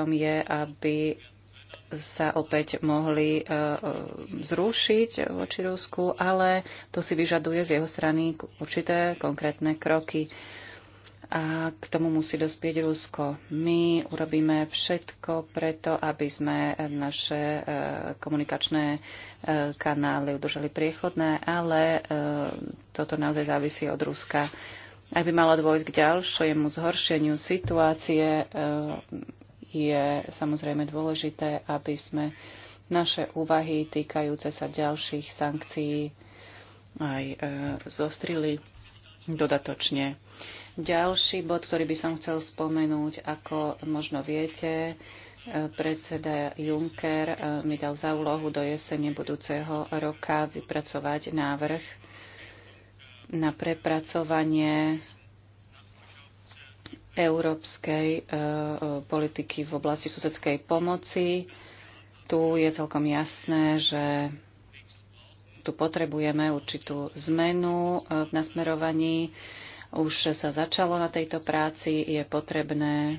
cieľom je, aby sa opäť mohli e, e, zrušiť voči Rusku, ale to si vyžaduje z jeho strany určité konkrétne kroky. A k tomu musí dospieť Rusko. My urobíme všetko preto, aby sme naše e, komunikačné kanály udržali priechodné, ale toto naozaj závisí od Ruska. Ak by malo dôjsť k ďalšiemu zhoršeniu situácie, je samozrejme dôležité, aby sme naše úvahy týkajúce sa ďalších sankcií aj e, zostrili dodatočne. Ďalší bod, ktorý by som chcel spomenúť, ako možno viete, e, predseda Juncker e, mi dal za úlohu do jesene budúceho roka vypracovať návrh na prepracovanie európskej e, e, politiky v oblasti susedskej pomoci. Tu je celkom jasné, že tu potrebujeme určitú zmenu e, v nasmerovaní. Už sa začalo na tejto práci, je potrebné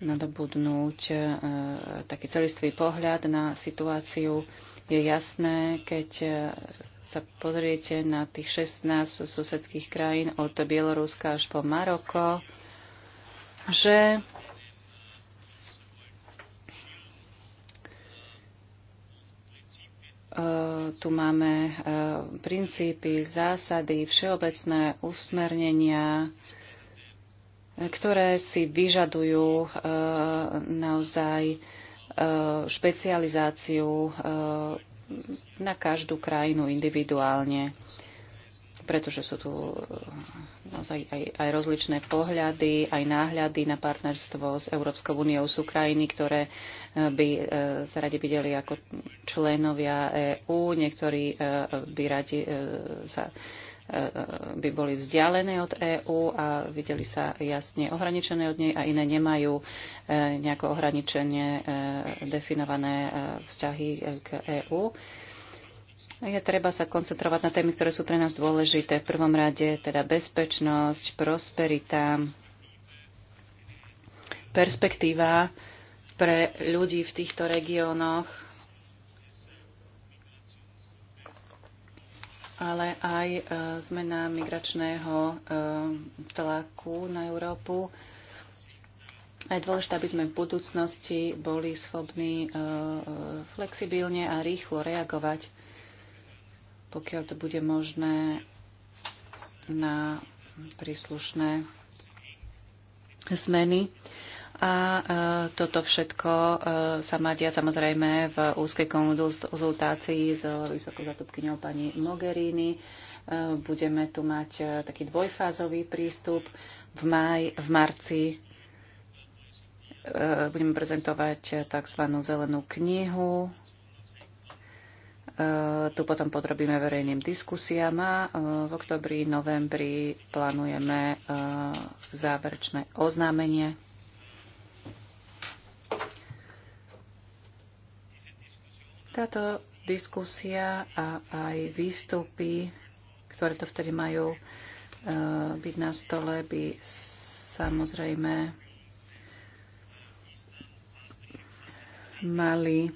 nadobudnúť taký celistvý pohľad na situáciu. Je jasné, keď sa pozriete na tých 16 susedských krajín od Bieloruska až po Maroko, že e, tu máme e, princípy, zásady, všeobecné usmernenia, ktoré si vyžadujú e, naozaj špecializáciu na každú krajinu individuálne, pretože sú tu e, naozaj aj, aj rozličné pohľady, aj náhľady na partnerstvo s Európskou úniou. Sú krajiny, ktoré e, by e, sa radi videli ako členovia EÚ, niektorí by radi sa by boli vzdialené od EÚ a videli sa jasne ohraničené od nej a iné nemajú e, nejako ohraničenie e, definované e, vzťahy k EÚ. Je treba sa koncentrovať na témy, ktoré sú pre nás dôležité. V prvom rade teda bezpečnosť, prosperita, perspektíva pre ľudí v týchto regiónoch ale aj e, zmena migračného e, tlaku na Európu. A je dôležité, aby sme v budúcnosti boli schopní e, flexibilne a rýchlo reagovať, pokiaľ to bude možné na príslušné zmeny. A e, toto všetko e, sa má diať samozrejme v úzkej konzultácii s vysokou zatupkyňou pani Mogherini. E, budeme tu mať taký dvojfázový prístup. V, maj, v marci budeme prezentovať tzv. zelenú knihu. Tu potom podrobíme verejným diskusiám a v oktobri, novembri plánujeme záverečné oznámenie Táto diskusia a aj výstupy, ktoré to vtedy majú e, byť na stole, by samozrejme mali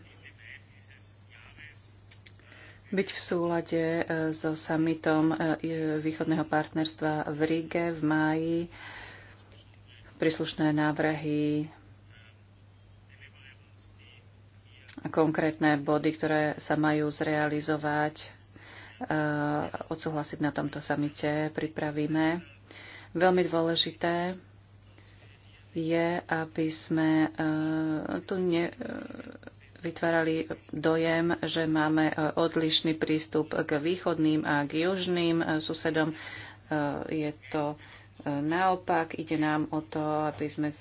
byť v súlade e, so summitom e, východného partnerstva v Ríge v máji. Príslušné návrhy konkrétne body, ktoré sa majú zrealizovať, e, odsúhlasiť na tomto samite, pripravíme. Veľmi dôležité je, aby sme e, tu ne, e, vytvárali dojem, že máme odlišný prístup k východným a k južným susedom. Je to naopak, ide nám o to, aby sme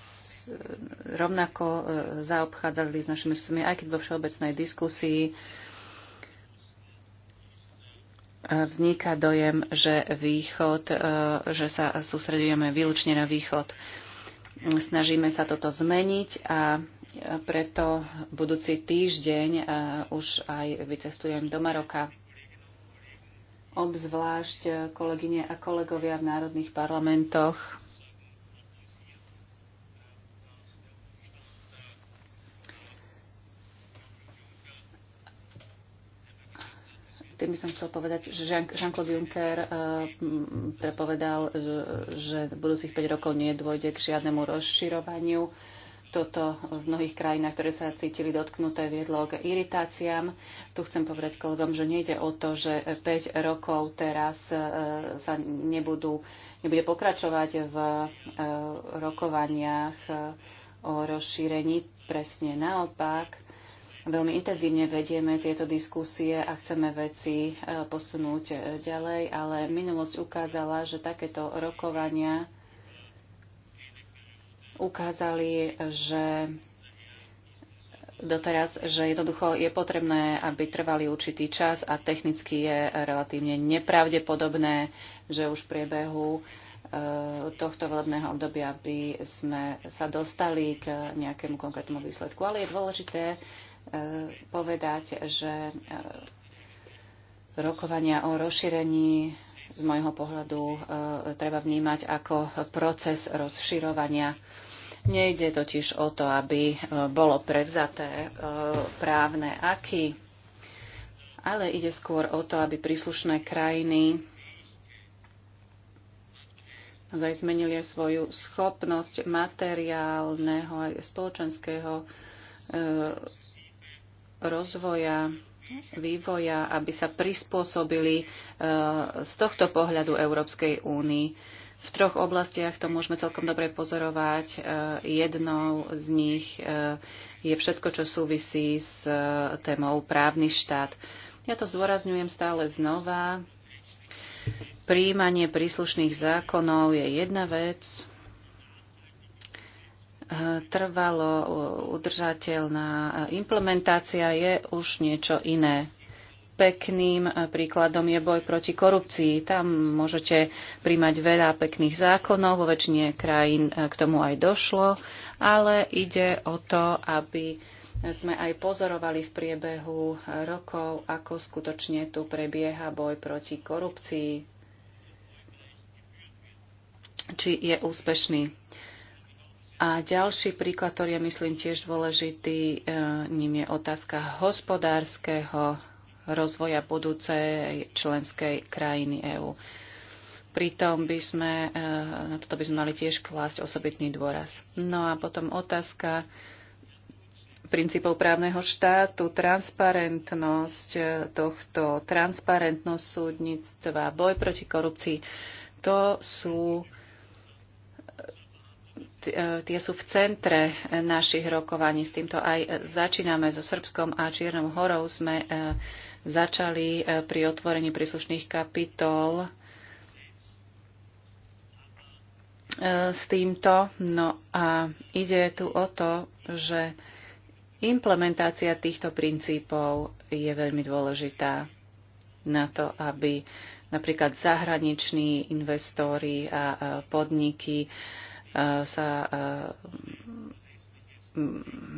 rovnako e, zaobchádzali s našimi sudcami, aj keď vo všeobecnej diskusii e, vzniká dojem, že východ, e, že sa sústredujeme výlučne na východ. Snažíme sa toto zmeniť a preto budúci týždeň už aj vycestujem do Maroka. Obzvlášť kolegyne a kolegovia v národných parlamentoch Tým by som chcel povedať, že Jean-Claude Juncker eh, prepovedal, eh, že v budúcich 5 rokov nie dôjde k žiadnemu rozširovaniu toto v mnohých krajinách, ktoré sa cítili dotknuté, viedlo k iritáciám. Tu chcem povedať kolegom, že nejde o to, že 5 rokov teraz eh, sa nebudú, nebude pokračovať v rokovaniach o rozšírení. Presne naopak, Veľmi intenzívne vedieme tieto diskusie a chceme veci e, posunúť e, ďalej, ale minulosť ukázala, že takéto rokovania ukázali, že doteraz, že jednoducho je potrebné, aby trvali určitý čas a technicky je relatívne nepravdepodobné, že už v priebehu e, tohto volebného obdobia by sme sa dostali k nejakému konkrétnemu výsledku. Ale je dôležité E, povedať, že e, rokovania o rozšírení z môjho pohľadu e, treba vnímať ako proces rozširovania. Nejde totiž o to, aby bolo prevzaté právne aky, ale ide skôr o to, aby príslušné krajiny aj zmenili svoju schopnosť materiálneho aj spoločenského rozvoja, vývoja, aby sa prispôsobili e, z tohto pohľadu Európskej únii. V troch oblastiach to môžeme celkom dobre pozorovať. E, jednou z nich e, je všetko, čo súvisí s témou právny štát. Ja to zdôrazňujem stále znova. Príjmanie príslušných zákonov je jedna vec, trvalo udržateľná implementácia je už niečo iné. Pekným príkladom je boj proti korupcii. Tam môžete príjmať veľa pekných zákonov, vo väčšine krajín k tomu aj došlo, ale ide o to, aby sme aj pozorovali v priebehu rokov, ako skutočne tu prebieha boj proti korupcii, či je úspešný. A ďalší príklad, ktorý je myslím tiež dôležitý, e, ním je otázka hospodárskeho rozvoja budúcej členskej krajiny EÚ. Pritom by sme, e, na toto by sme mali tiež klásť osobitný dôraz. No a potom otázka princípov právneho štátu, transparentnosť e, tohto, transparentnosť súdnictva, boj proti korupcii. To sú E, tie sú v centre našich rokovaní. S týmto aj začíname so Srbskom a Čiernou horou. Sme e, začali e, pri otvorení príslušných kapitol s týmto. No a ide tu o to, že implementácia týchto princípov je veľmi dôležitá na to, aby napríklad zahraniční investóri a podniky sa eh,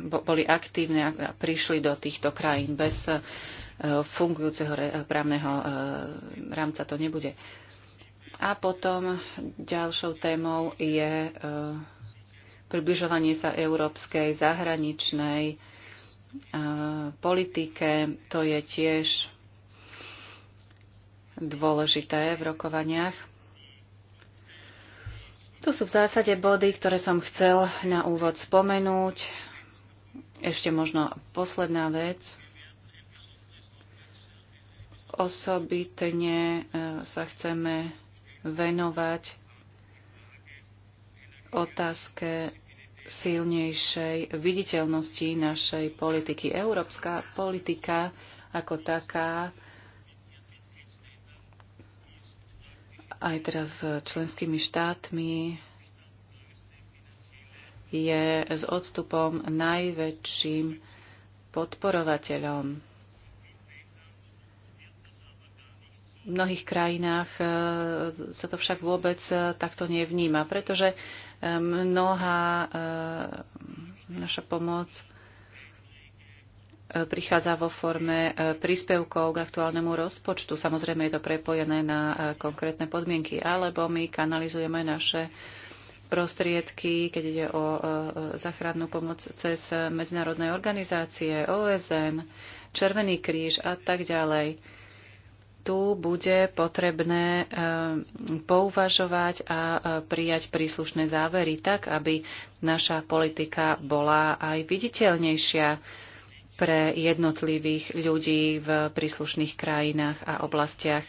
boli aktívne a prišli do týchto krajín. Bez eh, fungujúceho právneho eh, rámca to nebude. A potom ďalšou témou je približovanie sa európskej zahraničnej politike. To je tiež dôležité v rokovaniach. To sú v zásade body, ktoré som chcel na úvod spomenúť. Ešte možno posledná vec. Osobitne e, sa chceme venovať otázke silnejšej viditeľnosti našej politiky. Európska politika ako taká aj teraz s členskými štátmi je s odstupom najväčším podporovateľom. V mnohých krajinách e, sa to však vôbec e, takto nevníma, pretože e, mnohá naša pomoc E, prichádza vo forme e, príspevkov k aktuálnemu rozpočtu. Samozrejme je to prepojené na e, konkrétne podmienky, alebo my kanalizujeme naše prostriedky, keď ide o zachrannú pomoc cez medzinárodné organizácie, OSN, Červený kríž a tak ďalej. Tu bude potrebné pouvažovať a prijať príslušné závery tak, aby naša politika bola aj viditeľnejšia pre jednotlivých ľudí v príslušných krajinách a oblastiach.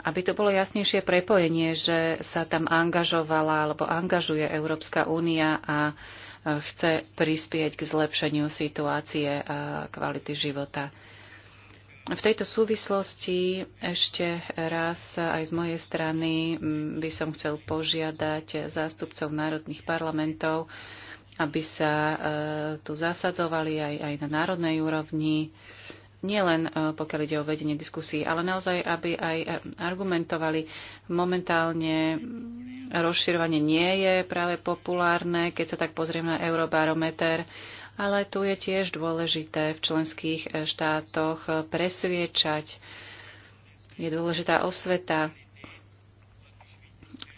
Aby to bolo jasnejšie prepojenie, že sa tam angažovala alebo angažuje Európska únia a e, chce prispieť k zlepšeniu situácie a kvality života. V tejto súvislosti ešte raz aj z mojej strany by som chcel požiadať zástupcov národných parlamentov, aby sa e, tu zasadzovali aj, aj na národnej úrovni, nielen e, pokiaľ ide o vedenie diskusí, ale naozaj, aby aj e, argumentovali. Momentálne rozširovanie nie je práve populárne, keď sa tak pozriem na Eurobarometer, ale tu je tiež dôležité v členských štátoch presviečať. Je dôležitá osveta,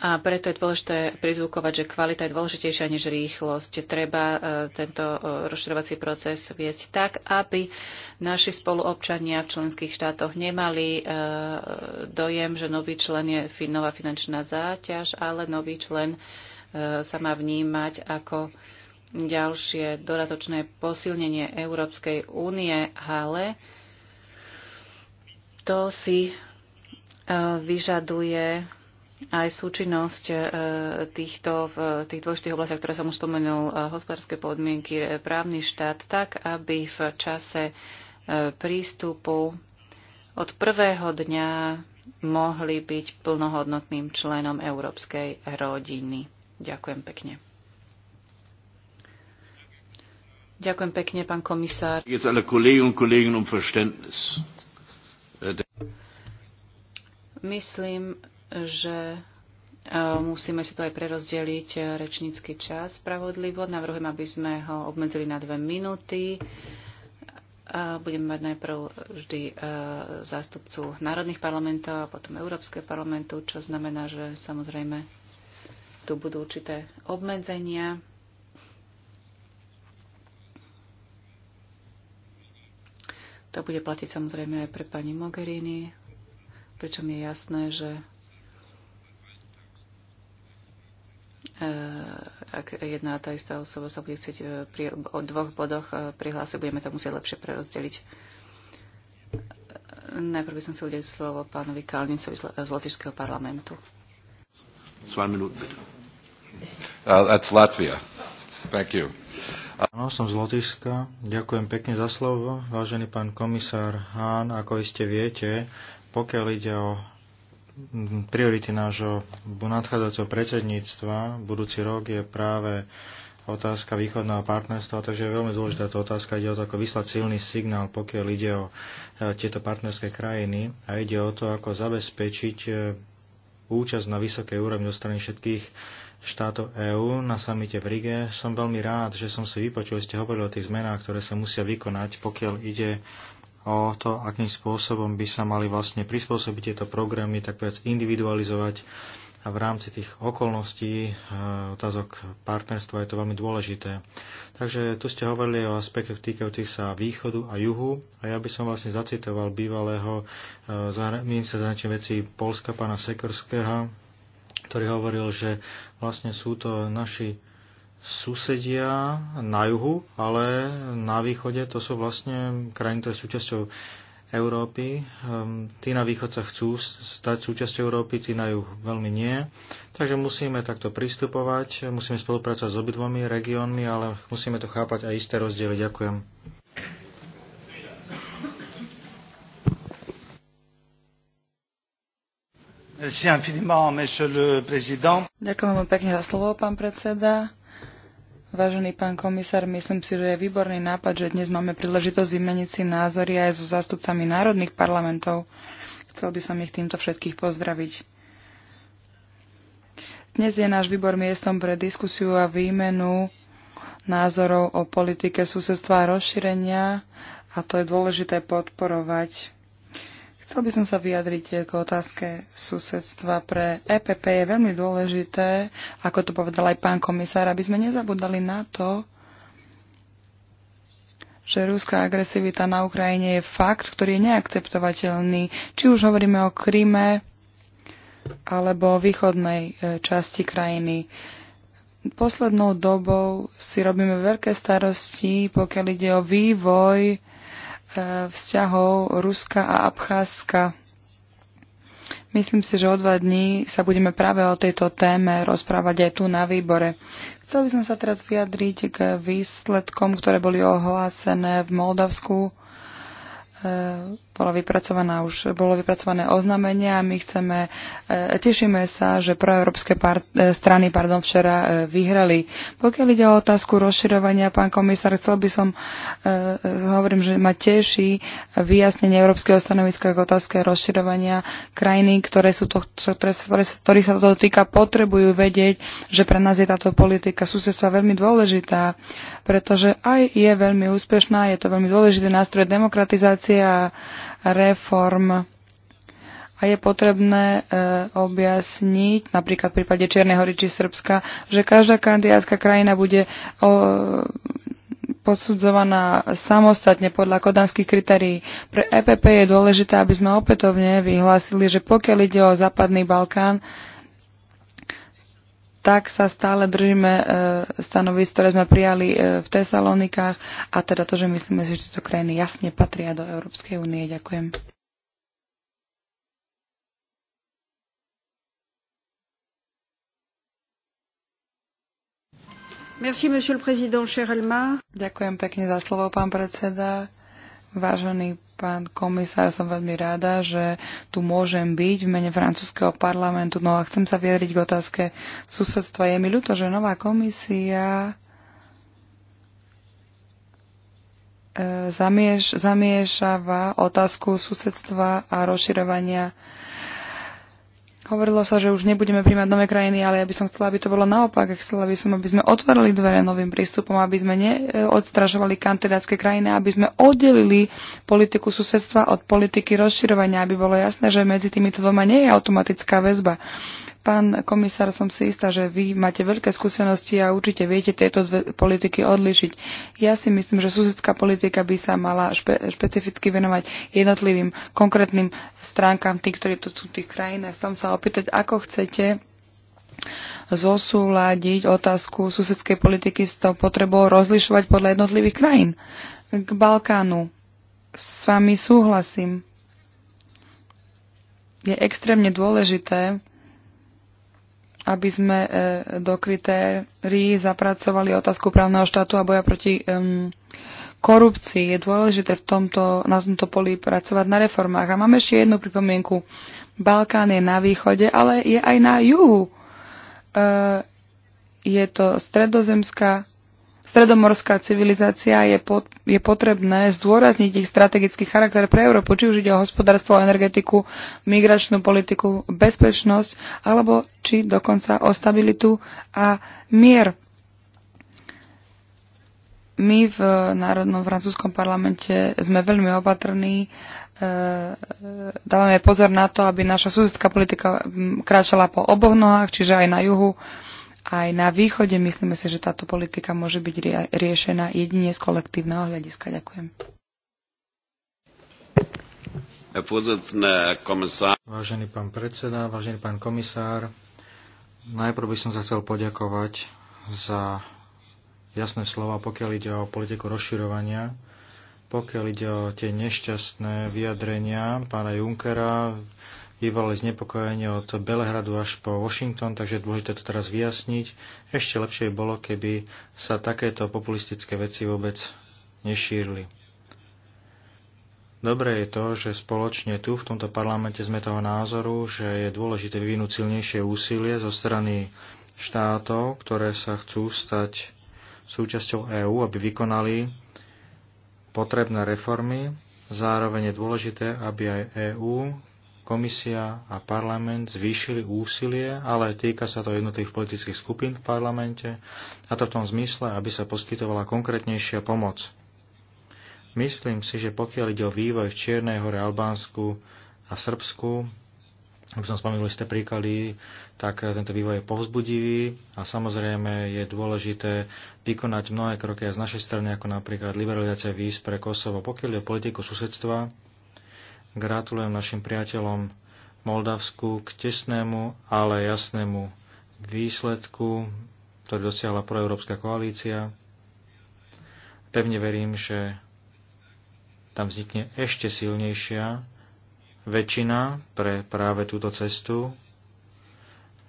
a preto je dôležité prizvukovať, že kvalita je dôležitejšia než rýchlosť. Treba e, tento e, rozširovací proces viesť tak, aby naši spoluobčania v členských štátoch nemali e, dojem, že nový člen je nová finančná záťaž, ale nový člen sa má vnímať ako ďalšie dodatočné posilnenie Európskej únie, ale to si vyžaduje aj súčinnosť e, týchto, v tých dôležitých oblastiach, ktoré som už spomenul, e, hospodárske podmienky, e, právny štát, tak, aby v čase prístupu od prvého dňa mohli byť plnohodnotným členom európskej rodiny. Ďakujem pekne. Ďakujem pekne, pán komisár. Um äh, Myslím, že e, musíme si to aj prerozdeliť e, rečnícky čas spravodlivo. Navrhujem, aby sme ho obmedzili na dve minúty. E, budeme mať najprv vždy zástupcu národných parlamentov a potom Európskeho parlamentu, čo znamená, že samozrejme tu budú určité obmedzenia. To bude platiť samozrejme aj pre pani Mogherini, pričom je jasné, že Eh, ak jedna a tá istá osoba sa bude chcieť eh, pri, o dvoch bodoch eh, prihlásiť, budeme to musieť lepšie prerozdeliť. Najprv by som chcel udeť slovo pánovi Kalnicovi z Lotyšského parlamentu. uh, that's Latvia. Thank you. Áno, som z Lotyšska. Ďakujem pekne za slovo. Vážený pán komisár Hán, ako iste viete, pokiaľ ide o priority nášho nadchádzajúceho predsedníctva budúci rok je práve otázka východného partnerstva, takže je veľmi dôležitá tá otázka. Ide o to, ako vyslať silný signál, pokiaľ ide o e, tieto partnerské krajiny a ide o to, ako zabezpečiť e, účasť na vysokej úrovni zo strany všetkých štátov EÚ na samite v Rige. Som veľmi rád, že som si vypočul, že ste hovorili o tých zmenách, ktoré sa musia vykonať, pokiaľ ide o to, akým spôsobom by sa mali vlastne prispôsobiť tieto programy, tak povedz individualizovať a v rámci tých okolností e, otázok partnerstva je to veľmi dôležité. Takže tu ste hovorili o aspektoch týkajúcich sa východu a juhu a ja by som vlastne zacitoval bývalého e, ministra zahraničných vecí Polska, pána Sekorského, ktorý hovoril, že vlastne sú to naši susedia na juhu, ale na východe to sú vlastne krajiny, ktoré sú súčasťou Európy. Ehm, tí na východ sa chcú stať súčasťou Európy, tí na juh veľmi nie. Takže musíme takto pristupovať, musíme spolupracovať s obidvomi regiónmi, ale musíme to chápať aj isté rozdiely. Ďakujem. Ďakujem vám pekne za slovo, pán predseda. Vážený pán komisár, myslím si, že je výborný nápad, že dnes máme príležitosť vymeniť si názory aj so zástupcami národných parlamentov. Chcel by som ich týmto všetkých pozdraviť. Dnes je náš výbor miestom pre diskusiu a výmenu názorov o politike susedstva a rozšírenia a to je dôležité podporovať. Chcel by som sa vyjadriť eh, k otázke susedstva. Pre EPP je veľmi dôležité, ako to povedal aj pán komisár, aby sme nezabudali na to, že rúská agresivita na Ukrajine je fakt, ktorý je neakceptovateľný. Či už hovoríme o Kryme alebo o východnej eh, časti krajiny. Poslednou dobou si robíme veľké starosti, pokiaľ ide o vývoj vzťahov Ruska a Abcházska. Myslím si, že o dva dní sa budeme práve o tejto téme rozprávať aj tu na výbore. Chcel by som sa teraz vyjadriť k výsledkom, ktoré boli ohlásené v Moldavsku. E bola vypracovaná už, bolo vypracované oznámenie a my chceme, e, tešíme sa, že proeurópske par, e, strany pardon, včera e, vyhrali. Pokiaľ ide o otázku rozširovania, pán komisár, chcel by som, hovorím, že ma teší vyjasnenie európskeho stanoviska k otázke rozširovania krajiny, ktoré sú to, ktoré, ktoré, ktorých sa to týka, potrebujú vedieť, že pre nás je táto politika susedstva veľmi dôležitá, pretože aj je veľmi úspešná, je to veľmi dôležitý nástroj demokratizácie a reform a je potrebné e, objasniť, napríklad v prípade Čiernej hory či Srbska, že každá kandidátska krajina bude o, e, posudzovaná samostatne podľa kodanských kritérií. Pre EPP je dôležité, aby sme opätovne vyhlásili, že pokiaľ ide o Západný Balkán, e, tak sa stále držíme e, stanovisk, ktoré sme prijali e, v Tesalonikách a teda to, že myslíme si, že tieto krajiny jasne patria do Európskej únie. Ďakujem. Merci, monsieur le président, cher Elmar. Ďakujem pekne za slovo, pán predseda. Vážený Pán komisár, som veľmi rada, že tu môžem byť v mene francúzského parlamentu. No a chcem sa vyjadriť k otázke susedstva. Je mi ľúto, že nová komisia zamieš, zamiešava otázku susedstva a rozširovania Hovorilo sa, že už nebudeme príjmať nové krajiny, ale ja by som chcela, aby to bolo naopak. Chcela by som, aby sme otvorili dvere novým prístupom, aby sme neodstražovali e, kandidátske krajiny, aby sme oddelili politiku susedstva od politiky rozširovania, aby bolo jasné, že medzi týmito dvoma nie je automatická väzba. Pán komisár, som si istá, že vy máte veľké skúsenosti a určite viete tieto dve politiky odlišiť. Ja si myslím, že susedská politika by sa mala špe- špecificky venovať jednotlivým konkrétnym stránkam tých, ktorí tu sú v tých krajinách. Chcem sa opýtať, ako chcete zosúľadiť otázku susedskej politiky s tou potrebou rozlišovať podľa jednotlivých krajín. K Balkánu s vami súhlasím. Je extrémne dôležité, aby sme e, do kritérií zapracovali otázku právneho štátu a boja proti korupcii. Je dôležité v tomto, na tomto poli pracovať na reformách. A máme ešte jednu pripomienku. Balkán je na východe, ale je aj na juhu. E, je to stredozemská stredomorská civilizácia je, potrebné zdôrazniť ich strategický charakter pre Európu, či už ide o hospodárstvo, energetiku, migračnú politiku, bezpečnosť, alebo či dokonca o stabilitu a mier. My v Národnom francúzskom parlamente sme veľmi opatrní, e, e, dávame pozor na to, aby naša susedská politika kráčala po oboch nohách, čiže aj na juhu, aj na východe. Myslíme si, že táto politika môže byť riešená jedine z kolektívneho hľadiska. Ďakujem. Vážený pán predseda, vážený pán komisár, najprv by som sa chcel poďakovať za jasné slova, pokiaľ ide o politiku rozširovania, pokiaľ ide o tie nešťastné vyjadrenia pána Junkera, vyvolali znepokojenie od Belehradu až po Washington, takže je dôležité to teraz vyjasniť. Ešte lepšie by bolo, keby sa takéto populistické veci vôbec nešírili. Dobré je to, že spoločne tu v tomto parlamente sme toho názoru, že je dôležité vyvinúť silnejšie úsilie zo strany štátov, ktoré sa chcú stať súčasťou EÚ, aby vykonali potrebné reformy. Zároveň je dôležité, aby aj EÚ komisia a parlament zvýšili úsilie, ale týka sa to jednotlivých politických skupín v parlamente, a to v tom zmysle, aby sa poskytovala konkrétnejšia pomoc. Myslím si, že pokiaľ ide o vývoj v Čiernej hore, Albánsku a Srbsku, ak som spomenul isté príklady, tak tento vývoj je povzbudivý a samozrejme je dôležité vykonať mnohé kroky aj z našej strany, ako napríklad liberalizácia výz pre Kosovo. Pokiaľ je o politiku susedstva, Gratulujem našim priateľom Moldavsku k tesnému, ale jasnému výsledku, ktorý dosiahla proeurópska koalícia. Pevne verím, že tam vznikne ešte silnejšia väčšina pre práve túto cestu.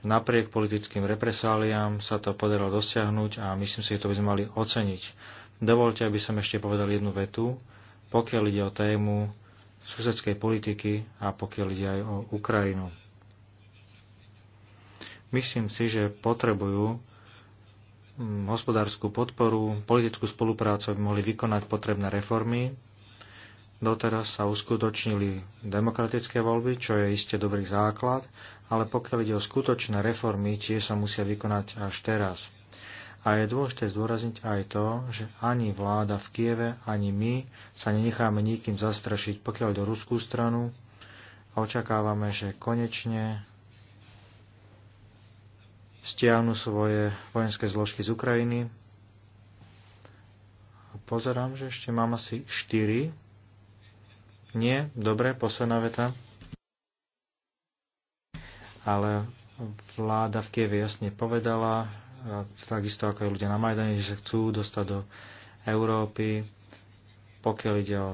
Napriek politickým represáliám sa to podarilo dosiahnuť a myslím si, že to by sme mali oceniť. Dovolte, aby som ešte povedal jednu vetu. Pokiaľ ide o tému susedskej politiky a pokiaľ ide aj o Ukrajinu. Myslím si, že potrebujú mm, hospodárskú podporu, politickú spoluprácu, aby mohli vykonať potrebné reformy. Doteraz sa uskutočnili demokratické voľby, čo je iste dobrý základ, ale pokiaľ ide o skutočné reformy, tie sa musia vykonať až teraz. A je dôležité zdôrazniť aj to, že ani vláda v Kieve, ani my sa nenecháme nikým zastrašiť, pokiaľ do ruskú stranu a očakávame, že konečne stiahnu svoje vojenské zložky z Ukrajiny. A pozerám, že ešte mám asi 4. Nie, dobre, posledná veta. Ale vláda v Kieve jasne povedala, takisto ako aj ľudia na Majdane, že sa chcú dostať do Európy. Pokiaľ ide o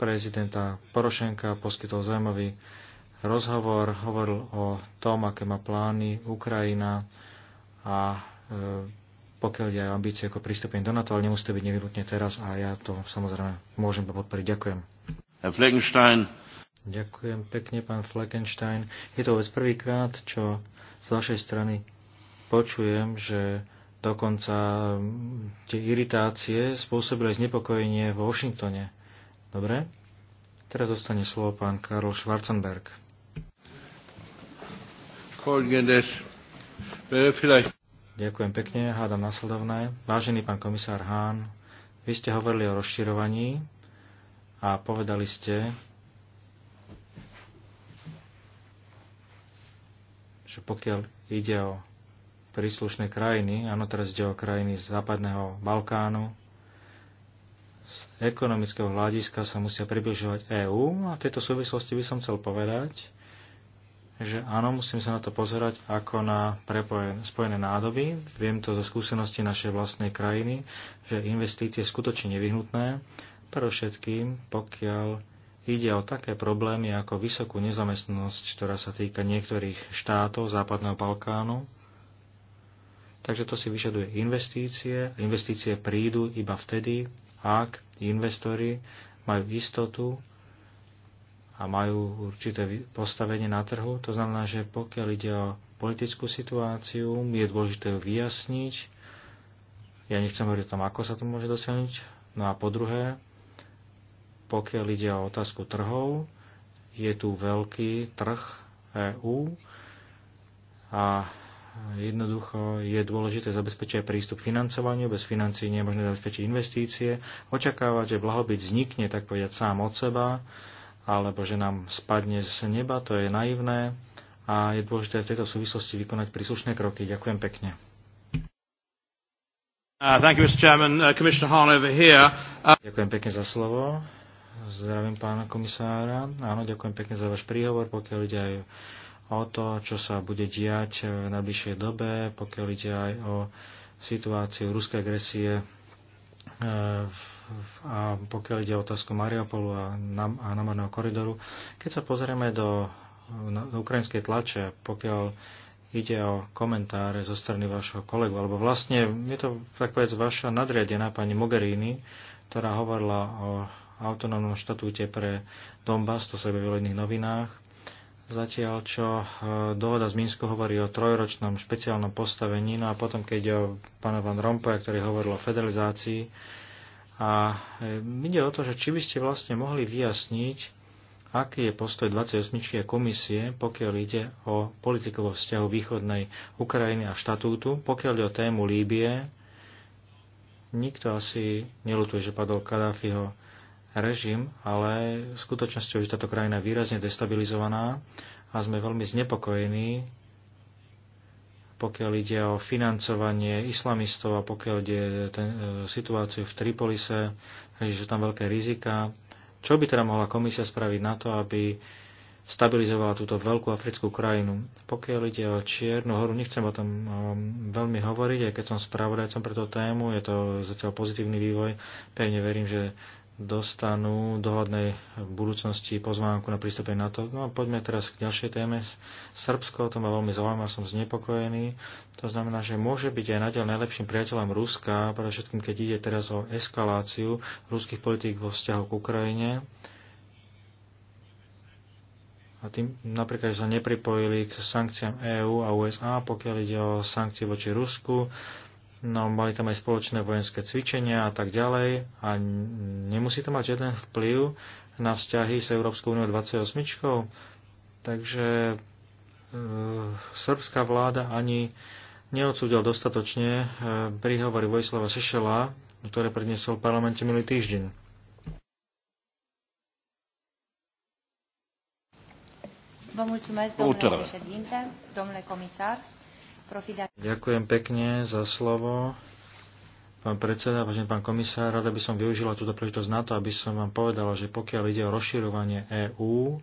prezidenta Porošenka, poskytol zaujímavý rozhovor, hovoril o tom, aké má plány Ukrajina a e, pokiaľ ide aj ambície ako pristúpenie do NATO, ale nemusí to byť nevyhnutne teraz a ja to samozrejme môžem podporiť. Ďakujem. Ďakujem pekne, pán Fleckenstein. Je to vôbec prvýkrát, čo z vašej strany počujem, že dokonca mm, tie iritácie spôsobili znepokojenie v Washingtone. Dobre? Teraz zostane slovo pán Karol Schwarzenberg. Ďakujem pekne, hádam nasledovné. Vážený pán komisár Hahn, vy ste hovorili o rozširovaní a povedali ste, že pokiaľ ide o príslušné krajiny, áno, teraz ide o krajiny z západného Balkánu, z ekonomického hľadiska sa musia približovať EÚ a v tejto súvislosti by som chcel povedať, že áno, musím sa na to pozerať ako na prepojené, spojené nádoby. Viem to zo skúsenosti našej vlastnej krajiny, že investície skutočne nevyhnutné, pre všetkým, pokiaľ ide o také problémy ako vysokú nezamestnosť, ktorá sa týka niektorých štátov Západného Balkánu, Takže to si vyžaduje investície. Investície prídu iba vtedy, ak investori majú istotu a majú určité postavenie na trhu. To znamená, že pokiaľ ide o politickú situáciu, je dôležité ju vyjasniť. Ja nechcem hovoriť o tom, ako sa to môže dosiahnuť. No a po druhé, pokiaľ ide o otázku trhov, je tu veľký trh EÚ a Jednoducho je dôležité zabezpečiť aj prístup k financovaniu. Bez financií nie je možné zabezpečiť investície. Očakávať, že blahobyt vznikne, tak povedať, sám od seba, alebo že nám spadne z neba, to je naivné a je dôležité v tejto súvislosti vykonať príslušné kroky. Ďakujem pekne. Uh, you, uh, uh... Ďakujem pekne za slovo. Zdravím pána komisára. Áno, ďakujem pekne za váš príhovor, pokiaľ ide aj o to, čo sa bude diať v najbližšej dobe, pokiaľ ide aj o situáciu ruskej agresie e, a pokiaľ ide o otázku Mariupolu a, námorného koridoru. Keď sa pozrieme do, do ukrajinskej tlače, pokiaľ ide o komentáre zo strany vašho kolegu, alebo vlastne je to, tak povedz, vaša nadriadená pani Mogherini, ktorá hovorila o autonómnom štatúte pre Donbass, to sa v iných novinách, Zatiaľ, čo e, dohoda z Minsku hovorí o trojročnom špeciálnom postavení, no a potom, keď o pána Van Rompuya, ktorý hovoril o federalizácii, a e, ide o to, že či by ste vlastne mohli vyjasniť, aký je postoj 28. komisie, pokiaľ ide o politiku vo vzťahu východnej Ukrajiny a štatútu, pokiaľ ide o tému Líbie, nikto asi nelutuje, že padol Kadáfiho režim, ale v skutočnosti už táto krajina je výrazne destabilizovaná a sme veľmi znepokojení, pokiaľ ide o financovanie islamistov a pokiaľ ide ten, e, situáciu v Tripolise, takže sú tam veľké rizika. Čo by teda mohla komisia spraviť na to, aby stabilizovala túto veľkú africkú krajinu. Pokiaľ ide o Čiernu horu, nechcem o tom e, veľmi hovoriť, aj keď som spravodajcom pre tú tému, je to zatiaľ pozitívny vývoj. Pevne verím, že dostanú v dohľadnej budúcnosti pozvánku na prístupenie to. No a poďme teraz k ďalšej téme. Srbsko, to ma veľmi zaujíma, som znepokojený. To znamená, že môže byť aj nadiaľ najlepším priateľom Ruska, pre všetkým, keď ide teraz o eskaláciu ruských politík vo vzťahu k Ukrajine. A tým napríklad, že sa nepripojili k sankciám EÚ a USA, pokiaľ ide o sankcie voči Rusku, No, mali tam aj spoločné vojenské cvičenia a tak ďalej a nemusí to mať žiaden vplyv na vzťahy s Európskou úniou 28. Takže e, srbská vláda ani neodsúdil dostatočne e, príhovory Vojslava Sešela, ktoré predniesol v parlamente minulý týždeň. Vă mulțumesc, domnule președinte, domnule comisar. Ďakujem pekne za slovo. Pán predseda, vážený pán komisár, rada by som využila túto príležitosť na to, aby som vám povedala, že pokiaľ ide o rozširovanie EÚ,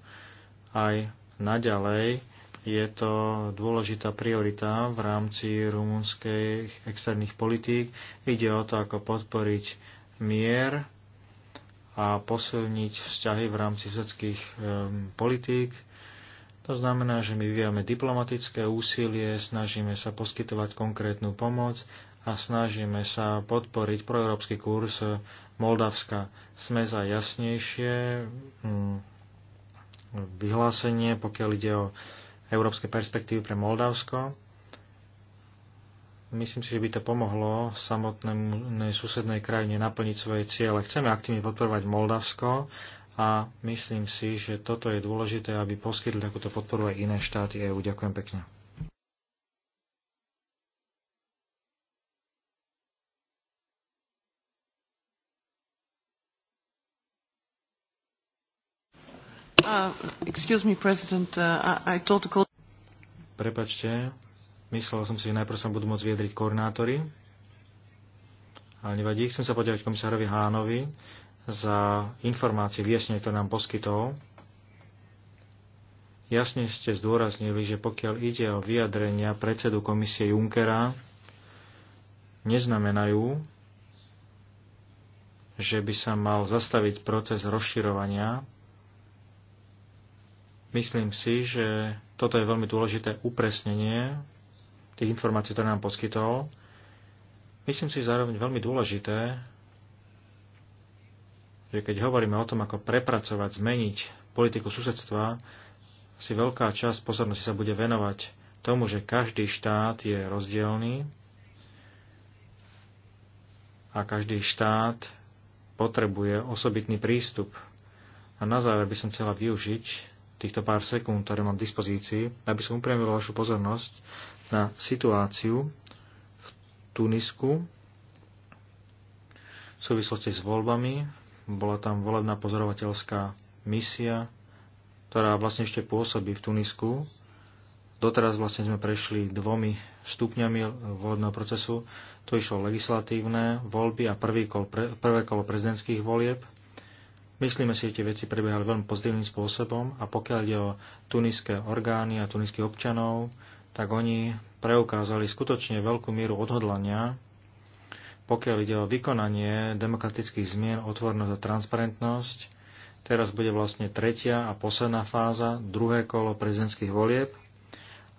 aj naďalej je to dôležitá priorita v rámci rumunskej externých politík. Ide o to, ako podporiť mier a posilniť vzťahy v rámci všetkých um, politík to znamená, že my vyvíjame diplomatické úsilie, snažíme sa poskytovať konkrétnu pomoc a snažíme sa podporiť proeurópsky kurz Moldavska. Sme za jasnejšie hm, vyhlásenie, pokiaľ ide o európske perspektívy pre Moldavsko. Myslím si, že by to pomohlo samotnej susednej krajine naplniť svoje ciele. Chceme aktívne podporovať Moldavsko a myslím si, že toto je dôležité, aby poskytli takúto podporu aj iné štáty EÚ. Ďakujem pekne. Uh, excuse me, President, uh, I, I told the call... Prepačte, myslel som si, že najprv sa budú môcť viedriť koordinátori, ale nevadí. Chcem sa poďakovať komisárovi Hánovi za informácie, vyjasnenie, ktoré nám poskytol. Jasne ste zdôraznili, že pokiaľ ide o vyjadrenia predsedu komisie Junckera, neznamenajú, že by sa mal zastaviť proces rozširovania. Myslím si, že toto je veľmi dôležité upresnenie tých informácií, ktoré nám poskytol. Myslím si zároveň veľmi dôležité, že keď hovoríme o tom, ako prepracovať, zmeniť politiku susedstva, si veľká časť pozornosti sa bude venovať tomu, že každý štát je rozdielný a každý štát potrebuje osobitný prístup. A na záver by som chcela využiť týchto pár sekúnd, ktoré mám v dispozícii, aby som upriamil vašu pozornosť na situáciu v Tunisku v súvislosti s voľbami bola tam volebná pozorovateľská misia, ktorá vlastne ešte pôsobí v Tunisku. Doteraz vlastne sme prešli dvomi stupňami volebného procesu. To išlo legislatívne voľby a prvý kol pre, prvé kolo prezidentských volieb. Myslíme si, že tie veci prebiehali veľmi pozitívnym spôsobom a pokiaľ ide o tuniské orgány a tuniských občanov, tak oni preukázali skutočne veľkú mieru odhodlania pokiaľ ide o vykonanie demokratických zmien, otvornosť a transparentnosť. Teraz bude vlastne tretia a posledná fáza, druhé kolo prezidentských volieb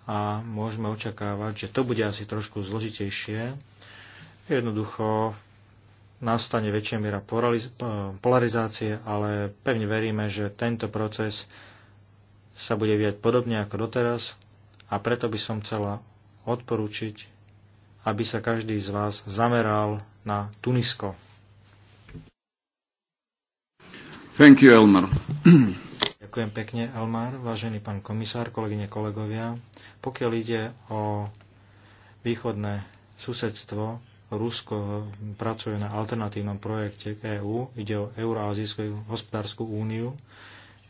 a môžeme očakávať, že to bude asi trošku zložitejšie. Jednoducho nastane väčšia miera polarizácie, ale pevne veríme, že tento proces sa bude viať podobne ako doteraz a preto by som chcela odporúčiť aby sa každý z vás zameral na Tunisko. Thank you, Elmar. Ďakujem pekne, Elmar, vážený pán komisár, kolegyne, kolegovia. Pokiaľ ide o východné susedstvo, Rusko pracuje na alternatívnom projekte k EÚ, ide o Euroazijskú hospodárskú úniu.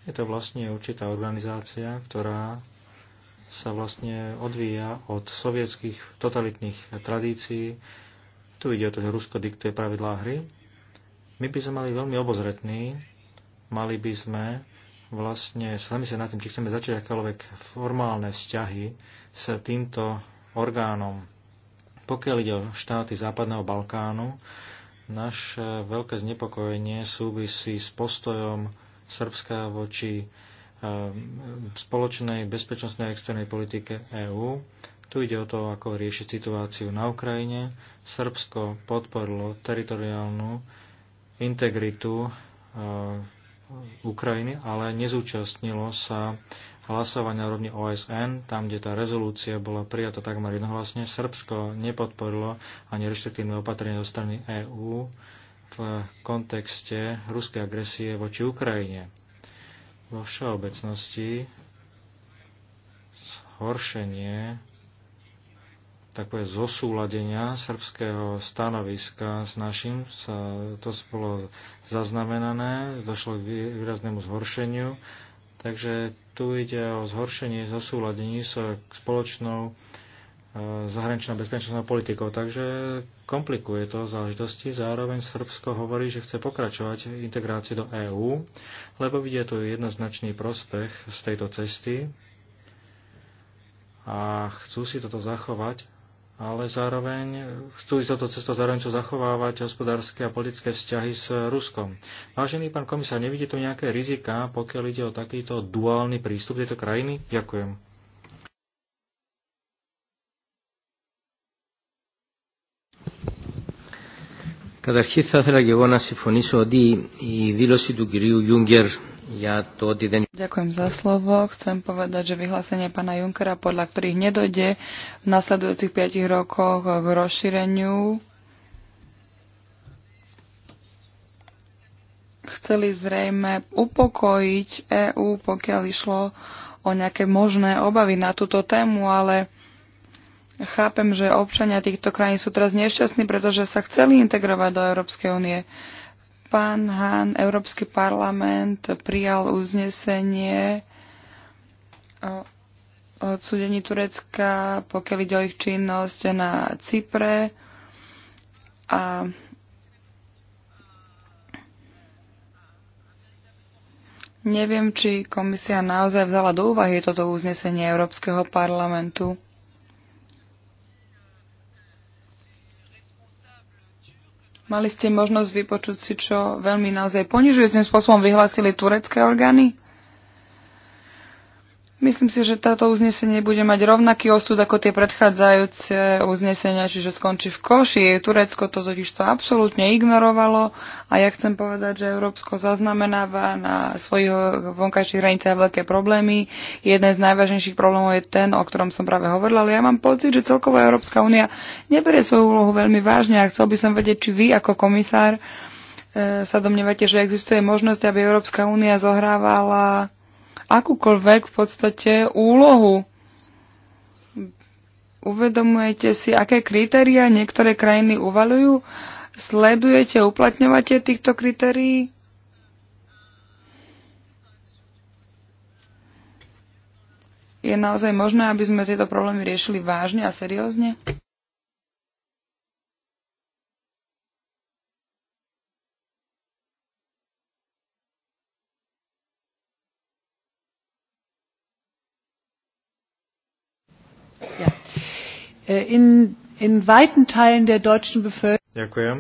Je to vlastne určitá organizácia, ktorá sa vlastne odvíja od sovietských totalitných tradícií. Tu ide o to, že Rusko diktuje pravidlá hry. My by sme mali veľmi obozretní, mali by sme vlastne sami sa nad tým, či chceme začať akékoľvek formálne vzťahy s týmto orgánom. Pokiaľ ide o štáty Západného Balkánu, naše veľké znepokojenie súvisí s postojom Srbska voči Ehm, spoločnej bezpečnostnej a externej politike EÚ. Tu ide o to, ako riešiť situáciu na Ukrajine. Srbsko podporilo teritoriálnu integritu ehm, Ukrajiny, ale nezúčastnilo sa hlasovania rovne OSN, tam, kde tá rezolúcia bola prijata takmer jednohlasne. Srbsko nepodporilo ani reštriktívne opatrenia zo strany EÚ v kontekste ruskej agresie voči Ukrajine. Vo všeobecnosti zhoršenie takové zosúladenia srbského stanoviska s našim. Sa, to bolo zaznamenané, došlo k výraznému zhoršeniu. Takže tu ide o zhoršenie zosúladení s spoločnou E, zahraničnou bezpečnostnou politikou, takže komplikuje to záležitosti. Zároveň Srbsko hovorí, že chce pokračovať v integrácii do EÚ, lebo vidie tu jednoznačný prospech z tejto cesty a chcú si toto zachovať, ale zároveň chcú si toto cesto zároveň chcú zachovávať hospodárske a politické vzťahy s Ruskom. Vážený pán komisár, nevidíte tu nejaké rizika, pokiaľ ide o takýto duálny prístup tejto krajiny? Ďakujem. Καταρχήν θα ήθελα και εγώ να συμφωνήσω ότι η δήλωση του κυρίου Γιούγκερ για το ότι δεν... Ďakujem za slovo. Chcem povedať, že vyhlásenie pána Junkera, podľa ktorých nedojde v nasledujúcich 5 rokoch k rozšíreniu, chceli zrejme upokojiť EÚ, pokiaľ išlo o nejaké možné obavy na túto tému, ale Chápem, že občania týchto krajín sú teraz nešťastní, pretože sa chceli integrovať do Európskej únie. Pán Han, Európsky parlament prijal uznesenie o odsúdení Turecka, pokiaľ ide o ich činnosť na Cypre. A neviem, či komisia naozaj vzala do úvahy toto uznesenie Európskeho parlamentu. Mali ste možnosť vypočuť si, čo veľmi naozaj ponižujúcim spôsobom vyhlásili turecké orgány? Myslím si, že táto uznesenie bude mať rovnaký osud ako tie predchádzajúce uznesenia, čiže skončí v koši. Turecko to totiž to absolútne ignorovalo a ja chcem povedať, že Európsko zaznamenáva na svojich vonkajších hraniciach veľké problémy. Jeden z najvážnejších problémov je ten, o ktorom som práve hovorila, ale ja mám pocit, že celková Európska únia neberie svoju úlohu veľmi vážne a chcel by som vedieť, či vy ako komisár e, sa domnievate, že existuje možnosť, aby Európska únia zohrávala akúkoľvek v podstate úlohu. Uvedomujete si, aké kritéria niektoré krajiny uvalujú? Sledujete, uplatňovate týchto kritérií? Je naozaj možné, aby sme tieto problémy riešili vážne a seriózne? Eh, in, in weiten Teilen der deutschen Bevölkerung. Ďakujem.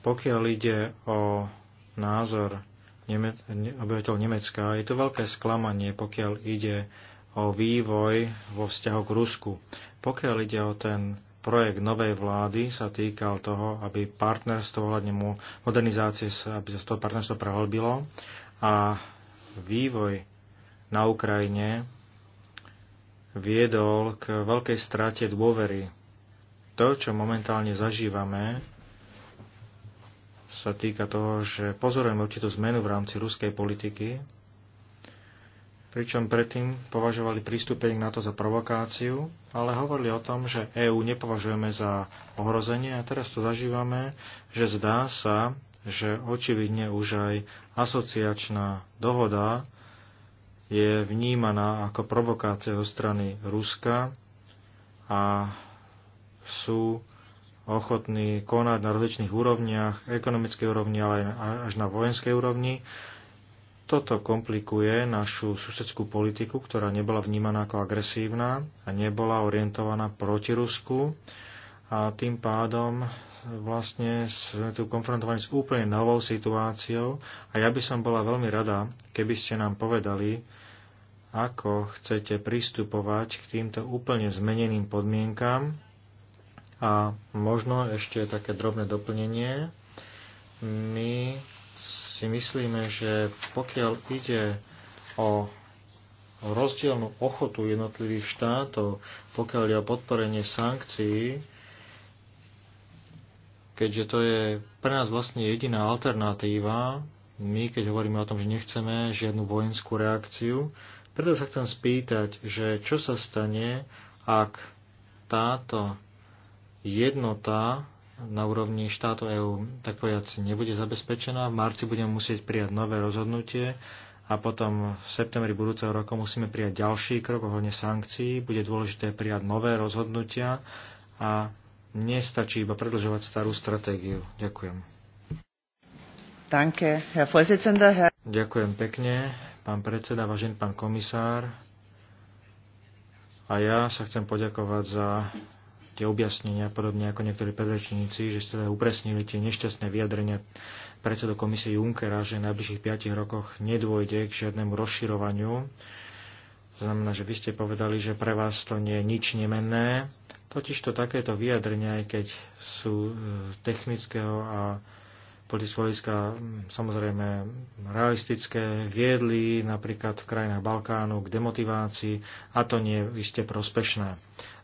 Pokiaľ ide o názor Neme- obyvateľ Nemecka, je to veľké sklamanie, pokiaľ ide o vývoj vo vzťahu k Rusku. Pokiaľ ide o ten projekt novej vlády sa týkal toho, aby partnerstvo ohľadne mu modernizácie, aby sa to partnerstvo prehlbilo a vývoj na Ukrajine viedol k veľkej strate dôvery. To, čo momentálne zažívame, sa týka toho, že pozorujeme určitú zmenu v rámci ruskej politiky, pričom predtým považovali prístupenie na to za provokáciu, ale hovorili o tom, že EÚ nepovažujeme za ohrozenie a teraz to zažívame, že zdá sa, že očividne už aj asociačná dohoda je vnímaná ako provokácia zo strany Ruska a sú ochotní konať na rozličných úrovniach, ekonomickej úrovni, ale aj až na vojenskej úrovni. Toto komplikuje našu susedskú politiku, ktorá nebola vnímaná ako agresívna a nebola orientovaná proti Rusku a tým pádom vlastne sme tu konfrontovaní s úplne novou situáciou a ja by som bola veľmi rada, keby ste nám povedali, ako chcete pristupovať k týmto úplne zmeneným podmienkam a možno ešte také drobné doplnenie. My si myslíme, že pokiaľ ide o rozdielnú ochotu jednotlivých štátov, pokiaľ je o podporenie sankcií, keďže to je pre nás vlastne jediná alternatíva, my keď hovoríme o tom, že nechceme žiadnu vojenskú reakciu, preto sa chcem spýtať, že čo sa stane, ak táto jednota na úrovni štátov EÚ, tak povedať, nebude zabezpečená. V marci budeme musieť prijať nové rozhodnutie a potom v septembri budúceho roku musíme prijať ďalší krok ohľadne sankcií. Bude dôležité prijať nové rozhodnutia a nestačí iba predlžovať starú stratégiu. Ďakujem. Danke, Herr Vorsitzender, Herr... Ďakujem pekne, pán predseda, vážený pán komisár. A ja sa chcem poďakovať za tie objasnenia, podobne ako niektorí predrečníci, že ste teda upresnili tie nešťastné vyjadrenia predsedu komisie Junckera, že v najbližších 5 rokoch nedôjde k žiadnemu rozširovaniu. To znamená, že vy ste povedali, že pre vás to nie je nič nemenné, Totižto takéto vyjadrenia, aj keď sú e, technického a politického samozrejme realistické, viedli napríklad v krajinách Balkánu k demotivácii a to nie je iste prospešné.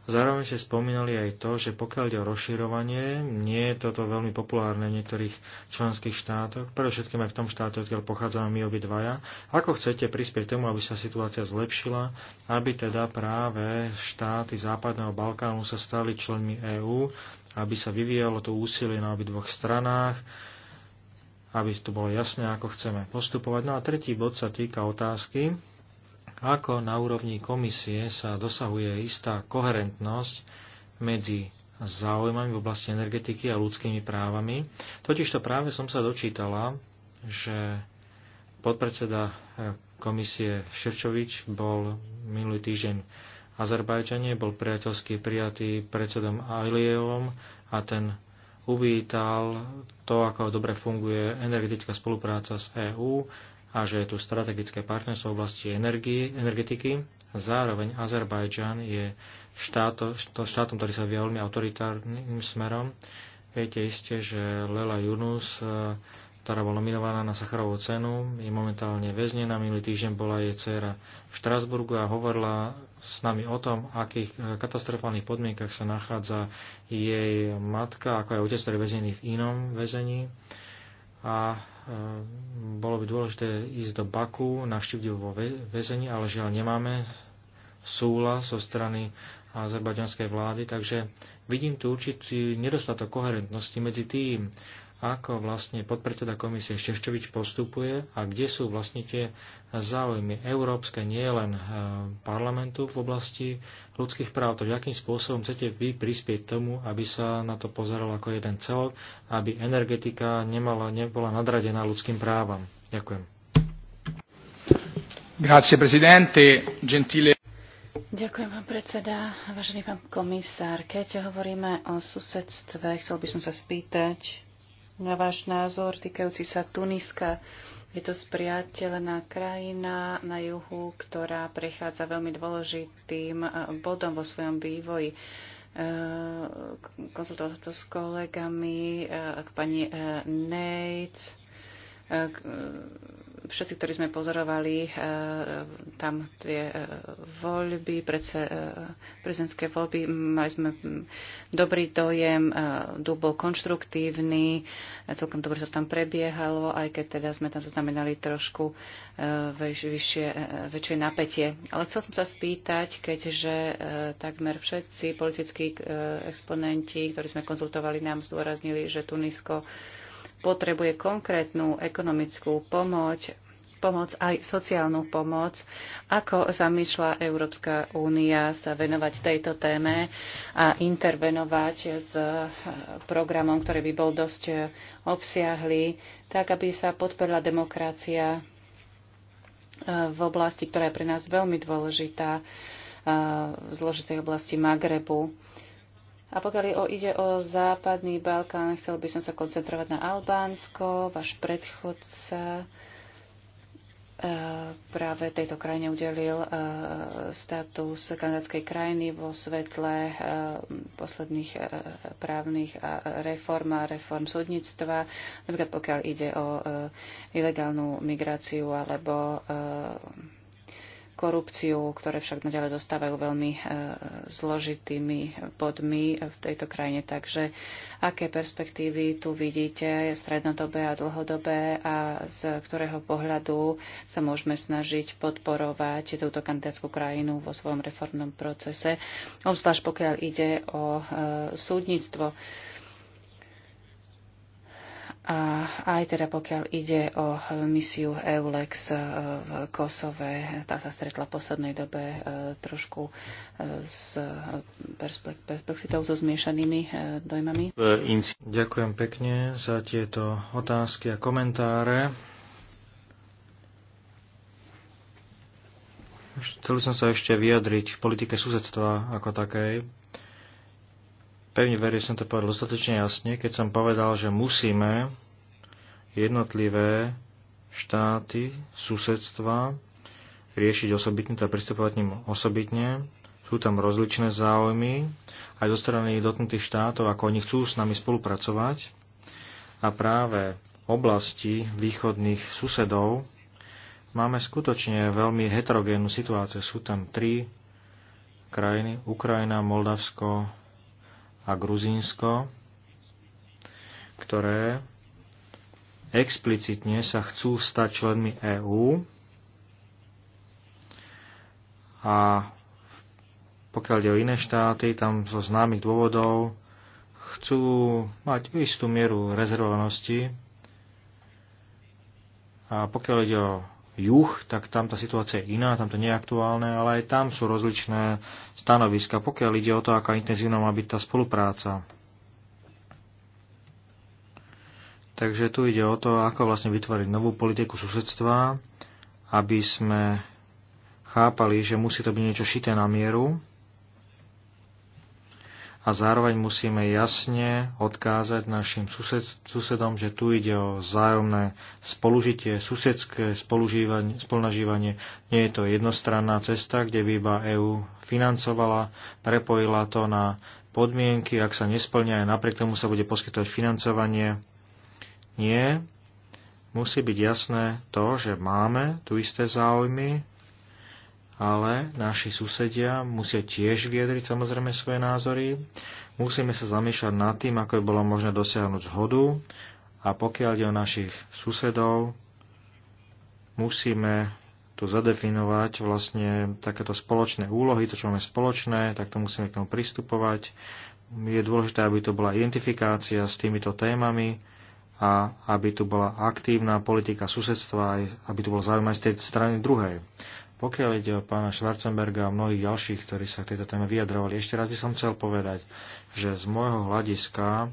Zároveň ste spomínali aj to, že pokiaľ ide o rozširovanie, nie je toto veľmi populárne v niektorých členských štátoch, predovšetkým aj v tom štáte, odkiaľ pochádzame my obidvaja. Ako chcete prispieť tomu, aby sa situácia zlepšila, aby teda práve štáty Západného Balkánu sa stali členmi EÚ, aby sa vyvíjalo to úsilie na obidvoch stranách, aby tu bolo jasné, ako chceme postupovať. No a tretí bod sa týka otázky, ako na úrovni komisie sa dosahuje istá koherentnosť medzi záujmami v oblasti energetiky a ľudskými právami. Totižto práve som sa dočítala, že podpredseda eh, komisie Ševčovič bol minulý týždeň v Azerbajdžane, bol priateľsky prijatý predsedom Alievom a ten uvítal to, ako dobre funguje energetická spolupráca s EÚ a že je tu strategické partnerstvo v oblasti energie, energetiky. Zároveň Azerbajdžan je štáto, štátom, ktorý sa vie veľmi autoritárnym smerom. Viete iste, že Lela Yunus, e, ktorá bola nominovaná na Sacharovú cenu, je momentálne väznená. Minulý týždeň bola jej dcéra v Štrasburgu a hovorila s nami o tom, akých e, katastrofálnych podmienkach sa nachádza jej matka, ako aj otec, ktorý je väznený v inom väzení. A bolo by dôležité ísť do Baku, navštíviť vo väzení, ale žiaľ nemáme súla zo so strany azerbaďanskej vlády, takže vidím tu určitý nedostatok koherentnosti medzi tým, ako vlastne podpredseda komisie Ševčovič postupuje a kde sú vlastne tie záujmy európske, nie len e, parlamentu v oblasti ľudských práv. Takže akým spôsobom chcete vy prispieť tomu, aby sa na to pozeralo ako jeden celok, aby energetika nemala, nebola nadradená ľudským právam. Ďakujem. Grazie, presidente. Gentile. Ďakujem, pán predseda. Vážený pán komisár, keď hovoríme o susedstve, chcel by som sa spýtať, na váš názor týkajúci sa Tuniska. Je to spriateľná krajina na juhu, ktorá prechádza veľmi dôležitým e, bodom vo svojom vývoji. E, konzultoval to s kolegami, e, k pani Nates, všetci, ktorí sme pozorovali eh, tam tie eh, voľby, eh, prezidentské voľby, mali sme hm, dobrý dojem, duch bol konštruktívny, celkom dobre sa tam prebiehalo, aj keď teda sme tam zaznamenali trošku vyššie, väčšie napätie. Ale chcel som sa spýtať, keďže takmer všetci politickí exponenti, ktorí sme konzultovali, nám zdôraznili, že Tunisko potrebuje konkrétnu ekonomickú pomoc, pomoc aj sociálnu pomoc. Ako zamýšľa Európska únia sa venovať tejto téme a intervenovať s eh, programom, ktorý by bol dosť eh, obsiahly, tak aby sa podporila demokracia eh, v oblasti, ktorá je pre nás veľmi dôležitá, v zložitej oblasti Magrebu. A pokiaľ ide o západný Balkán, chcel by som sa koncentrovať na Albánsko. Váš predchodca eh, práve tejto krajine udelil eh, status kanadskej krajiny vo svetle eh, posledných právnych reform a reform súdnictva, napríklad pokiaľ ide o ilegálnu migráciu alebo korupciu, ktoré však naďalej zostávajú veľmi e, zložitými bodmi v tejto krajine. Takže aké perspektívy tu vidíte, strednodobé a dlhodobé a z ktorého pohľadu sa môžeme snažiť podporovať túto kandidátskú krajinu vo svojom reformnom procese, obzvlášť pokiaľ ide o e, súdnictvo. A aj teda pokiaľ ide o misiu EULEX e, v Kosove, tá sa stretla v poslednej dobe e, trošku e, s perplexitou, so zmiešanými dojmami. Ďakujem pekne za tieto otázky a komentáre. Chcel som sa ešte vyjadriť k politike susedstva ako takej, Pevne verím, som to povedal dostatočne jasne, keď som povedal, že musíme jednotlivé štáty susedstva riešiť osobitne, teda pristupovať ním osobitne. Sú tam rozličné záujmy aj zo strany dotknutých štátov, ako oni chcú s nami spolupracovať. A práve oblasti východných susedov máme skutočne veľmi heterogénnu situáciu. Sú tam tri krajiny, Ukrajina, Moldavsko a Gruzínsko, ktoré explicitne sa chcú stať členmi EÚ a pokiaľ ide o iné štáty, tam zo známych dôvodov chcú mať istú mieru rezervovanosti a pokiaľ ide o juh, tak tam tá situácia je iná, tam to nie je aktuálne, ale aj tam sú rozličné stanoviska, pokiaľ ide o to, aká intenzívna má byť tá spolupráca. Takže tu ide o to, ako vlastne vytvoriť novú politiku susedstva, aby sme chápali, že musí to byť niečo šité na mieru a zároveň musíme jasne odkázať našim sused, susedom, že tu ide o vzájomné spolužitie, susedské spolnažívanie. Nie je to jednostranná cesta, kde by iba EÚ financovala, prepojila to na podmienky, ak sa nesplňa, aj napriek tomu sa bude poskytovať financovanie. Nie, musí byť jasné to, že máme tu isté záujmy, ale naši susedia musia tiež vyjadriť samozrejme svoje názory. Musíme sa zamýšľať nad tým, ako je bolo možné dosiahnuť zhodu a pokiaľ ide o našich susedov, musíme tu zadefinovať vlastne takéto spoločné úlohy, to, čo máme spoločné, tak to musíme k tomu pristupovať. Je dôležité, aby to bola identifikácia s týmito témami a aby tu bola aktívna politika susedstva, aby tu bola zaujímavé z tej strany druhej. Pokiaľ ide o pána Schwarzenberga a mnohých ďalších, ktorí sa k tejto téme vyjadrovali, ešte raz by som chcel povedať, že z môjho hľadiska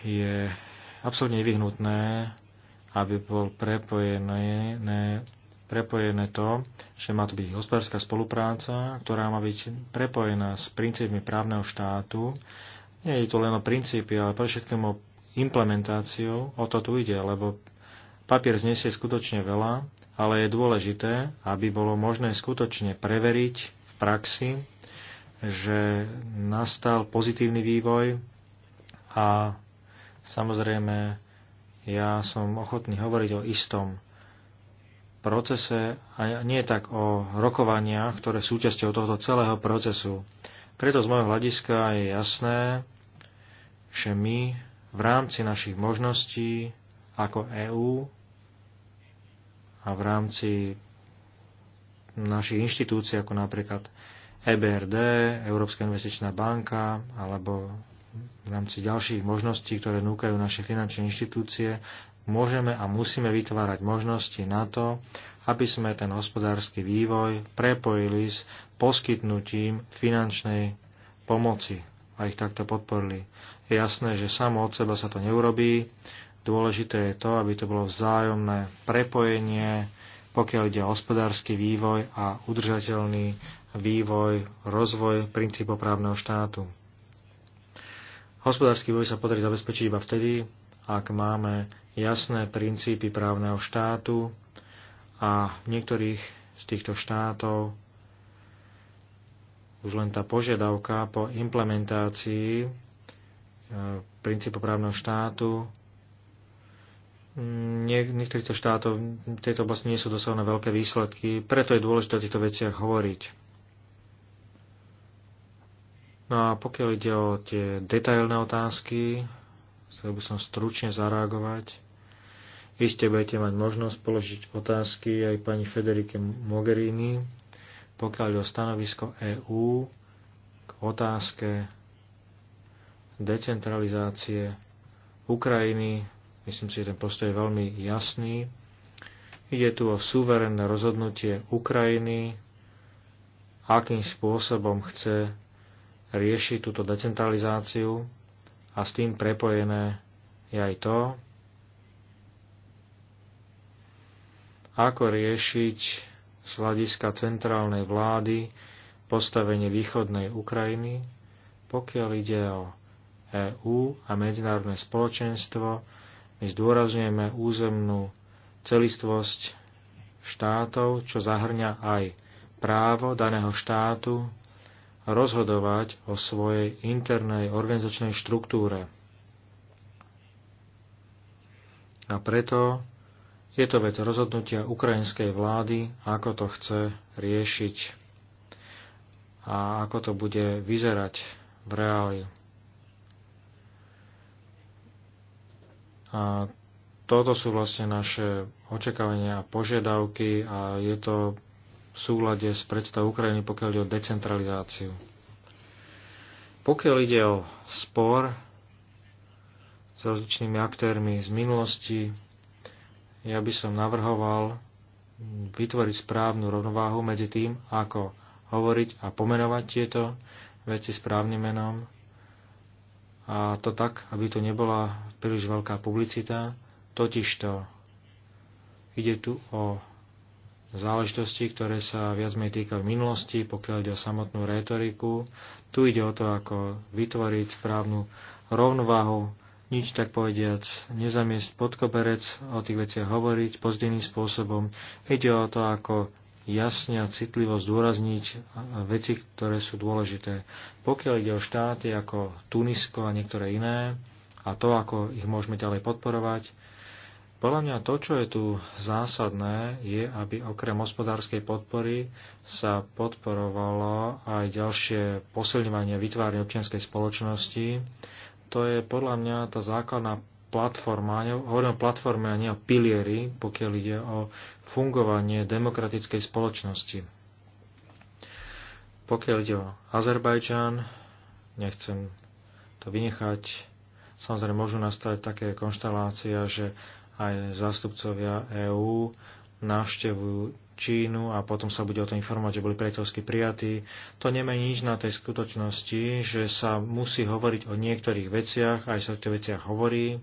je absolútne nevyhnutné, aby bol prepojené, prepojené to, že má to byť hospodárska spolupráca, ktorá má byť prepojená s princípmi právneho štátu. Nie je to len o princípy, ale pre všetkým o implementáciou. O to tu ide, lebo papier znesie skutočne veľa ale je dôležité, aby bolo možné skutočne preveriť v praxi, že nastal pozitívny vývoj a samozrejme ja som ochotný hovoriť o istom procese a nie tak o rokovaniach, ktoré sú súčasťou tohto celého procesu. Preto z môjho hľadiska je jasné, že my v rámci našich možností ako EÚ a v rámci našich inštitúcií, ako napríklad EBRD, Európska investičná banka, alebo v rámci ďalších možností, ktoré núkajú naše finančné inštitúcie, môžeme a musíme vytvárať možnosti na to, aby sme ten hospodársky vývoj prepojili s poskytnutím finančnej pomoci a ich takto podporili. Je jasné, že samo od seba sa to neurobí, Dôležité je to, aby to bolo vzájomné prepojenie, pokiaľ ide o hospodársky vývoj a udržateľný vývoj, rozvoj princípov právneho štátu. Hospodársky vývoj sa podarí zabezpečiť iba vtedy, ak máme jasné princípy právneho štátu a v niektorých z týchto štátov už len tá požiadavka po implementácii eh, princípu právneho štátu Niektorýchto niektorých štátov v tejto oblasti nie sú dosahované veľké výsledky, preto je dôležité o týchto veciach hovoriť. No a pokiaľ ide o tie detailné otázky, chcel by som stručne zareagovať. Iste budete mať možnosť položiť otázky aj pani Federike Mogherini, pokiaľ ide o stanovisko EÚ k otázke decentralizácie Ukrajiny Myslím si, že ten postoj je veľmi jasný. Ide tu o suverénne rozhodnutie Ukrajiny, akým spôsobom chce riešiť túto decentralizáciu a s tým prepojené je aj to, ako riešiť z hľadiska centrálnej vlády postavenie východnej Ukrajiny, pokiaľ ide o EÚ a medzinárodné spoločenstvo, my zdôrazňujeme územnú celistvosť štátov, čo zahrňa aj právo daného štátu rozhodovať o svojej internej organizačnej štruktúre. A preto je to vec rozhodnutia ukrajinskej vlády, ako to chce riešiť a ako to bude vyzerať v reáliu. A toto sú vlastne naše očakávania a požiadavky a je to v súlade s predstavou Ukrajiny, pokiaľ ide o decentralizáciu. Pokiaľ ide o spor s rozličnými aktérmi z minulosti, ja by som navrhoval vytvoriť správnu rovnováhu medzi tým, ako hovoriť a pomenovať tieto veci správnym menom a to tak, aby to nebola príliš veľká publicita, totižto ide tu o záležitosti, ktoré sa viac menej týkajú minulosti, pokiaľ ide o samotnú rétoriku. Tu ide o to, ako vytvoriť správnu rovnováhu, nič tak povediac, nezamiesť pod koberec, o tých veciach hovoriť pozitívnym spôsobom. Ide o to, ako jasne a citlivo zdôrazniť veci, ktoré sú dôležité. Pokiaľ ide o štáty ako Tunisko a niektoré iné a to, ako ich môžeme ďalej podporovať, podľa mňa to, čo je tu zásadné, je, aby okrem hospodárskej podpory sa podporovalo aj ďalšie posilňovanie vytvárania občianskej spoločnosti. To je podľa mňa tá základná platforma, hovorím o platforme a nie o pilieri, pokiaľ ide o fungovanie demokratickej spoločnosti. Pokiaľ ide o Azerbajčan, nechcem to vynechať, samozrejme môžu nastať také konštelácia, že aj zástupcovia EÚ navštevujú Čínu a potom sa bude o to informovať, že boli priateľsky prijatí. To nemení nič na tej skutočnosti, že sa musí hovoriť o niektorých veciach, aj sa o tých veciach hovorí.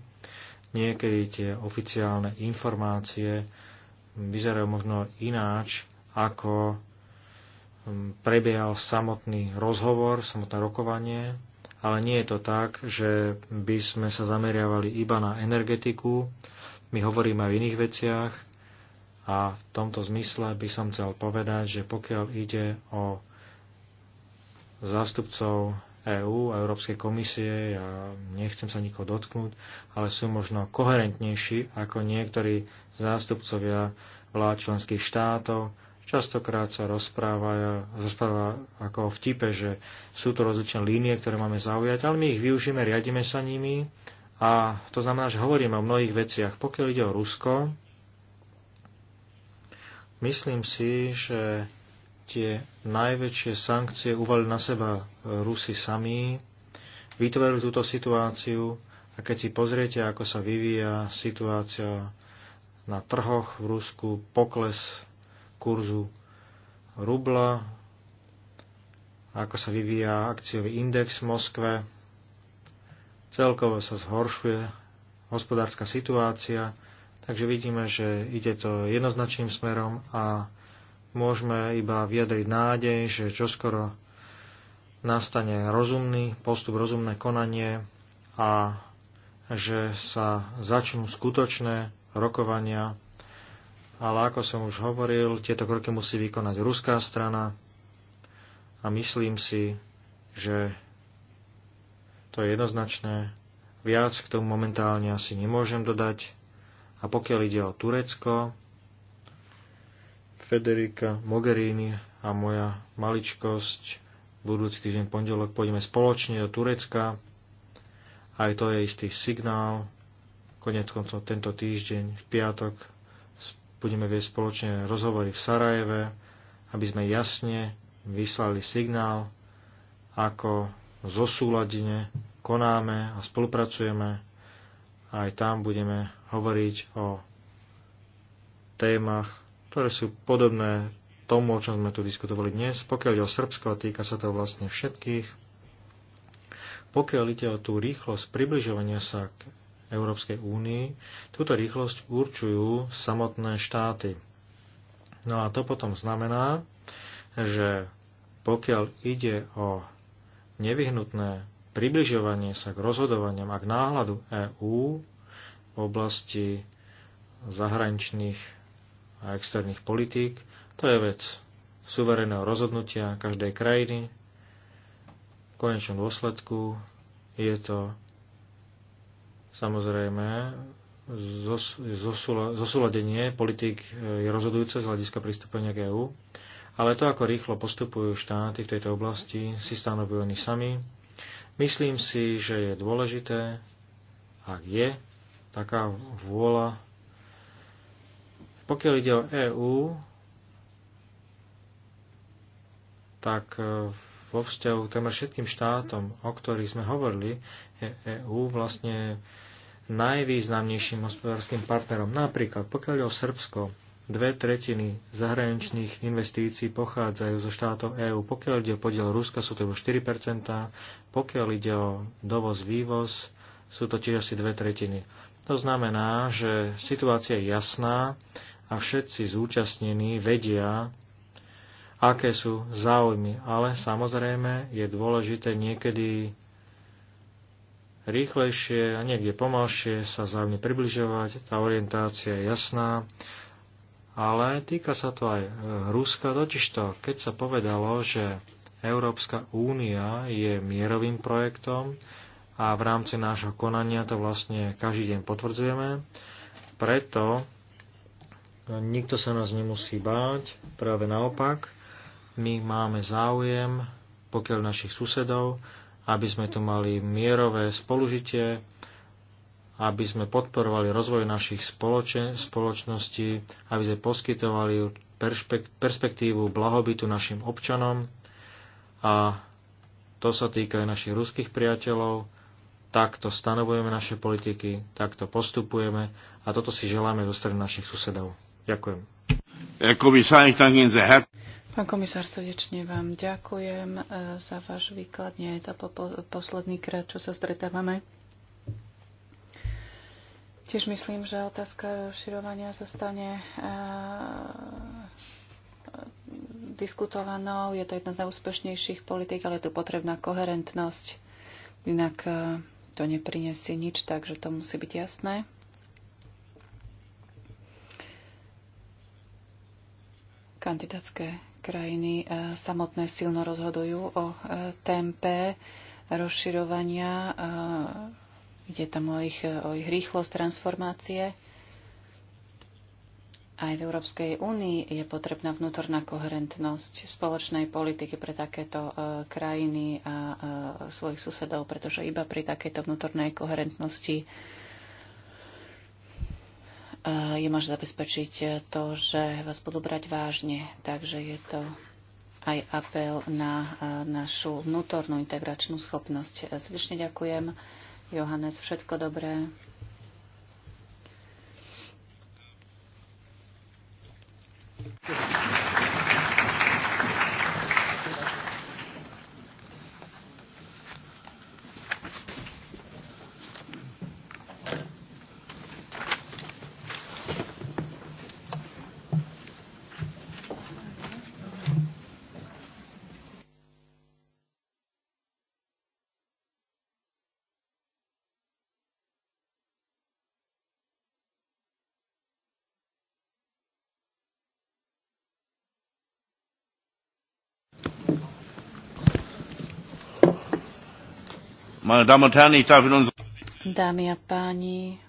Niekedy tie oficiálne informácie vyzerajú možno ináč, ako hm, prebiehal samotný rozhovor, samotné rokovanie, ale nie je to tak, že by sme sa zameriavali iba na energetiku. My hovoríme aj o iných veciach a v tomto zmysle by som chcel povedať, že pokiaľ ide o zástupcov EÚ a Európskej komisie, ja nechcem sa nikoho dotknúť, ale sú možno koherentnejší ako niektorí zástupcovia vlád členských štátov. Častokrát sa rozpráva, rozpráva ako o vtipe, že sú to rozličné línie, ktoré máme zaujať, ale my ich využíme, riadime sa nimi a to znamená, že hovoríme o mnohých veciach. Pokiaľ ide o Rusko, myslím si, že tie najväčšie sankcie uvali na seba Rusi sami, vytvorili túto situáciu a keď si pozriete, ako sa vyvíja situácia na trhoch v Rusku, pokles kurzu rubla, ako sa vyvíja akciový index v Moskve, celkovo sa zhoršuje hospodárska situácia, takže vidíme, že ide to jednoznačným smerom a môžeme iba vyjadriť nádej, že čoskoro nastane rozumný postup, rozumné konanie a že sa začnú skutočné rokovania. Ale ako som už hovoril, tieto kroky musí vykonať ruská strana a myslím si, že to je jednoznačné. Viac k tomu momentálne asi nemôžem dodať. A pokiaľ ide o Turecko, Federica Mogherini a moja maličkosť budúci týždeň pondelok pôjdeme spoločne do Turecka. Aj to je istý signál. Konec koncov tento týždeň v piatok budeme viesť spoločne rozhovory v Sarajeve, aby sme jasne vyslali signál, ako zosúladine konáme a spolupracujeme. Aj tam budeme hovoriť o témach, ktoré sú podobné tomu, o čom sme tu diskutovali dnes. Pokiaľ ide o Srbsko, týka sa to vlastne všetkých, pokiaľ ide o tú rýchlosť približovania sa k Európskej únii, túto rýchlosť určujú samotné štáty. No a to potom znamená, že pokiaľ ide o nevyhnutné približovanie sa k rozhodovaniam a k náhľadu EÚ v oblasti zahraničných a externých politík. To je vec suverénneho rozhodnutia každej krajiny. V konečnom dôsledku je to samozrejme zosúladenie politik e, je rozhodujúce z hľadiska pristúpenia k EÚ, ale to, ako rýchlo postupujú štáty v tejto oblasti, si stanovujú oni sami. Myslím si, že je dôležité, ak je taká vôľa pokiaľ ide o EÚ, tak e, vo vzťahu takmer všetkým štátom, o ktorých sme hovorili, je EÚ vlastne najvýznamnejším hospodárskym partnerom. Napríklad, pokiaľ je o Srbsko, dve tretiny zahraničných investícií pochádzajú zo štátov EÚ. Pokiaľ ide o podiel Ruska, sú to už 4%, pokiaľ ide o dovoz-vývoz, sú to tiež asi dve tretiny. To znamená, že situácia je jasná a všetci zúčastnení vedia, aké sú záujmy. Ale samozrejme je dôležité niekedy rýchlejšie a niekde pomalšie sa záujmy približovať. Tá orientácia je jasná. Ale týka sa to aj e, Ruska, totižto keď sa povedalo, že Európska únia je mierovým projektom a v rámci nášho konania to vlastne každý deň potvrdzujeme, preto No, nikto sa nás nemusí báť, práve naopak. My máme záujem, pokiaľ našich susedov, aby sme tu mali mierové spolužitie, aby sme podporovali rozvoj našich spoločen- spoločností, aby sme poskytovali perspektívu blahobytu našim občanom a to sa týka aj našich ruských priateľov, takto stanovujeme naše politiky, takto postupujeme a toto si želáme zo strany našich susedov. Ďakujem. Pán komisár, srdečne vám ďakujem e, za váš výklad. Nie je to po, posledný krát, čo sa stretávame. Tiež myslím, že otázka rozširovania zostane e, diskutovanou. Je to jedna z najúspešnejších politik, ale je tu potrebná koherentnosť. Inak e, to neprinesie nič, takže to musí byť jasné. Kandidátske krajiny e, samotné silno rozhodujú o e, tempe rozširovania. E, ide tam o ich, o ich rýchlosť transformácie. Aj v Európskej únii je potrebná vnútorná koherentnosť spoločnej politiky pre takéto krajiny a svojich susedov, pretože iba pri takejto vnútornej koherentnosti Eh, je možné zabezpečiť eh, to, že vás budú brať vážne. Takže je to aj apel na eh, našu vnútornú integračnú schopnosť. Srdečne ďakujem. Johannes, všetko dobré. Meine Damen und Herren, ich darf in Dámy a páni,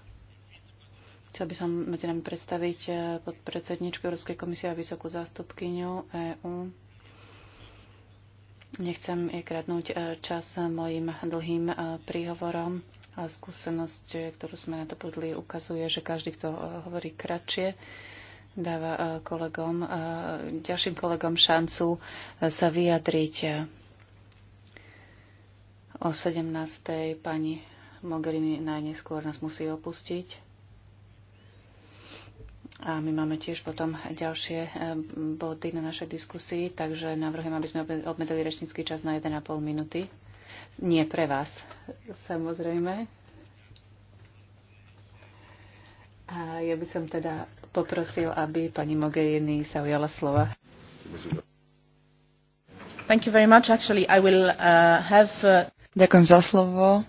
chcel by som medzi nami predstaviť eh, podpredsedničku Európskej komisie a vysokú zástupkyňu EÚ. Nechcem je kradnúť eh, čas mojim dlhým eh, príhovorom, ale skúsenosť, ktorú sme na to podli, ukazuje, že každý, kto hovorí kratšie, dáva kolegom, ďalším kolegom šancu sa vyjadriť O 17. pani Mogherini najneskôr nás musí opustiť. A my máme tiež potom ďalšie e, body na našej diskusii, takže navrhujem, aby sme obmedzili rečnícky čas na 1,5 minúty. Nie pre vás, samozrejme. A ja by som teda poprosil, aby pani Mogherini sa ujala slova. Thank you very much. Actually, I will uh, have... Uh... Ďakujem za slovo.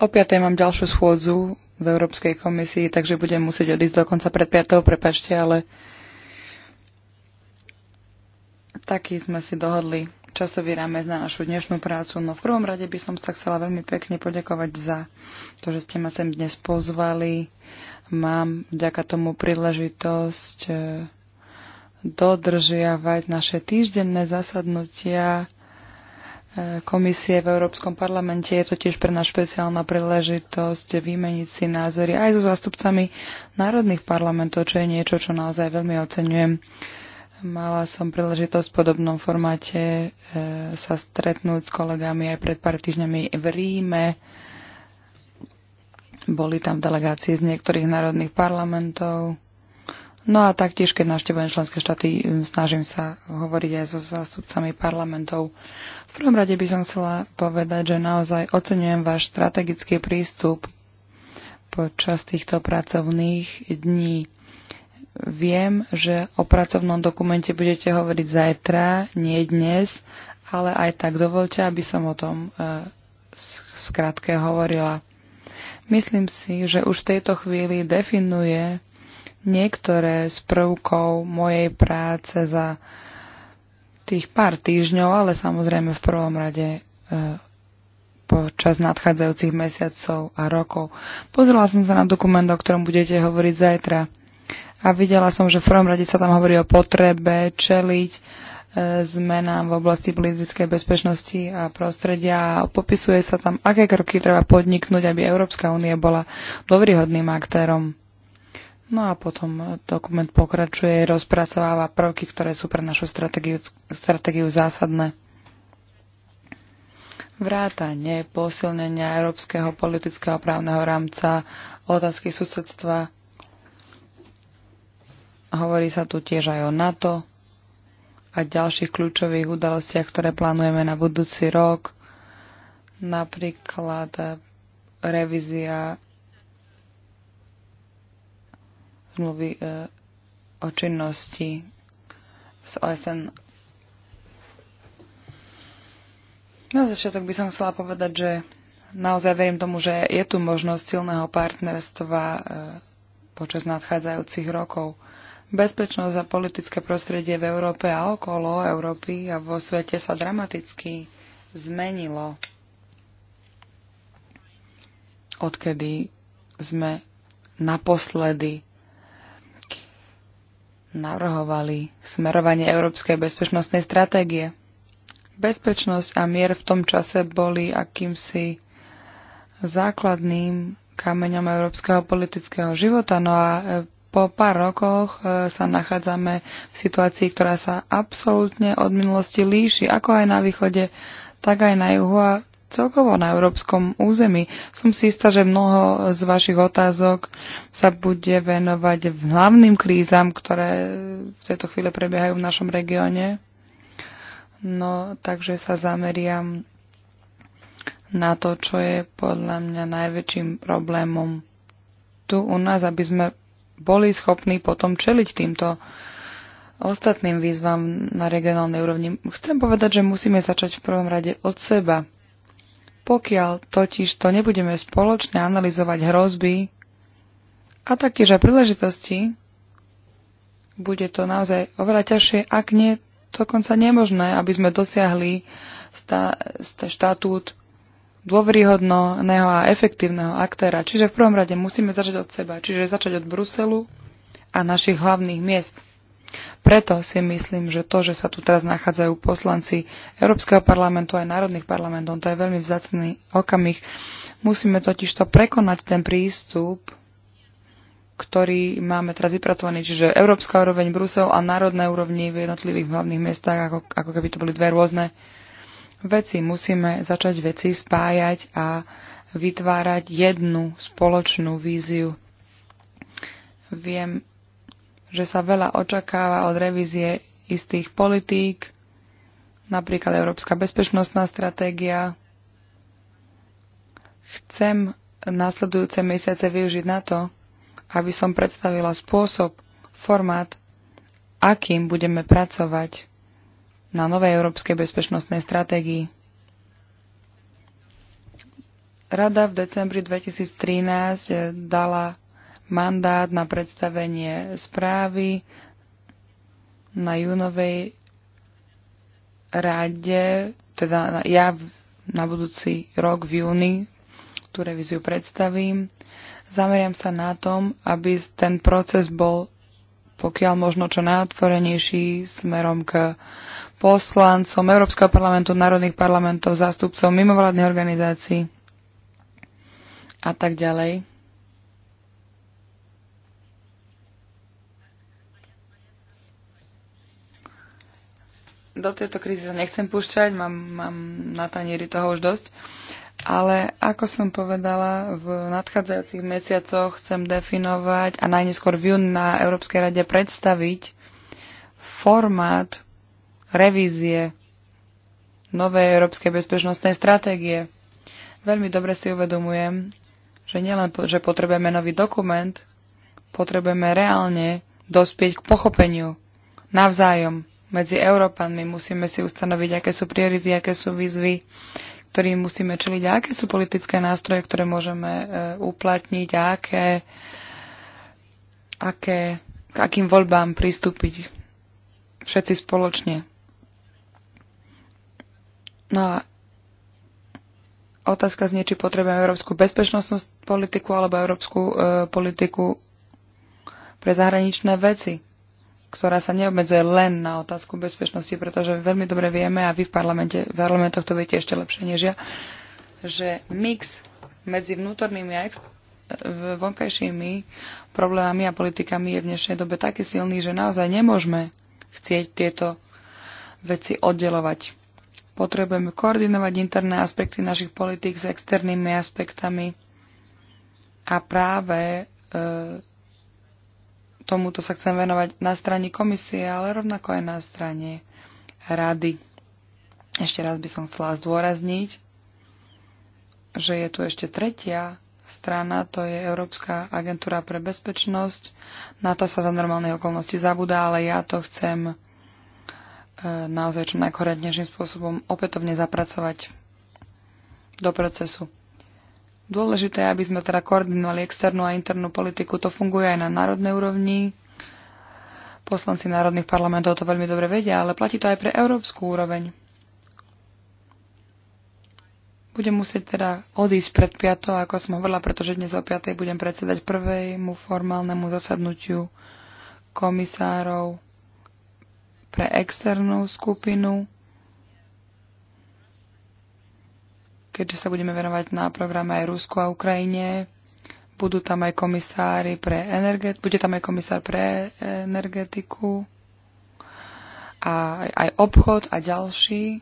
O piatej mám ďalšiu schôdzu v Európskej komisii, takže budem musieť odísť dokonca pred piatou, prepačte, ale taký sme si dohodli časový rámec na našu dnešnú prácu. No v prvom rade by som sa chcela veľmi pekne poďakovať za to, že ste ma sem dnes pozvali. Mám vďaka tomu príležitosť eh, dodržiavať naše týždenné zasadnutia komisie v Európskom parlamente. Je to tiež pre nás špeciálna príležitosť vymeniť si názory aj so zástupcami národných parlamentov, čo je niečo, čo naozaj veľmi oceňujem. Mala som príležitosť v podobnom formáte e, sa stretnúť s kolegami aj pred pár týždňami v Ríme. Boli tam delegácie z niektorých národných parlamentov. No a taktiež, keď navštevujem členské štáty, snažím sa hovoriť aj so zástupcami parlamentov v prvom rade by som chcela povedať, že naozaj oceňujem váš strategický prístup počas týchto pracovných dní. Viem, že o pracovnom dokumente budete hovoriť zajtra, nie dnes, ale aj tak dovolte, aby som o tom e, v skratke hovorila. Myslím si, že už v tejto chvíli definuje niektoré z prvkov mojej práce za tých pár týždňov, ale samozrejme v prvom rade e, počas nadchádzajúcich mesiacov a rokov. Pozrela som sa na dokument, o ktorom budete hovoriť zajtra a videla som, že v prvom rade sa tam hovorí o potrebe čeliť e, zmenám v oblasti politickej bezpečnosti a prostredia a popisuje sa tam, aké kroky treba podniknúť, aby Európska únia bola dobrýhodným aktérom No a potom dokument pokračuje, rozpracováva prvky, ktoré sú pre našu stratégiu, stratégiu zásadné. Vrátanie posilnenia európskeho politického právneho rámca, otázky susedstva. Hovorí sa tu tiež aj o NATO a ďalších kľúčových udalostiach, ktoré plánujeme na budúci rok. Napríklad revízia zmluvy e, o činnosti z OSN. Na začiatok by som chcela povedať, že naozaj verím tomu, že je tu možnosť silného partnerstva e, počas nadchádzajúcich rokov. Bezpečnosť a politické prostredie v Európe a okolo Európy a vo svete sa dramaticky zmenilo, odkedy sme naposledy navrhovali smerovanie Európskej bezpečnostnej stratégie. Bezpečnosť a mier v tom čase boli akýmsi základným kameňom európskeho politického života. No a e, po pár rokoch e, sa nachádzame v situácii, ktorá sa absolútne od minulosti líši, ako aj na východe, tak aj na juhu a celkovo na európskom území. Som si istá, že mnoho z vašich otázok sa bude venovať hlavným krízam, ktoré v tejto chvíle prebiehajú v našom regióne. No, takže sa zameriam na to, čo je podľa mňa najväčším problémom tu u nás, aby sme boli schopní potom čeliť týmto ostatným výzvam na regionálnej úrovni. Chcem povedať, že musíme začať v prvom rade od seba. Pokiaľ totiž to nebudeme spoločne analyzovať hrozby a taktiež aj príležitosti, bude to naozaj oveľa ťažšie, ak nie dokonca nemožné, aby sme dosiahli štatút dôveryhodného a efektívneho aktéra. Čiže v prvom rade musíme začať od seba, čiže začať od Bruselu a našich hlavných miest. Preto si myslím, že to, že sa tu teraz nachádzajú poslanci Európskeho parlamentu aj národných parlamentov, to je veľmi vzácný okamih. Musíme totiž to prekonať ten prístup, ktorý máme teraz vypracovaný, čiže európska úroveň Brusel a národné úrovni v jednotlivých hlavných mestách, ako, ako keby to boli dve rôzne veci. Musíme začať veci spájať a vytvárať jednu spoločnú víziu. Viem, že sa veľa očakáva od revízie istých politík, napríklad Európska bezpečnostná stratégia. Chcem nasledujúce mesiace využiť na to, aby som predstavila spôsob, formát, akým budeme pracovať na novej európskej bezpečnostnej stratégii. Rada v decembri 2013 dala mandát na predstavenie správy na júnovej rade, teda ja na budúci rok v júni tú revíziu predstavím. Zameriam sa na tom, aby ten proces bol pokiaľ možno čo najotvorenejší smerom k poslancom Európskeho parlamentu, národných parlamentov, zástupcom mimovládnych organizácií a tak ďalej. do tejto krízy sa nechcem púšťať, mám, mám na tanieri toho už dosť. Ale ako som povedala, v nadchádzajúcich mesiacoch chcem definovať a najneskôr v júni na Európskej rade predstaviť formát revízie novej európskej bezpečnostnej stratégie. Veľmi dobre si uvedomujem, že nielen, že potrebujeme nový dokument, potrebujeme reálne dospieť k pochopeniu navzájom medzi Európanmi. Musíme si ustanoviť, aké sú priority, aké sú výzvy, ktorým musíme čeliť, aké sú politické nástroje, ktoré môžeme e, uplatniť a aké, aké, k akým voľbám pristúpiť všetci spoločne. No a otázka znie, či potrebujeme európsku bezpečnostnú politiku alebo európsku e, politiku pre zahraničné veci ktorá sa neobmedzuje len na otázku bezpečnosti, pretože veľmi dobre vieme a vy v parlamente, v parlamentoch to viete ešte lepšie než ja, že mix medzi vnútornými a vonkajšími problémami a politikami je v dnešnej dobe taký silný, že naozaj nemôžeme chcieť tieto veci oddelovať. Potrebujeme koordinovať interné aspekty našich politík s externými aspektami a práve e, tomuto sa chcem venovať na strane komisie, ale rovnako aj na strane rady. Ešte raz by som chcela zdôrazniť, že je tu ešte tretia strana, to je Európska agentúra pre bezpečnosť. Na to sa za normálnej okolnosti zabudá, ale ja to chcem e, naozaj čo najkorektnejším spôsobom opätovne zapracovať do procesu dôležité, aby sme teda koordinovali externú a internú politiku. To funguje aj na národnej úrovni. Poslanci národných parlamentov to veľmi dobre vedia, ale platí to aj pre európsku úroveň. Budem musieť teda odísť pred piatou, ako som hovorila, pretože dnes o piatej budem predsedať prvému formálnemu zasadnutiu komisárov pre externú skupinu keďže sa budeme venovať na programe aj Rusku a Ukrajine. Budú tam aj komisári pre energet- bude tam aj komisár pre energetiku a aj obchod a ďalší.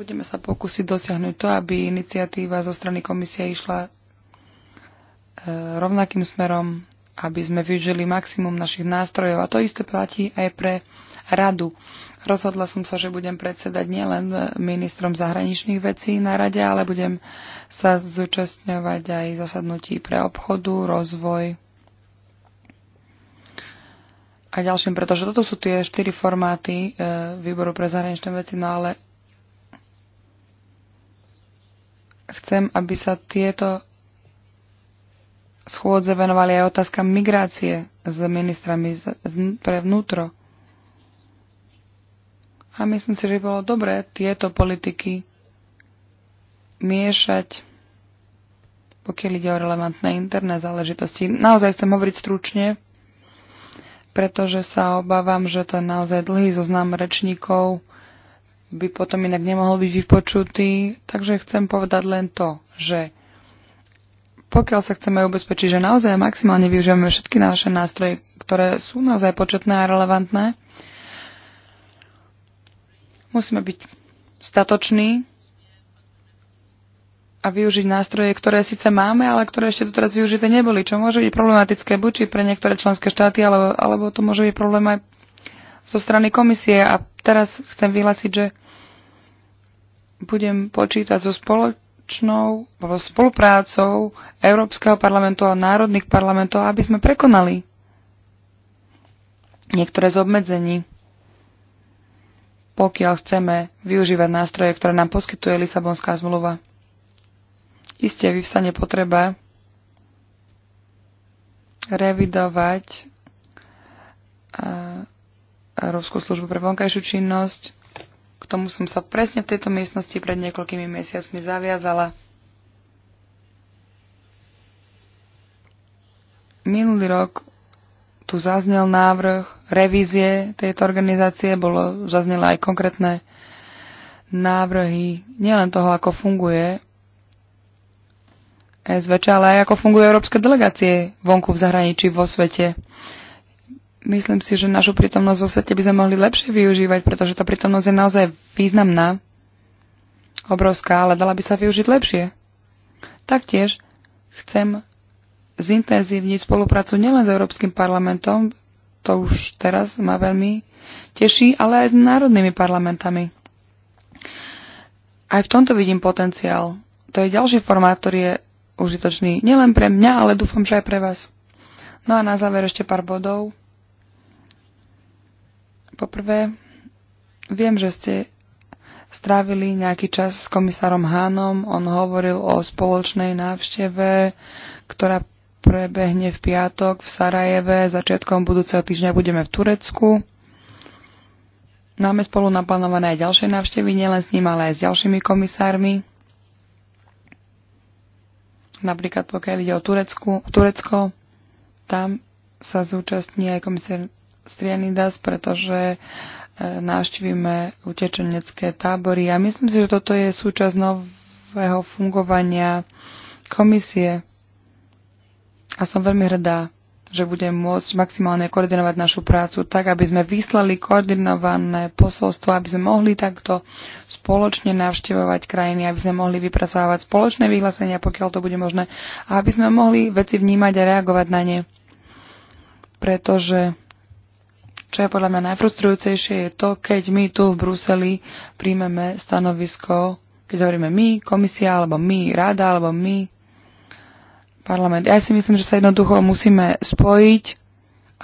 Budeme sa pokúsiť dosiahnuť to, aby iniciatíva zo strany komisie išla e, rovnakým smerom, aby sme využili maximum našich nástrojov. A to isté platí aj pre radu. Rozhodla som sa, že budem predsedať nielen ministrom zahraničných vecí na rade, ale budem sa zúčastňovať aj zasadnutí pre obchodu, rozvoj a ďalším, pretože toto sú tie štyri formáty e, výboru pre zahraničné veci, no ale chcem, aby sa tieto schôdze venovali aj otázka migrácie s ministrami pre vnútro. A myslím si, že bolo dobré tieto politiky miešať, pokiaľ ide o relevantné interné záležitosti. Naozaj chcem hovoriť stručne, pretože sa obávam, že ten naozaj dlhý zoznam rečníkov by potom inak nemohol byť vypočutý. Takže chcem povedať len to, že pokiaľ sa chceme ubezpečiť, že naozaj maximálne využívame všetky naše nástroje, ktoré sú naozaj početné a relevantné, Musíme byť statoční a využiť nástroje, ktoré síce máme, ale ktoré ešte doteraz využité neboli, čo môže byť problematické buď či pre niektoré členské štáty, alebo, alebo to môže byť problém aj zo strany komisie. A teraz chcem vyhlásiť, že budem počítať so spoločnou alebo spoluprácou Európskeho parlamentu a národných parlamentov, aby sme prekonali niektoré z obmedzení pokiaľ chceme využívať nástroje, ktoré nám poskytuje Lisabonská zmluva. Isté vyvstane potreba revidovať Európsku službu pre vonkajšiu činnosť. K tomu som sa presne v tejto miestnosti pred niekoľkými mesiacmi zaviazala. Minulý rok tu zaznel návrh revízie tejto organizácie, bolo, zaznela aj konkrétne návrhy nielen toho, ako funguje SVČ, ale aj ako fungujú európske delegácie vonku v zahraničí, vo svete. Myslím si, že našu prítomnosť vo svete by sme mohli lepšie využívať, pretože tá prítomnosť je naozaj významná, obrovská, ale dala by sa využiť lepšie. Taktiež chcem zintenzívniť spoluprácu nielen s Európskym parlamentom, to už teraz ma veľmi teší, ale aj s národnými parlamentami. Aj v tomto vidím potenciál. To je ďalší formát, ktorý je užitočný nielen pre mňa, ale dúfam, že aj pre vás. No a na záver ešte pár bodov. Poprvé, viem, že ste strávili nejaký čas s komisárom Hánom. On hovoril o spoločnej návšteve, ktorá prebehne v piatok v Sarajeve. Začiatkom budúceho týždňa budeme v Turecku. Máme spolu naplánované aj ďalšie návštevy, nielen s ním, ale aj s ďalšími komisármi. Napríklad pokiaľ ide o Turecku, Turecko, tam sa zúčastní aj komisár Strianidas, pretože e, navštívime utečenecké tábory. A myslím si, že toto je súčasť nového fungovania komisie a som veľmi hrdá, že budem môcť maximálne koordinovať našu prácu tak, aby sme vyslali koordinované posolstvo, aby sme mohli takto spoločne navštevovať krajiny, aby sme mohli vypracovávať spoločné vyhlásenia, pokiaľ to bude možné, a aby sme mohli veci vnímať a reagovať na ne. Pretože čo je podľa mňa najfrustrujúcejšie, je to, keď my tu v Bruseli príjmeme stanovisko, keď hovoríme my, komisia, alebo my, rada, alebo my, parlament. Ja si myslím, že sa jednoducho musíme spojiť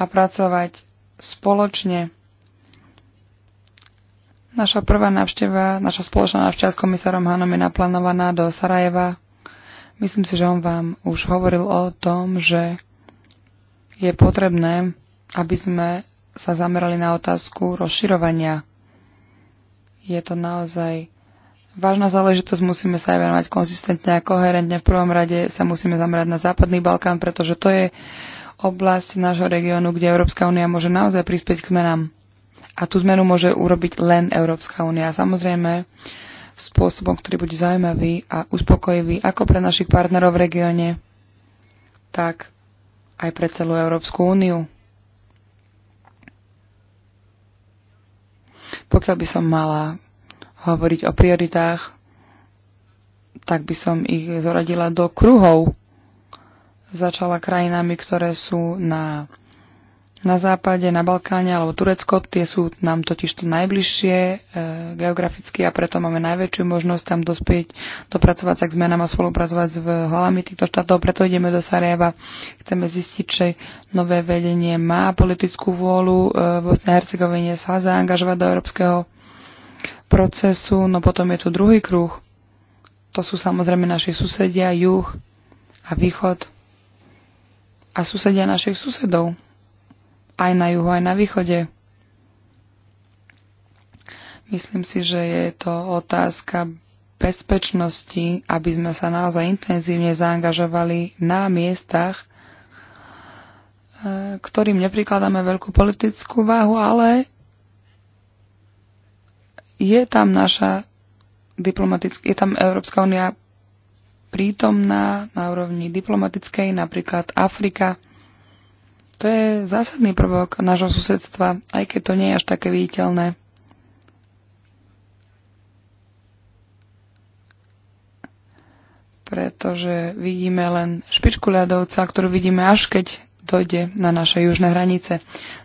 a pracovať spoločne. Naša prvá návšteva, naša spoločná návšteva s komisárom Hanom je naplánovaná do Sarajeva. Myslím si, že on vám už hovoril o tom, že je potrebné, aby sme sa zamerali na otázku rozširovania. Je to naozaj vážna záležitosť, musíme sa aj venovať konzistentne a koherentne. V prvom rade sa musíme zamerať na Západný Balkán, pretože to je oblasť nášho regiónu, kde Európska únia môže naozaj prispieť k zmenám. A tú zmenu môže urobiť len Európska únia. Samozrejme, spôsobom, ktorý bude zaujímavý a uspokojivý ako pre našich partnerov v regióne, tak aj pre celú Európsku úniu. Pokiaľ by som mala hovoriť o prioritách, tak by som ich zoradila do kruhov. Začala krajinami, ktoré sú na, na západe, na Balkáne alebo Turecko. Tie sú nám totiž to najbližšie e, geograficky a preto máme najväčšiu možnosť tam dospieť, dopracovať sa k zmenám a spolupracovať s hlavami týchto štátov. Preto ideme do Sarajeva. Chceme zistiť, či nové vedenie má politickú vôľu. E, Bosne a Hercegovine sa zaangažovať do európskeho procesu, no potom je tu druhý kruh. To sú samozrejme naši susedia, juh a východ a susedia našich susedov, aj na juhu, aj na východe. Myslím si, že je to otázka bezpečnosti, aby sme sa naozaj intenzívne zaangažovali na miestach, eh, ktorým neprikladáme veľkú politickú váhu, ale je tam naša diplomatická, je tam Európska únia prítomná na úrovni diplomatickej, napríklad Afrika. To je zásadný prvok nášho susedstva, aj keď to nie je až také viditeľné. Pretože vidíme len špičku ľadovca, ktorú vidíme až keď dojde na naše južné hranice.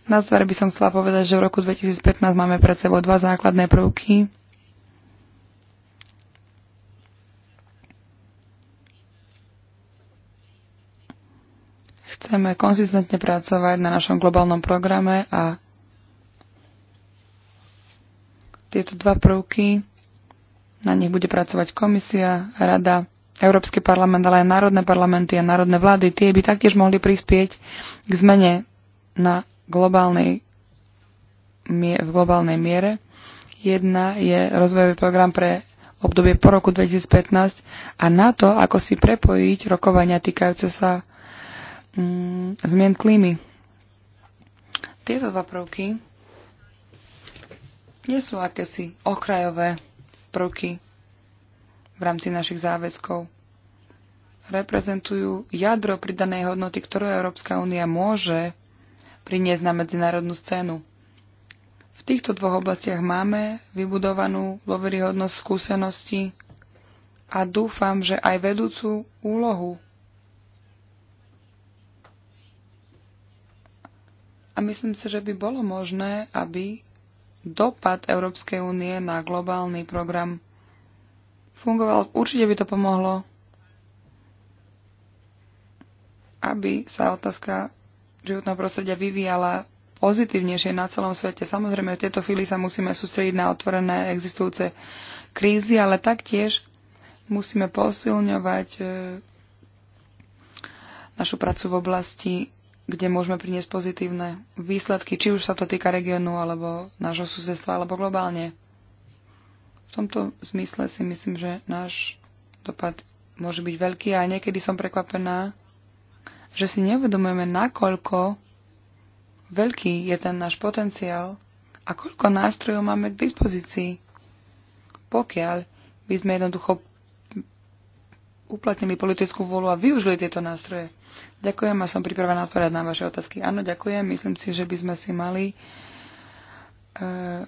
Na záver by som chcela povedať, že v roku 2015 máme pred sebou dva základné prvky. Chceme konzistentne pracovať na našom globálnom programe a tieto dva prvky, na nich bude pracovať komisia, rada, Európsky parlament, ale aj národné parlamenty a národné vlády, tie by taktiež mohli prispieť k zmene na globálnej, v globálnej miere. Jedna je rozvojový program pre obdobie po roku 2015 a na to, ako si prepojiť rokovania týkajúce sa mm, zmien klímy. Tieto dva prvky nie sú akési okrajové prvky v rámci našich záväzkov. Reprezentujú jadro pridanej hodnoty, ktorú Európska únia môže priniesť na medzinárodnú scénu. V týchto dvoch oblastiach máme vybudovanú dôveryhodnosť skúsenosti a dúfam, že aj vedúcu úlohu. A myslím si, že by bolo možné, aby dopad Európskej únie na globálny program fungoval. Určite by to pomohlo, aby sa otázka životného prostredia vyvíjala pozitívnejšie na celom svete. Samozrejme, v tejto chvíli sa musíme sústrediť na otvorené existujúce krízy, ale taktiež musíme posilňovať e, našu prácu v oblasti, kde môžeme priniesť pozitívne výsledky, či už sa to týka regiónu, alebo nášho susedstva, alebo globálne. V tomto zmysle si myslím, že náš dopad môže byť veľký a niekedy som prekvapená, že si nevedomujeme, nakoľko veľký je ten náš potenciál a koľko nástrojov máme k dispozícii. Pokiaľ by sme jednoducho uplatnili politickú vôľu a využili tieto nástroje. Ďakujem a som pripravená odpovedať na vaše otázky. Áno, ďakujem. Myslím si, že by sme si mali uh,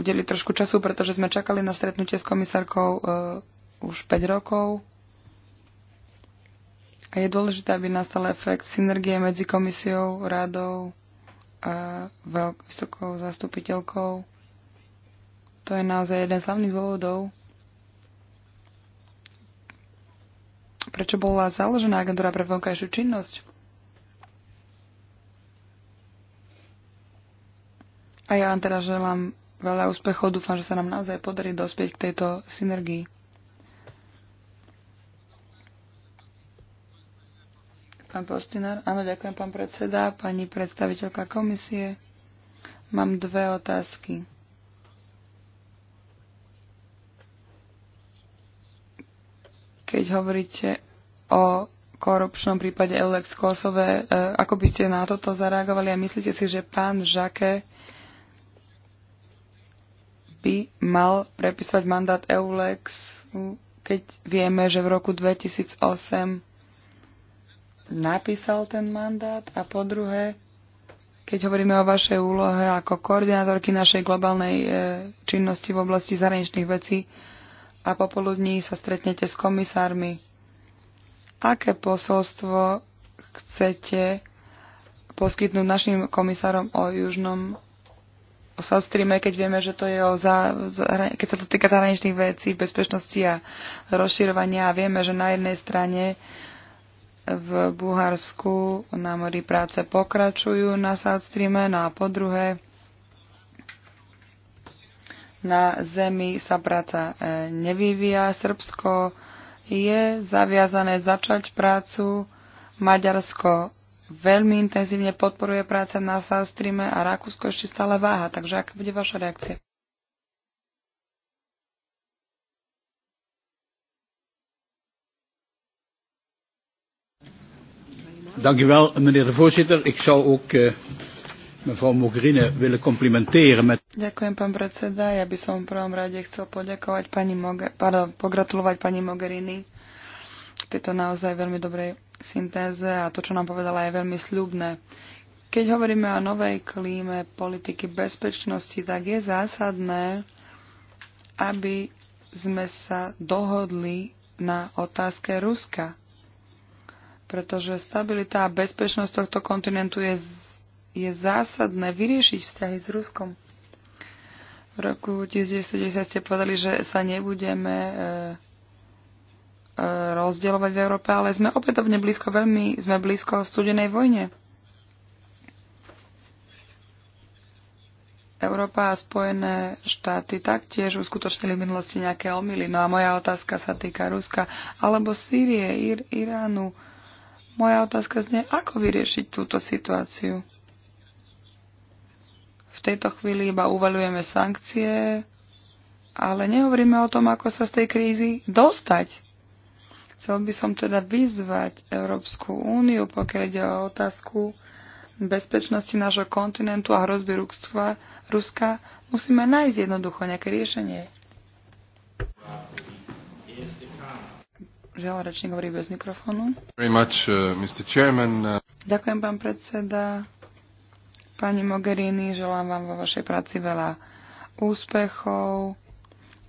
udeliť trošku času, pretože sme čakali na stretnutie s komisárkou uh, už 5 rokov a je dôležité, aby nastal efekt synergie medzi komisiou, radou a vysokou zastupiteľkou. To je naozaj jeden z hlavných dôvodov, prečo bola založená agentúra pre vonkajšiu činnosť. A ja vám teda želám veľa úspechov, dúfam, že sa nám naozaj podarí dospieť k tejto synergii. Pán Postinár. Áno, ďakujem, pán predseda, pani predstaviteľka komisie. Mám dve otázky. Keď hovoríte o korupčnom prípade Eulex Kosove. E, ako by ste na toto zareagovali a myslíte si, že pán Žake by mal prepisovať mandát Eulex, keď vieme, že v roku 2008 napísal ten mandát a po druhé, keď hovoríme o vašej úlohe ako koordinátorky našej globálnej e, činnosti v oblasti zahraničných vecí a popoludní sa stretnete s komisármi. Aké posolstvo chcete poskytnúť našim komisárom o južnom o keď vieme, že to je o za, za, keď sa to týka zahraničných vecí, bezpečnosti a rozširovania a vieme, že na jednej strane v Bulharsku na mori práce pokračujú na South Stream no a po druhé na zemi sa práca e, nevyvíja. Srbsko je zaviazané začať prácu. Maďarsko veľmi intenzívne podporuje práce na South Stream a Rakúsko ešte stále váha. Takže aká bude vaša reakcia? Dank u wel, meneer de voorzitter. Ik zou ook uh, mevrouw Mogherini willen complimenteren met... Ďakujem, pán predseda. Ja by som v prvom rade chcel poďakovať pani Moge... Pardon, pogratulovať pani Mogherini k tejto naozaj veľmi dobrej syntéze a to, čo nám povedala, je veľmi sľubné. Keď hovoríme o novej klíme politiky bezpečnosti, tak je zásadné, aby sme sa dohodli na otázke Ruska pretože stabilita a bezpečnosť tohto kontinentu je, je zásadné vyriešiť vzťahy s Ruskom. V roku 1910 ste povedali, že sa nebudeme e, e, rozdielovať v Európe, ale sme opätovne blízko, veľmi sme blízko studenej vojne. Európa a Spojené štáty taktiež uskutočnili v minulosti nejaké omily. No a moja otázka sa týka Ruska alebo Sýrie, Ir- Iránu. Moja otázka znie, ako vyriešiť túto situáciu. V tejto chvíli iba uvaľujeme sankcie, ale nehovoríme o tom, ako sa z tej krízy dostať. Chcel by som teda vyzvať Európsku úniu, pokiaľ ide o otázku bezpečnosti nášho kontinentu a hrozby Ruska, Ruska musíme nájsť jednoducho nejaké riešenie. Žiaľ, rečník hovorí bez mikrofónu. Much, uh, uh, Ďakujem, pán predseda. Pani Mogherini, želám vám vo vašej práci veľa úspechov.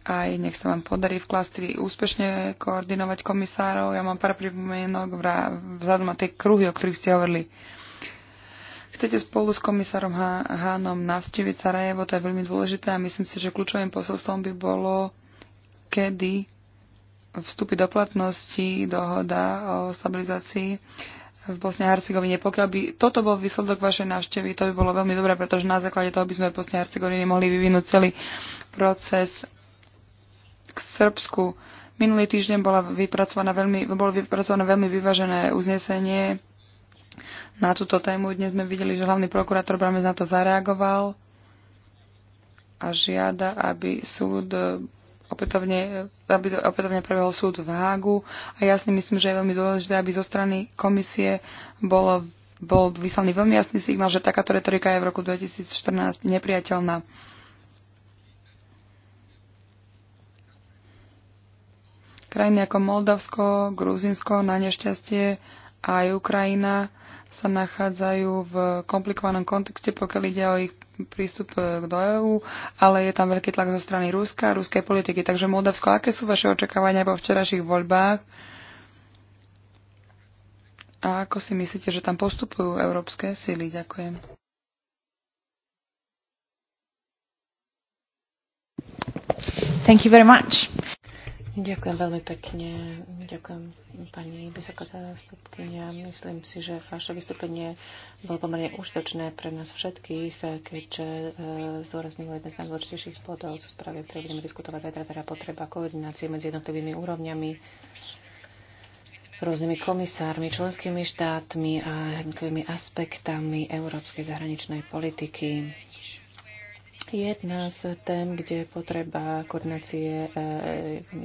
Aj nech sa vám podarí v klastri úspešne koordinovať komisárov. Ja mám pár pripomienok vzhľadom na tie kruhy, o ktorých ste hovorili. Chcete spolu s komisárom Hánom navštíviť Sarajevo, to je veľmi dôležité a myslím si, že kľúčovým posolstvom by bolo, kedy vstúpi do platnosti dohoda o stabilizácii v Bosne a Hercegovine. Pokiaľ by toto bol výsledok vašej návštevy, to by bolo veľmi dobré, pretože na základe toho by sme v Bosne a Hercegovine mohli vyvinúť celý proces k Srbsku. Minulý týždeň bola vypracovaná veľmi, bolo vypracované veľmi vyvážené uznesenie na túto tému. Dnes sme videli, že hlavný prokurátor Bramec na to zareagoval a žiada, aby súd opätovne, aby opätovne prebehol súd v Hágu a ja si myslím, že je veľmi dôležité, aby zo strany komisie bolo, bol vyslaný veľmi jasný signál, že takáto retorika je v roku 2014 nepriateľná. Krajiny ako Moldavsko, Gruzinsko, na nešťastie aj Ukrajina sa nachádzajú v komplikovanom kontexte, pokiaľ ide o ich prístup e, do EÚ, ale je tam veľký tlak zo strany Ruska a ruskej politiky. Takže Moldavsko, aké sú vaše očakávania po včerajších voľbách? A ako si myslíte, že tam postupujú európske sily? Ďakujem. Thank you very much. Ďakujem veľmi pekne. Ďakujem pani vysoká zástupkynia. Myslím si, že vaše vystúpenie bolo pomerne užitočné pre nás všetkých, keďže e, zdôraznilo jeden z najdôležitejších bodov v správe, ktoré budeme diskutovať zajtra, teda potreba koordinácie medzi jednotlivými úrovňami rôznymi komisármi, členskými štátmi a jednotlivými aspektami európskej zahraničnej politiky. Jedna z tém, kde potreba koordinácie e,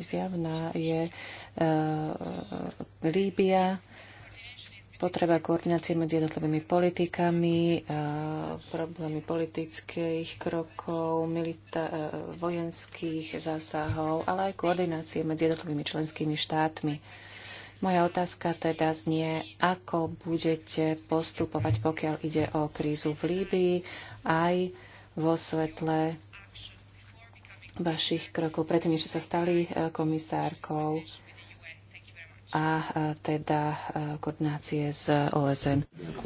zjavná, je e, Líbia, potreba koordinácie medzi jednotlivými politikami, e, problémy politických krokov, milita- vojenských zásahov, ale aj koordinácie medzi jednotlivými členskými štátmi. Moja otázka teda znie, ako budete postupovať, pokiaľ ide o krízu v Líbii, aj vo svetle vašich krokov predtým, než sa stali e, komisárkou a e, teda e, koordinácie z OSN. Uh,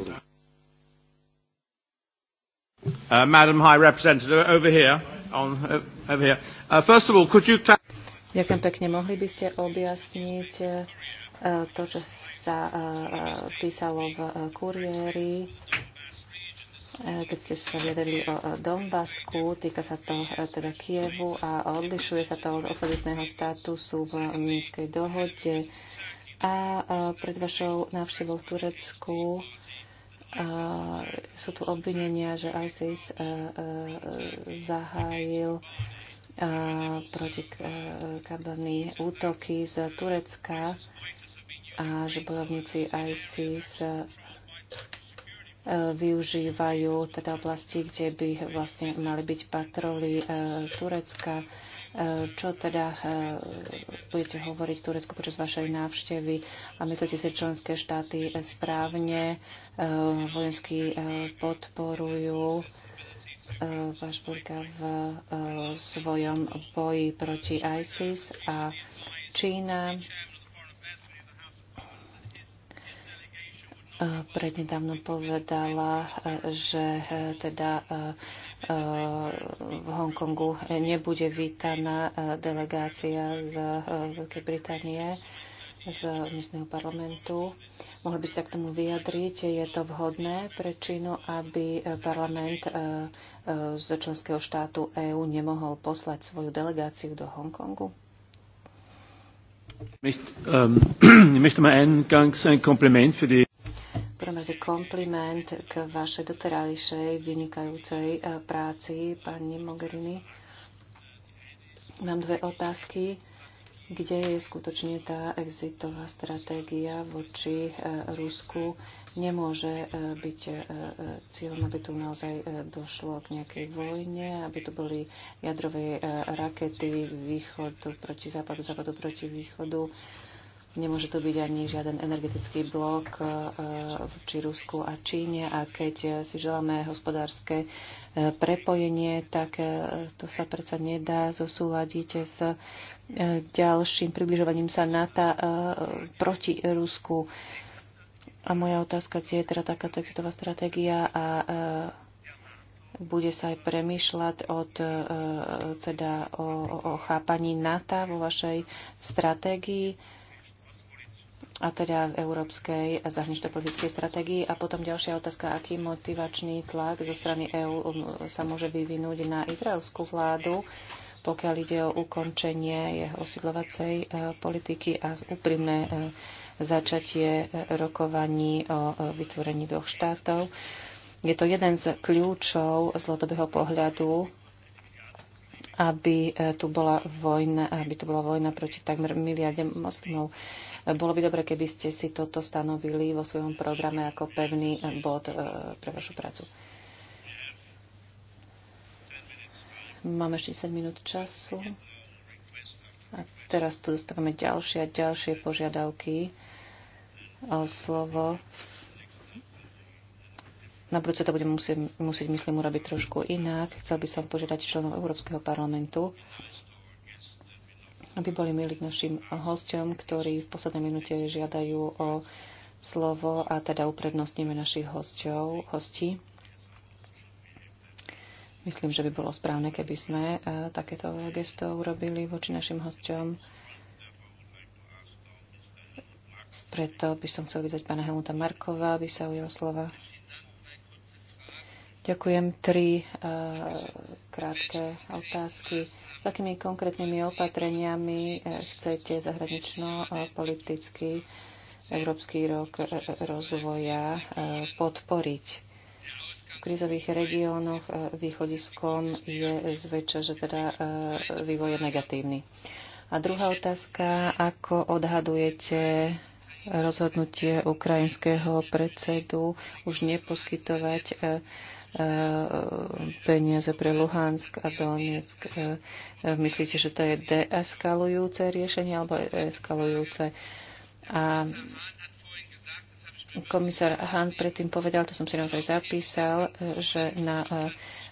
uh, uh, Ďakujem pekne. Mohli by ste objasniť to, čo sa písalo v kuriéri E, keď ste sa vyjadrili o e, Donbasku, týka sa to e, teda Kievu a odlišuje sa to od osobitného statusu v Minskej dohode. A pred vašou návštevou v Turecku sú tu obvinenia, že ISIS zahájil proti kabany útoky z Turecka a že bojovníci ISIS využívajú teda oblasti, kde by vlastne mali byť patroly e, Turecka. E, čo teda e, budete hovoriť Turecku počas vašej návštevy a myslíte si, členské štáty správne vojensky podporujú Vašburga v svojom boji proti ISIS a Čína prednedávno povedala, že teda v Hongkongu nebude vítaná eh, delegácia z eh, Veľkej Británie z miestneho parlamentu. Mohli by sa k tomu vyjadriť, je to vhodné pre Čínu, aby eh, parlament z členského štátu EÚ nemohol poslať svoju delegáciu do Hongkongu? Ich möchte ähm, mal eingangs ein Kompliment für die naozaj kompliment k vašej doterajšej vynikajúcej e, práci, pani Mogherini. Mám dve otázky. Kde je skutočne tá exitová stratégia voči e, Rusku? Nemôže e, byť cieľom, aby tu naozaj došlo k nejakej vojne, aby tu boli jadrové rakety východu proti západu, západu proti východu Nemôže to byť ani žiaden energetický blok e, či Rusku a Číne. A keď e, si želáme hospodárske e, prepojenie, tak to sa predsa nedá zosúľadiť s ďalším približovaním sa NATO proti Rusku. A moja otázka, kde je teda takáto exitová stratégia a bude sa aj premýšľať od, teda o, o chápaní NATO vo vašej stratégii a teda v európskej zahranično-politickej stratégii. A potom ďalšia otázka, aký motivačný tlak zo strany EÚ um, sa môže vyvinúť na izraelskú vládu, pokiaľ ide o ukončenie jeho osidlovacej e, politiky a úprimné e, začatie e, rokovaní o vytvorení dvoch štátov. Je to jeden z kľúčov z dlhodobého pohľadu aby e, tu bola vojna, aby tu bola vojna proti takmer miliarde moslimov. E, bolo by dobre, keby ste si toto stanovili vo svojom programe ako pevný e, bod pre vašu prácu. Máme ešte 10 minút času. A teraz tu dostávame ďalšie a ďalšie požiadavky o slovo. Na budúce to budeme musieť, musieť, myslím, urobiť trošku inak. Chcel by som požiadať členov Európskeho parlamentu, aby boli milí k našim hostiom, ktorí v poslednej minúte žiadajú o slovo a teda uprednostníme našich hostiov, hostí. Myslím, že by bolo správne, keby sme eh, takéto gesto urobili voči našim hostiom. Preto by som chcel vyzať pána Helmuta Markova, aby sa ujel slova. Ďakujem. Tri eh, krátke otázky. S akými konkrétnymi opatreniami eh, chcete zahranično-politický eh, Európsky rok rozvoja podporiť? V krizových regiónoch východiskom je zväčša, že teda vývoj je negatívny. A druhá otázka, ako odhadujete rozhodnutie ukrajinského predsedu už neposkytovať Eh, peniaze pre Luhansk a Donetsk. Eh, myslíte, že to je deeskalujúce riešenie alebo eskalujúce? A komisár Han predtým povedal, to som si naozaj zapísal, eh, že na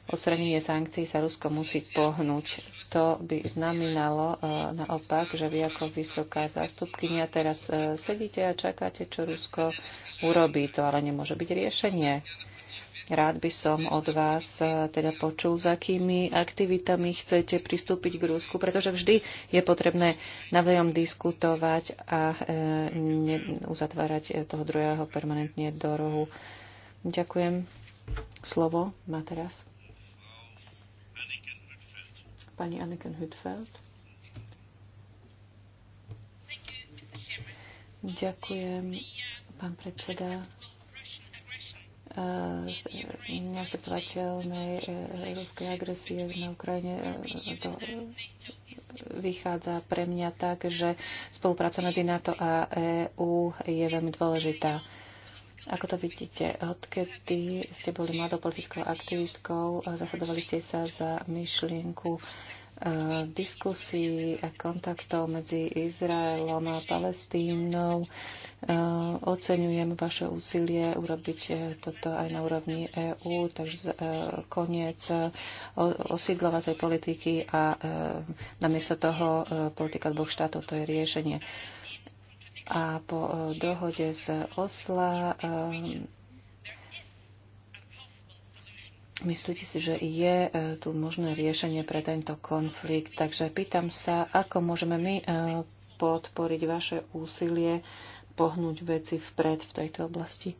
odstranenie sankcií sa Rusko musí pohnúť. To by znamenalo naopak, že vy ako vysoká zástupkynia teraz sedíte a čakáte, čo Rusko urobí. To ale nemôže byť riešenie. Rád by som od vás eh, teda počul, za akými aktivitami chcete pristúpiť k Rusku, pretože vždy je potrebné navzájom diskutovať a eh, uzatvárať eh, toho druhého permanentne do rohu. Ďakujem. Slovo má teraz pani Anneken Hütfeld. Ďakujem, pán predseda neakceptovateľnej eh, ruskej agresie na Ukrajine eh, to vychádza pre mňa tak, že spolupráca medzi NATO a EÚ je veľmi dôležitá. Ako to vidíte, odkedy ste boli mladou politickou aktivistkou, zasadovali ste sa za myšlienku uh, diskusí a kontaktov medzi Izraelom a Palestínou. Eh, oceňujem vaše úsilie urobiť eh, toto aj na úrovni EÚ, takže eh, koniec osídlovacej politiky a namiesto toho politika dvoch štátov, to je riešenie. A po dohode z Osla Myslíte si, že je e, tu možné riešenie pre tento konflikt? Takže pýtam sa, ako môžeme my e, podporiť vaše úsilie pohnúť veci vpred v tejto oblasti?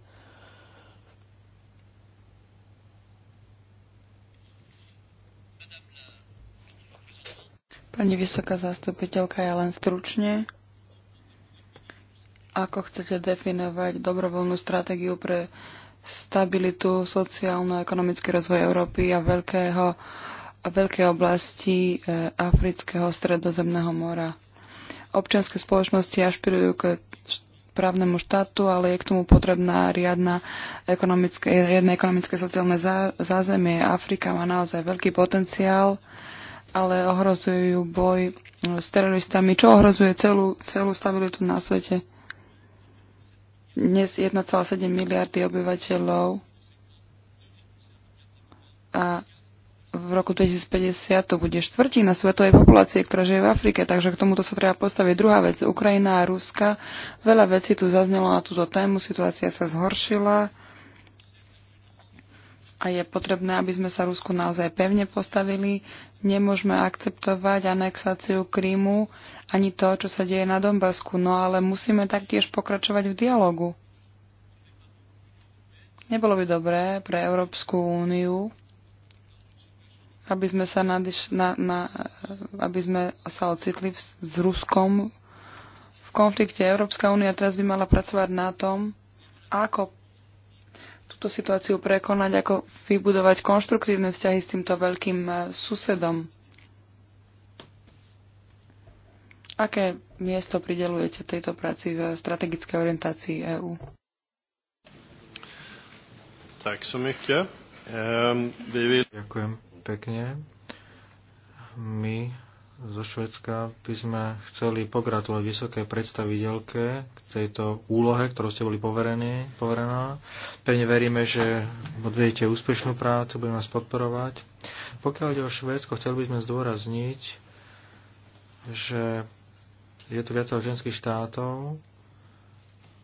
Pani vysoká zastupiteľka, ja len stručne. Ako chcete definovať dobrovoľnú stratégiu pre uh, stabilitu, sociálno-ekonomický rozvoj Európy a veľkého, a veľké oblasti eh, Afrického stredozemného mora. Občianske spoločnosti ašpirujú k právnemu štátu, ale je k tomu potrebná riadna ekonomické, riadne ekonomické sociálne zázemie. Afrika má naozaj veľký potenciál, ale ohrozujú boj eh, s teroristami, čo ohrozuje celú, celú stabilitu na svete dnes 1,7 miliardy obyvateľov a v roku 2050 to bude štvrtina svetovej populácie, ktorá žije v Afrike, takže k tomuto sa treba postaviť. Druhá vec, Ukrajina a Ruska. Veľa vecí tu zaznelo na túto tému, situácia sa zhoršila a je potrebné, aby sme sa Rusku naozaj pevne postavili. Nemôžeme akceptovať anexáciu Krímu ani to, čo sa deje na Donbasku, no ale musíme taktiež pokračovať v dialogu. Nebolo by dobré pre Európsku úniu, aby sme sa, nadiš, na, na, aby sme sa ocitli v, s Ruskom v konflikte. Európska únia teraz by mala pracovať na tom, ako túto situáciu prekonať, ako vybudovať konštruktívne vzťahy s týmto veľkým e, susedom. Aké miesto pridelujete tejto práci v strategickej orientácii EÚ? Tak som ehm, Ďakujem pekne. My zo Švedska by sme chceli pogratulovať vysoké predstaviteľke k tejto úlohe, ktorú ste boli poverení, poverená. Pevne veríme, že odvedete úspešnú prácu, budeme vás podporovať. Pokiaľ ide o Švédsko, chceli by sme zdôrazniť, že je tu viacero ženských štátov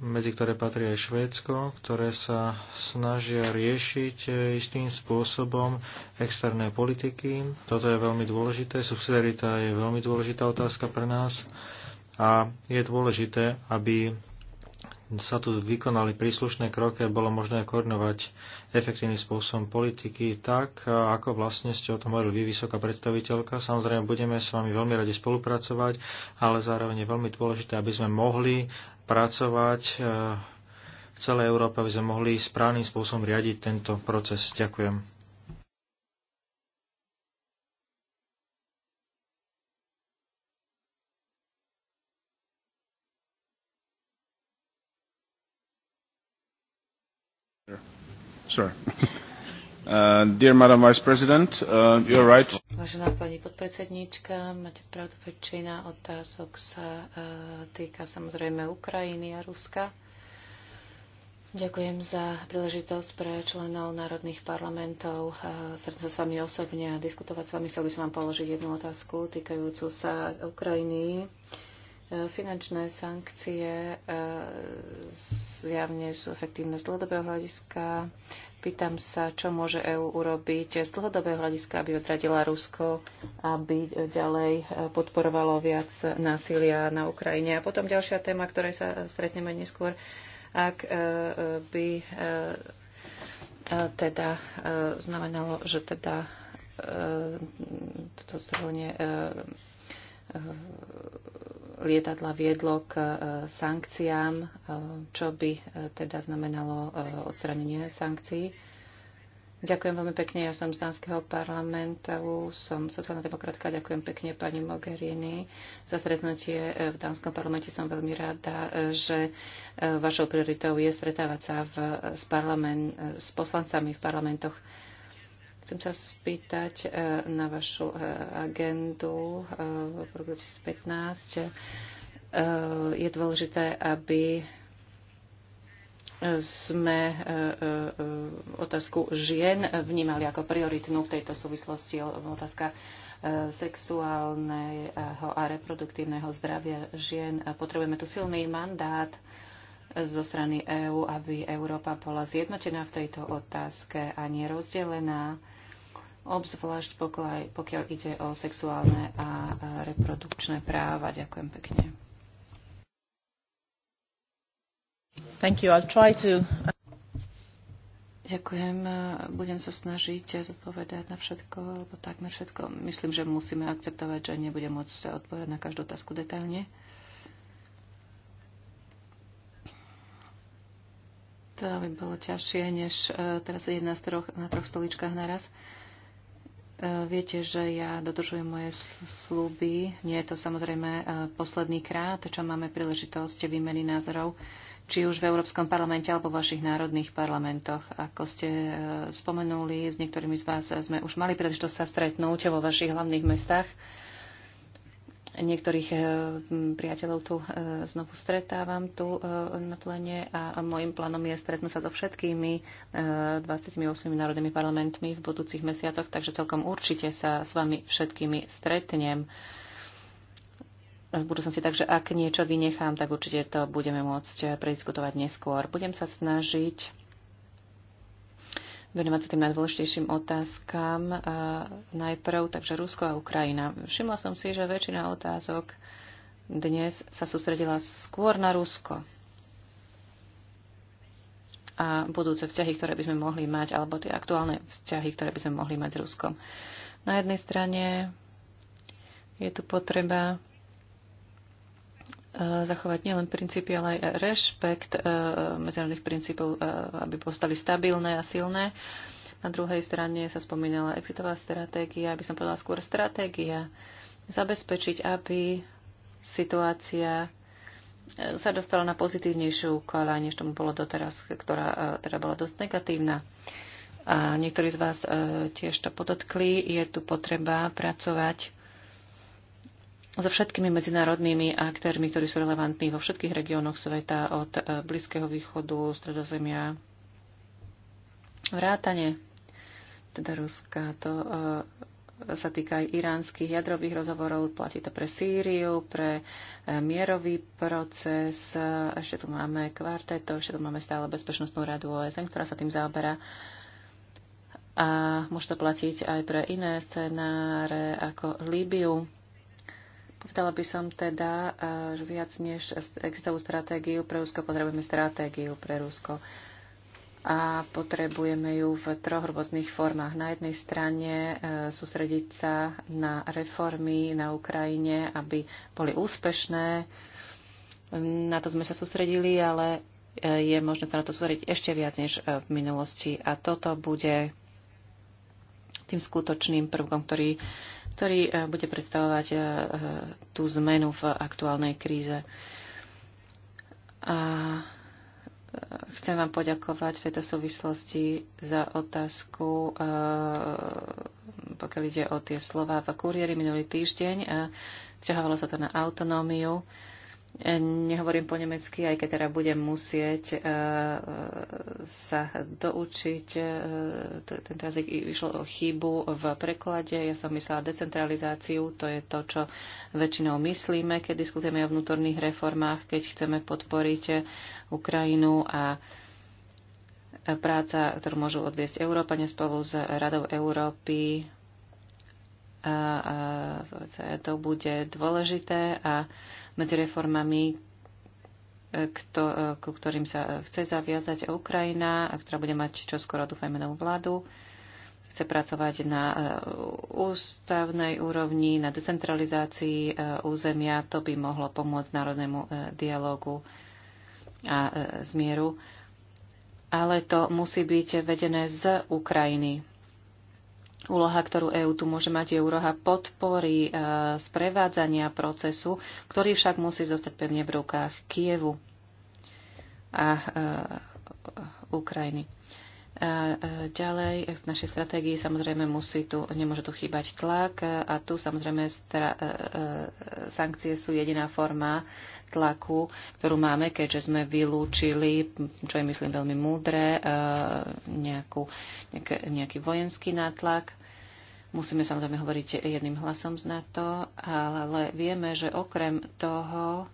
medzi ktoré patrí aj Švédsko, ktoré sa snažia riešiť e, istým spôsobom externé politiky. Toto je veľmi dôležité. Subsidiarita je veľmi dôležitá otázka pre nás a je dôležité, aby sa tu vykonali príslušné kroky, a bolo možné koordinovať efektívnym spôsobom politiky tak, ako vlastne ste o tom hovorili vy, vysoká predstaviteľka. Samozrejme, budeme s vami veľmi radi spolupracovať, ale zároveň je veľmi dôležité, aby sme mohli pracovať e, v celej Európe, aby sme mohli správnym spôsobom riadiť tento proces. Ďakujem. Uh, dear Madam Vice President, uh, right. Vážená pani podpredsedníčka, máte pravdu, väčšina otázok sa uh, týka samozrejme Ukrajiny a Ruska. Ďakujem za príležitosť pre členov národných parlamentov uh, stretnúť sa s vami osobne a diskutovať s vami. Chcel by som vám položiť jednu otázku týkajúcu sa Ukrajiny. Uh, Finančné sankcie e, zjavne sú efektívne z dlhodobého hľadiska. Pýtam sa, čo môže EÚ urobiť z dlhodobého hľadiska, aby odradila Rusko, aby ďalej e, podporovalo viac násilia na Ukrajine. A potom ďalšia téma, ktorej sa stretneme neskôr, ak e, by teda znamenalo, že teda toto zvolenie lietadla viedlo k e, sankciám, e, čo by e, teda znamenalo odstranenie sankcií. Ďakujem veľmi pekne, ja som z Dánskeho parlamentu, som sociálna demokratka, ďakujem pekne pani Mogherini za stretnutie v Dánskom parlamente. Som veľmi rada, že vašou prioritou je stretávať sa v, s, parlament, s poslancami v parlamentoch Chcem sa spýtať e, na vašu e, agendu e, v roku 2015. Je dôležité, aby sme otázku žien vnímali ako prioritnú v tejto súvislosti. Otázka sexuálneho a reproduktívneho zdravia žien. Potrebujeme tu silný mandát zo strany EÚ, aby Európa bola zjednotená v tejto otázke a nerozdelená obzvlášť pokiaľ ide o sexuálne a reprodukčné práva. Ďakujem pekne. Thank you. I'll try to... Ďakujem. Budem sa snažiť zodpovedať na všetko, alebo takmer všetko. Myslím, že musíme akceptovať, že nebudem môcť odpovedať na každú otázku detailne. To by bolo ťažšie, než eh, teraz jedna na troch, na troch stoličkách naraz. Uh, E, viete, že ja dodržujem moje sluby. Nie je to samozrejme e, posledný krát, čo máme príležitosť výmeny názorov, či už v Európskom parlamente alebo v vašich národných parlamentoch. Ako ste e, spomenuli, s niektorými z vás sme už mali príležitosť sa stretnúť vo vašich hlavných mestách. Niektorých eh, priateľov tu eh, znovu stretávam tu eh, na plene a môjim plánom je stretnúť sa so všetkými 28 národnými parlamentmi v budúcich mesiacoch, takže celkom určite sa s vami všetkými stretnem v budúcnosti. Takže ak niečo vynechám, tak určite to budeme môcť prediskutovať neskôr. Budem sa snažiť venovať sa tým najdôležitejším otázkam najprv, takže Rusko a Ukrajina. Všimla som si, že väčšina otázok dnes sa sústredila skôr na Rusko a budúce vzťahy, ktoré by sme mohli mať, alebo tie aktuálne vzťahy, ktoré by sme mohli mať s Ruskom. Na jednej strane je tu potreba Eh, zachovať nielen princípy, ale aj rešpekt eh, medzinárodných princípov, eh, aby postali stabilné a silné. Na druhej strane sa spomínala exitová stratégia, aby som povedala skôr stratégia, zabezpečiť, aby situácia sa dostala na pozitívnejšiu kvala, než tomu bolo doteraz, ktorá teda bola dosť negatívna. A niektorí z vás tiež to podotkli, je tu potreba pracovať so všetkými medzinárodnými aktérmi, ktorí sú relevantní vo všetkých regiónoch sveta, od e, Blízkeho východu, Stredozemia, vrátane teda Ruska. To e, sa týka aj iránskych jadrových rozhovorov, platí to pre Sýriu, pre e, mierový proces, ešte tu máme kvarteto, ešte tu máme stále Bezpečnostnú radu OSN, ktorá sa tým zaoberá. A môže to platiť aj pre iné scenáre ako Líbiu. Povedala by som teda, eh, že viac než exitovú stratégiu pre Rusko potrebujeme stratégiu pre Rusko a potrebujeme ju v troch rôznych formách. Na jednej strane eh, sústrediť sa na reformy na Ukrajine, aby boli úspešné. Na to sme sa sústredili, ale eh, je možné sa na to sústrediť ešte viac než v minulosti. A toto bude tým skutočným prvkom, ktorý ktorý e, bude predstavovať e, e, tú zmenu v aktuálnej kríze. A chcem vám poďakovať v tejto súvislosti za otázku, pokiaľ ide o tie slova v kuriéri minulý týždeň. Vzťahovalo sa to na autonómiu. Nehovorím po nemecky, aj keď teda budem musieť eh, eh, sa doučiť. Eh, tento jazyk išlo o chybu v preklade. Ja som myslela decentralizáciu, to je to, čo väčšinou myslíme, keď diskutujeme o vnútorných reformách, keď chceme podporiť Ukrajinu a práca, ktorú môžu odviesť Európa, spolu s Radou Európy a, a to bude dôležité a medzi reformami, e, kto, e, ku ktorým sa chce zaviazať Ukrajina, a ktorá bude mať čoskoro, dúfajme, novú vládu, chce pracovať na e, ústavnej úrovni, na decentralizácii územia. To by mohlo pomôcť národnému dialogu a zmieru. Ale to musí byť vedené z Ukrajiny. Úloha, ktorú EÚ tu môže mať, je úloha podpory e, sprevádzania procesu, ktorý však musí zostať pevne v rukách Kievu a e, Ukrajiny. E, ďalej, e, v našej stratégii samozrejme musí tu, nemôže tu chýbať tlak e, a tu samozrejme stra, sankcie sú jediná forma tlaku, ktorú máme, keďže sme vylúčili, čo je myslím veľmi múdre, e, nejakú, nejaký vojenský nátlak. Musíme samozrejme hovoriť jedným hlasom z NATO, ale vieme, že okrem toho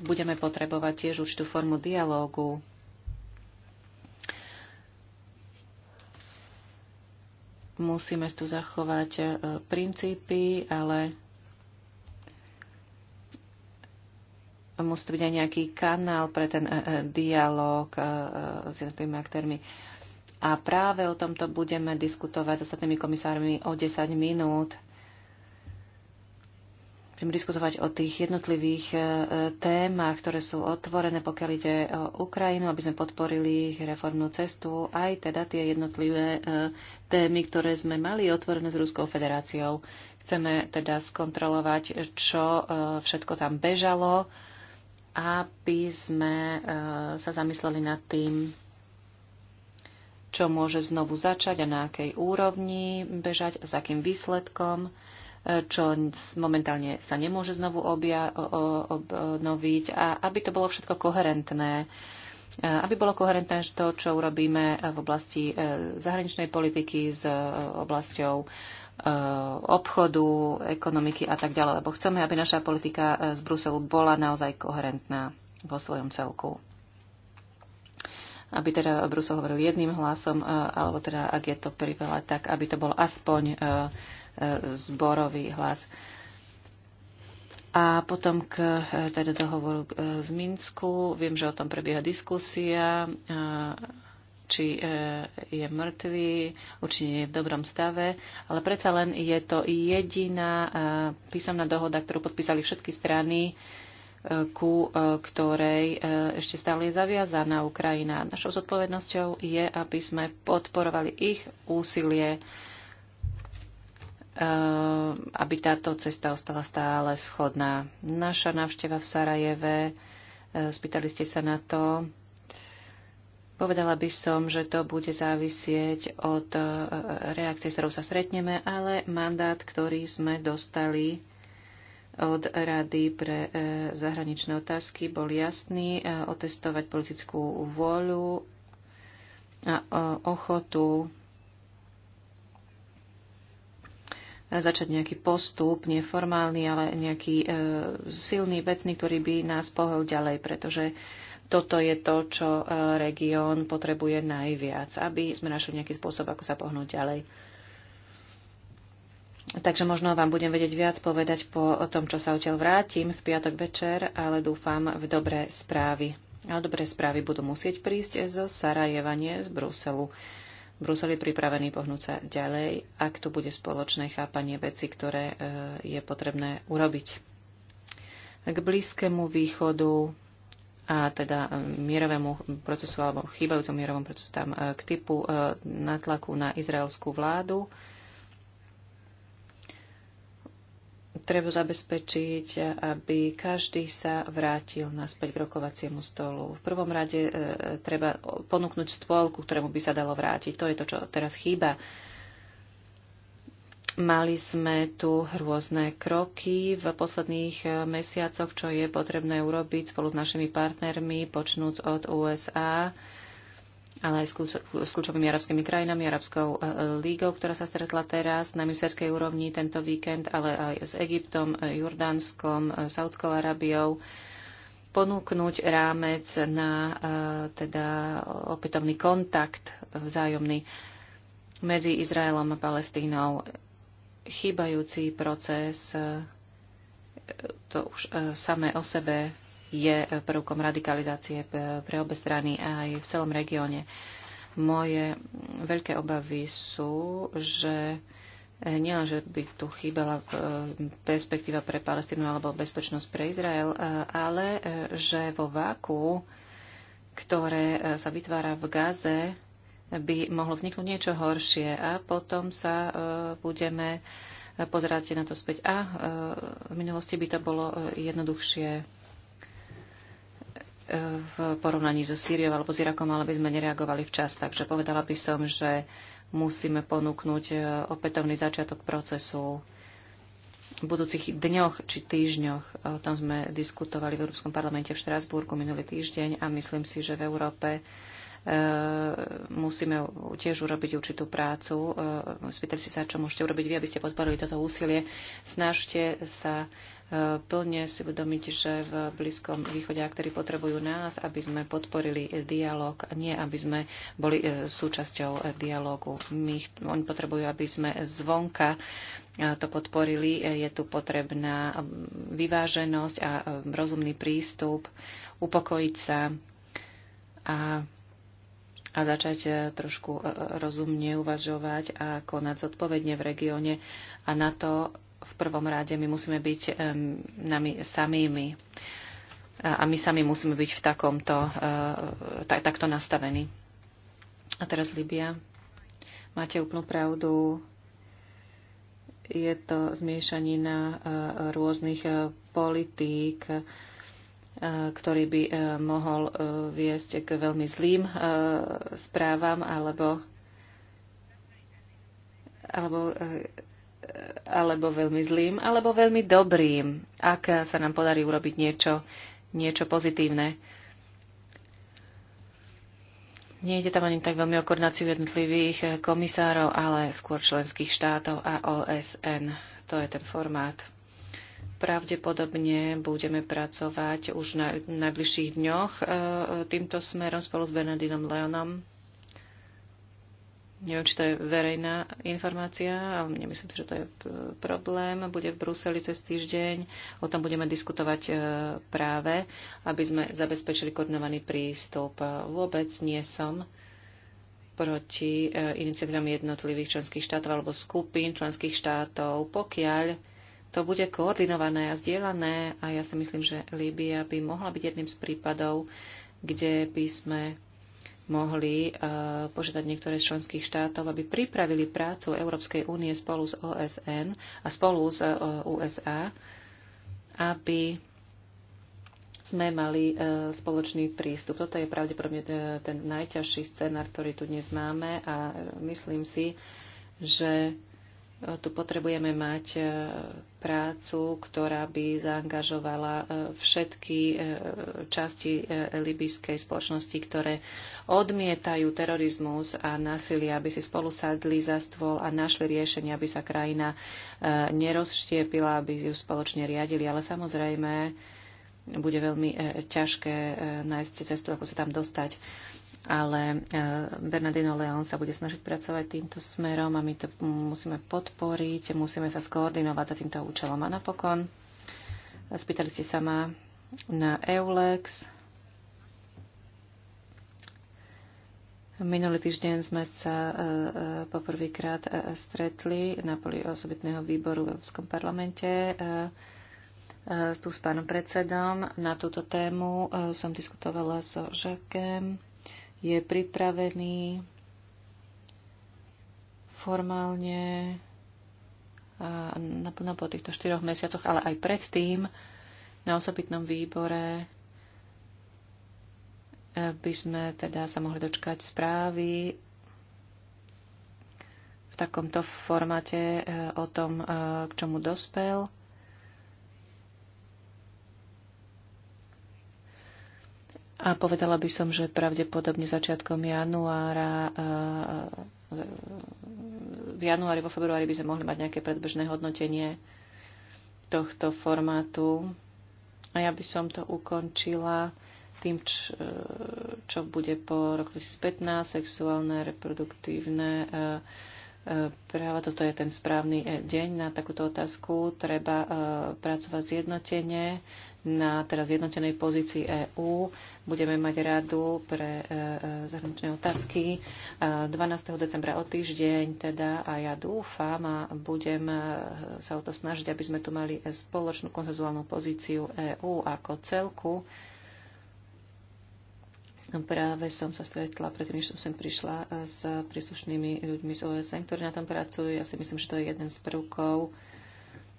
budeme potrebovať tiež určitú formu dialógu musíme tu zachovať e, princípy, ale musí to byť aj nejaký kanál pre ten e, e, dialog e, s jednotlivými aktérmi. A práve o tomto budeme diskutovať s ostatnými komisármi o 10 minút. Budeme diskutovať o tých jednotlivých témach, ktoré sú otvorené, pokiaľ ide o Ukrajinu, aby sme podporili ich reformnú cestu, aj teda tie jednotlivé témy, ktoré sme mali otvorené s Ruskou federáciou. Chceme teda skontrolovať, čo všetko tam bežalo, aby sme e, sa zamysleli nad tým, čo môže znovu začať a na akej úrovni bežať, s akým výsledkom, e, čo momentálne sa nemôže znovu obja- obnoviť a aby to bolo všetko koherentné e, aby bolo koherentné to, čo urobíme v oblasti zahraničnej politiky s oblasťou Eh, obchodu, ekonomiky a tak ďalej, lebo chceme, aby naša politika eh, z Bruselu bola naozaj koherentná vo svojom celku. Aby teda Brusel hovoril jedným hlasom, eh, alebo teda, ak je to priveľa, tak aby to bol aspoň zborový hlas. A potom k teda dohovoru z Minsku. Viem, že o tom prebieha diskusia či e, je mŕtvý, určite nie je v dobrom stave, ale predsa len je to jediná e, písomná dohoda, ktorú podpísali všetky strany, e, ku ktorej ešte stále je zaviazaná Ukrajina. Našou zodpovednosťou je, aby sme podporovali ich úsilie, aby táto cesta ostala stále schodná. Naša návšteva v Sarajeve, spýtali ste sa na to, Povedala by som, že to bude závisieť od e, reakcie, s ktorou sa stretneme, ale mandát, ktorý sme dostali od Rady pre e, zahraničné otázky, bol jasný e, otestovať politickú vôľu a ochotu začať nejaký postup, neformálny, ale nejaký silný, vecný, ktorý by nás pohol ďalej, pretože toto je to, čo e, región potrebuje najviac, aby sme našli nejaký spôsob, ako sa pohnúť ďalej. Takže možno vám budem vedieť viac povedať po tom, čo sa odtiaľ vrátim v piatok večer, ale dúfam v dobré správy. Ale dobré správy budú musieť prísť zo Sarajeva, nie z Bruselu. Brusel je pripravený pohnúť sa ďalej, ak tu bude spoločné chápanie veci, ktoré e, je potrebné urobiť. K Blízkému východu a teda um, mierovému procesu alebo chýbajúcom mierovom procesu tam uh, k typu uh, natlaku na izraelskú vládu. Treba zabezpečiť, aby každý sa vrátil naspäť k rokovaciemu stolu. V prvom rade uh, treba ponúknuť stôl, ku ktorému by sa dalo vrátiť. To je to, čo teraz chýba Mali sme tu rôzne kroky v posledných eh, mesiacoch, čo je potrebné urobiť spolu s našimi partnermi, počnúc od USA, ale aj s kľúčovými arabskými krajinami, Arabskou eh, eh, lígou, ktorá sa stretla teraz na ministerskej úrovni tento víkend, ale aj s Egyptom, Jordánskom, Saudskou Arabiou, ponúknuť rámec na teda opätovný kontakt vzájomný medzi Izraelom a Palestínou chýbajúci proces, e, to už e, samé o sebe je prvkom radikalizácie e, pre obe strany aj v celom regióne. Moje veľké obavy sú, že nielen, že by tu chýbala perspektíva pre Palestínu alebo bezpečnosť pre Izrael, ale že vo váku, ktoré sa vytvára v Gaze, by mohlo vzniknúť niečo horšie a potom sa e, budeme pozerať na to späť. A e, v minulosti by to bolo e, jednoduchšie v porovnaní so Sýriou alebo s Irakom, ale by sme nereagovali včas. Takže povedala by som, že musíme ponúknuť opätovný začiatok procesu v budúcich dňoch či týždňoch. O tom sme diskutovali v Európskom parlamente v Štrasburgu minulý týždeň a myslím si, že v Európe E, musíme tiež urobiť určitú prácu. E, spýtali ste sa, čo môžete urobiť vy, aby ste podporili toto úsilie. Snažte sa e, plne si uvedomiť, že v Blízkom východe aktéry potrebujú nás, aby sme podporili dialog, nie aby sme boli súčasťou dialogu. My, oni potrebujú, aby sme zvonka to podporili. Je tu potrebná vyváženosť a rozumný prístup, upokojiť sa a a začať e, trošku e, e, rozumne uvažovať a konať zodpovedne v regióne. A na to v prvom rade my musíme byť nami samými. A my sami musíme byť v takomto, tak, takto nastavení. A teraz Libia. Máte úplnú pravdu. Je to zmiešanina rôznych politík, ktorý by e, mohol e, viesť k veľmi zlým e, správam alebo, alebo, alebo veľmi zlým, alebo veľmi dobrým, ak sa nám podarí urobiť niečo, niečo pozitívne. Nejde tam ani tak veľmi o koordináciu jednotlivých komisárov, ale skôr členských štátov a OSN. To je ten formát. Pravdepodobne budeme pracovať už na najbližších dňoch e, týmto smerom spolu s Bernardinom Leonom. Neviem, či to je verejná informácia, ale nemyslím, že to je e, problém. Bude v Bruseli cez týždeň. O tom budeme diskutovať e, práve, aby sme zabezpečili koordinovaný prístup. Vôbec nie som proti iniciatívam jednotlivých členských štátov alebo skupín členských štátov, pokiaľ to bude koordinované a zdieľané a ja si myslím, že Líbia by mohla byť jedným z prípadov, kde by sme mohli eh, požiadať niektoré z členských štátov, aby pripravili prácu Európskej únie spolu s OSN a spolu s eh, USA, aby sme mali eh, spoločný prístup. Toto je pravdepodobne ten najťažší scenár, ktorý tu dnes máme a myslím si, že tu potrebujeme mať e, prácu, ktorá by zaangažovala e, všetky e, časti libyskej spoločnosti, ktoré odmietajú terorizmus a násilie, aby si spolu sadli za stôl a našli riešenie, aby sa krajina nerozštiepila, aby ju spoločne riadili. Ale samozrejme, bude veľmi ťažké nájsť cestu, ako sa tam dostať ale e, Bernardino Leon sa bude snažiť pracovať týmto smerom a my to musíme podporiť, musíme sa skoordinovať za týmto účelom. A napokon, spýtali ste sa ma na EULEX. Minulý týždeň sme sa e, e, poprvýkrát stretli na poli osobitného výboru v Európskom parlamente tu s pánom predsedom na túto tému. Som diskutovala so Žakem je pripravený formálne naplno po týchto štyroch mesiacoch, ale aj predtým na osobitnom výbore e, by sme teda sa mohli dočkať správy v takomto formáte e, o tom, e, k čomu dospel. A povedala by som, že pravdepodobne začiatkom januára eh, v januári, vo februári by sme mohli mať nejaké predbežné hodnotenie tohto formátu. A ja by som to ukončila tým, čo, eh, čo bude po roku 2015, sexuálne, reproduktívne eh, práva. Toto je ten správny deň na takúto otázku. Treba pracovať zjednotenie na teraz jednotenej pozícii EÚ. Budeme mať radu pre e, e, zahraničné otázky 12. E, decembra o týždeň teda a ja dúfam a budem sa o to snažiť, aby sme tu mali spoločnú konzenzuálnu pozíciu EÚ ako celku. No, práve som sa stretla, predtým, než som sem prišla, s príslušnými ľuďmi z OSN, ktorí na tom pracujú. Ja si myslím, že to je jeden z prvkov,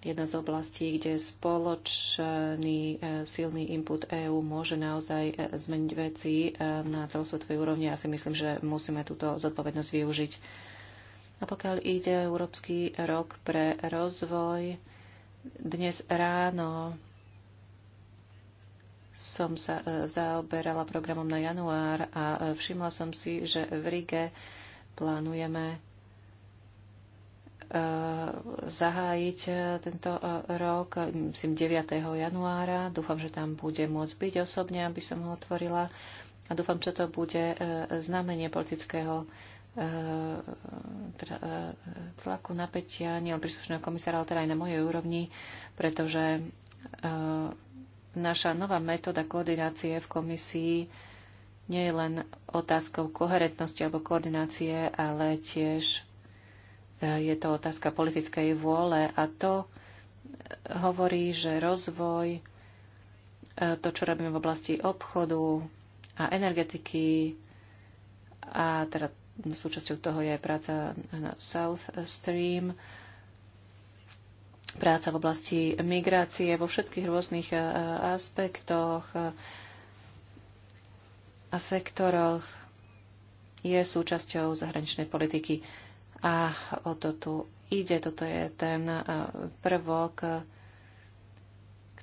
jedna z oblastí, kde spoločný e, silný input EÚ môže naozaj e, zmeniť veci e, na celosvetovej úrovni. Ja si myslím, že musíme túto zodpovednosť využiť. A pokiaľ ide Európsky rok pre rozvoj, dnes ráno som sa zaoberala programom na január a všimla som si, že v Rige plánujeme Eh, zahájiť eh, tento eh, rok, myslím 9. januára. Dúfam, že tam bude môcť byť osobne, aby som ho otvorila. A dúfam, že to bude znamenie politického tlaku napätia, nielen príslušného komisára, ale teda aj na mojej úrovni, pretože naša nová metóda koordinácie v komisii nie je len otázkou koherentnosti alebo koordinácie, ale tiež je to otázka politickej vôle a to hovorí, že rozvoj, e, to, čo robíme v oblasti obchodu a energetiky, a teda súčasťou toho je aj práca na South Stream, práca v oblasti migrácie vo všetkých rôznych e, aspektoch e, a sektoroch je súčasťou zahraničnej politiky. A o to tu ide. Toto je ten e, prvok, e,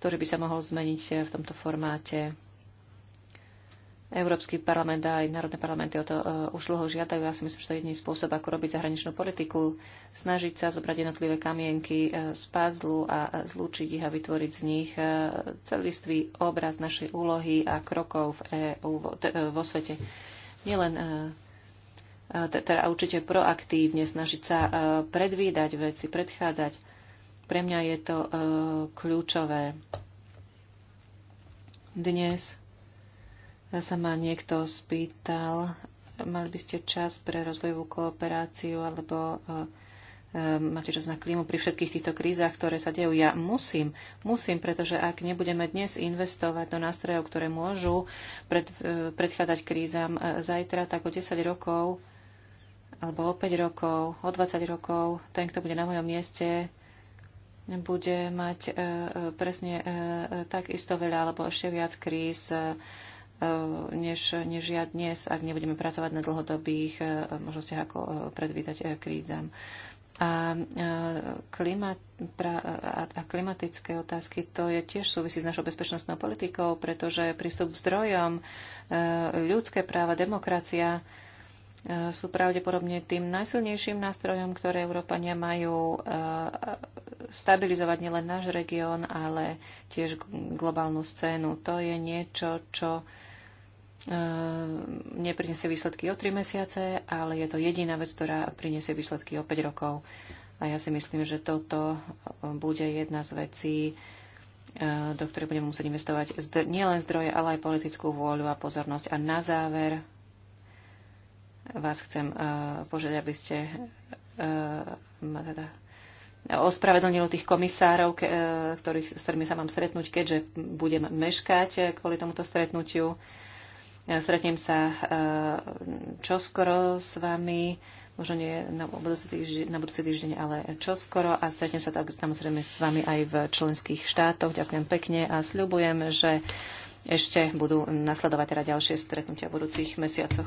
ktorý by sa mohol zmeniť e, v tomto formáte. Európsky parlament a aj národné parlamenty o to už dlho žiadajú. Ja si myslím, že to je jediný spôsob, ako robiť zahraničnú politiku. Snažiť sa zobrať jednotlivé kamienky z pázlu a zlúčiť ich a vytvoriť z nich celistvý obraz našej úlohy a krokov v EU, vo svete. Nielen teda určite proaktívne snažiť sa e, predvídať veci, predchádzať. Pre mňa je to e, kľúčové. Dnes sa ma niekto spýtal, mali by ste čas pre rozvojovú kooperáciu alebo e, máte čas na klímu pri všetkých týchto krízach, ktoré sa dejú. Ja musím, musím, pretože ak nebudeme dnes investovať do nástrojov, ktoré môžu pred, predchádzať krízam zajtra, tak o 10 rokov alebo o 5 rokov, o 20 rokov, ten, kto bude na mojom mieste, bude mať e, e, presne e, takisto veľa alebo ešte viac kríz, než, než ja dnes, ak nebudeme pracovať na dlhodobých možnostiach, ako predvídať krízam. A, klimat, pra, a klimatické otázky, to je tiež súvisí s našou bezpečnostnou politikou, pretože prístup k zdrojom, ľudské práva, demokracia, sú pravdepodobne tým najsilnejším nástrojom, ktoré Európania majú e, stabilizovať nielen náš región, ale tiež globálnu scénu. To je niečo, čo e, neprinesie výsledky o 3 mesiace, ale je to jediná vec, ktorá prinesie výsledky o 5 rokov. A ja si myslím, že toto e, bude jedna z vecí, do ktorej budeme musieť investovať nielen zdroje, ale aj politickú vôľu a pozornosť. A na záver vás chcem e, požiadať, aby ste e, ma teda ospravedlnilo tých komisárov, e, ktorých, s ktorými sa mám stretnúť, keďže budem meškať kvôli tomuto stretnutiu. Stretnem sa čoskoro s vami, možno nie na budúci týždeň, na budúci týždeň ale čoskoro a stretnem sa tak, samozrejme s vami aj v členských štátoch. Ďakujem pekne a sľubujem, že ešte budú nasledovať teda ďalšie stretnutia v budúcich mesiacoch.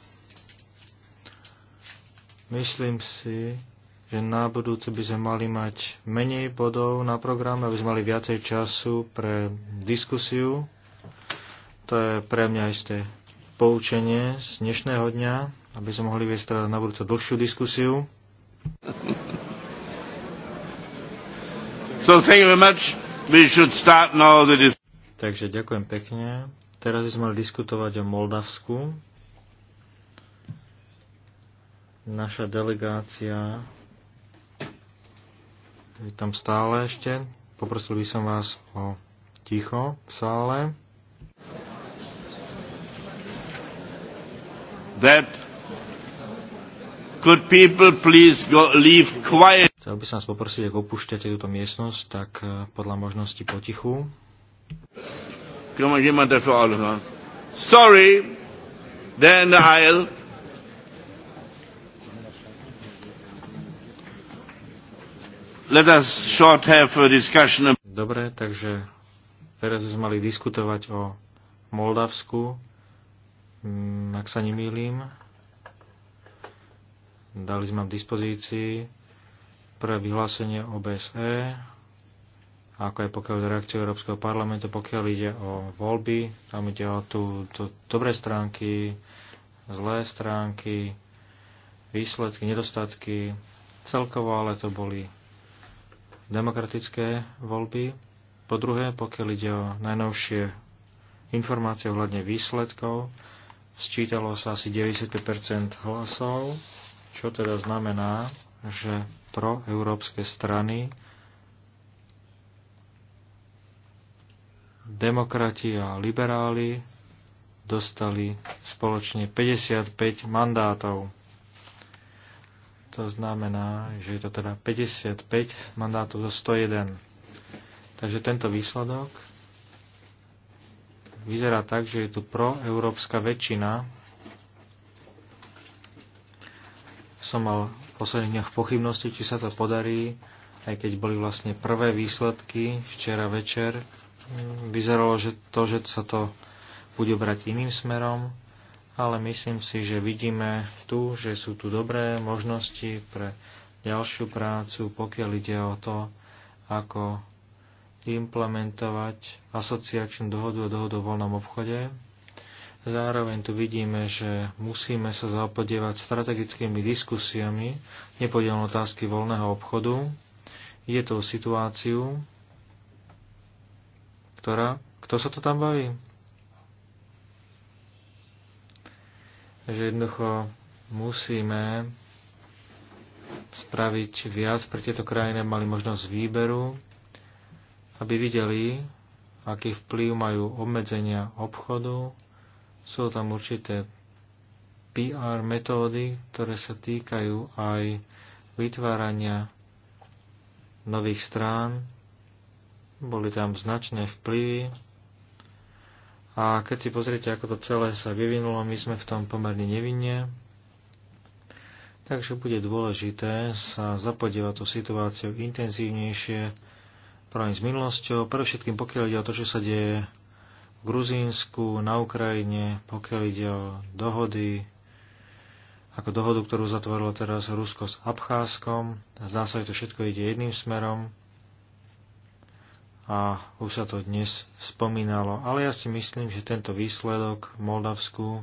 Myslím si, že na budúce by sme mali mať menej bodov na programe, aby sme mali viacej času pre diskusiu. To je pre mňa isté poučenie z dnešného dňa, aby sme mohli viesť teda na budúce dlhšiu diskusiu. So thank you very much. We should start now the Takže ďakujem pekne. Teraz by sme mali diskutovať o Moldavsku. Naša delegácia je tam stále ešte. Poprosil by som vás o ticho v sále. That could people please go leave quiet. Chcel by som vás poprosiť, ak opúšťate túto miestnosť, tak eh, podľa možnosti potichu. Sorry, then I'll let us short have a discussion. Dobre, takže teraz sme mali diskutovať o Moldavsku, mm, ak sa nemýlim. Dali sme v dispozícii prvé vyhlásenie OBSE, ako aj pokiaľ ide reakciu Európskeho parlamentu, pokiaľ ide o voľby, tam ide o tú, tu dobré stránky, zlé stránky, výsledky, nedostatky. Celkovo ale to boli demokratické voľby. Po druhé, pokiaľ ide o najnovšie informácie ohľadne výsledkov, sčítalo sa asi 95 hlasov, čo teda znamená, že proeurópske strany demokrati a liberáli dostali spoločne 55 mandátov. To znamená, že je to teda 55 mandátov zo 101. Takže tento výsledok vyzerá tak, že je tu proeurópska väčšina. Som mal v posledných dňoch pochybnosti, či sa to podarí, aj keď boli vlastne prvé výsledky včera večer. Mm, vyzeralo, že to, že sa to bude brať iným smerom, ale myslím si, že vidíme tu, že sú tu dobré možnosti pre ďalšiu prácu, pokiaľ ide o to, ako implementovať asociačnú dohodu a dohodu o voľnom obchode. Zároveň tu vidíme, že musíme sa zapodievať strategickými diskusiami nepodielne otázky voľného obchodu. Je to situáciu, ktorá... Kto sa to tam baví? že jednoducho musíme spraviť viac pre tieto krajiny, mali možnosť výberu, aby videli, aký vplyv majú obmedzenia obchodu. Sú tam určité PR metódy, ktoré sa týkajú aj vytvárania nových strán. Boli tam značné vplyvy a keď si pozriete, ako to celé sa vyvinulo, my sme v tom pomerne nevinne. Takže bude dôležité sa zapodievať tú situáciu intenzívnejšie, práve s minulosťou, pre všetkým pokiaľ ide o to, čo sa deje v Gruzínsku, na Ukrajine, pokiaľ ide o dohody, ako dohodu, ktorú zatvorilo teraz Rusko s Abcházskom. Zdá sa, že to všetko ide jedným smerom a už sa to dnes spomínalo, ale ja si myslím, že tento výsledok v Moldavsku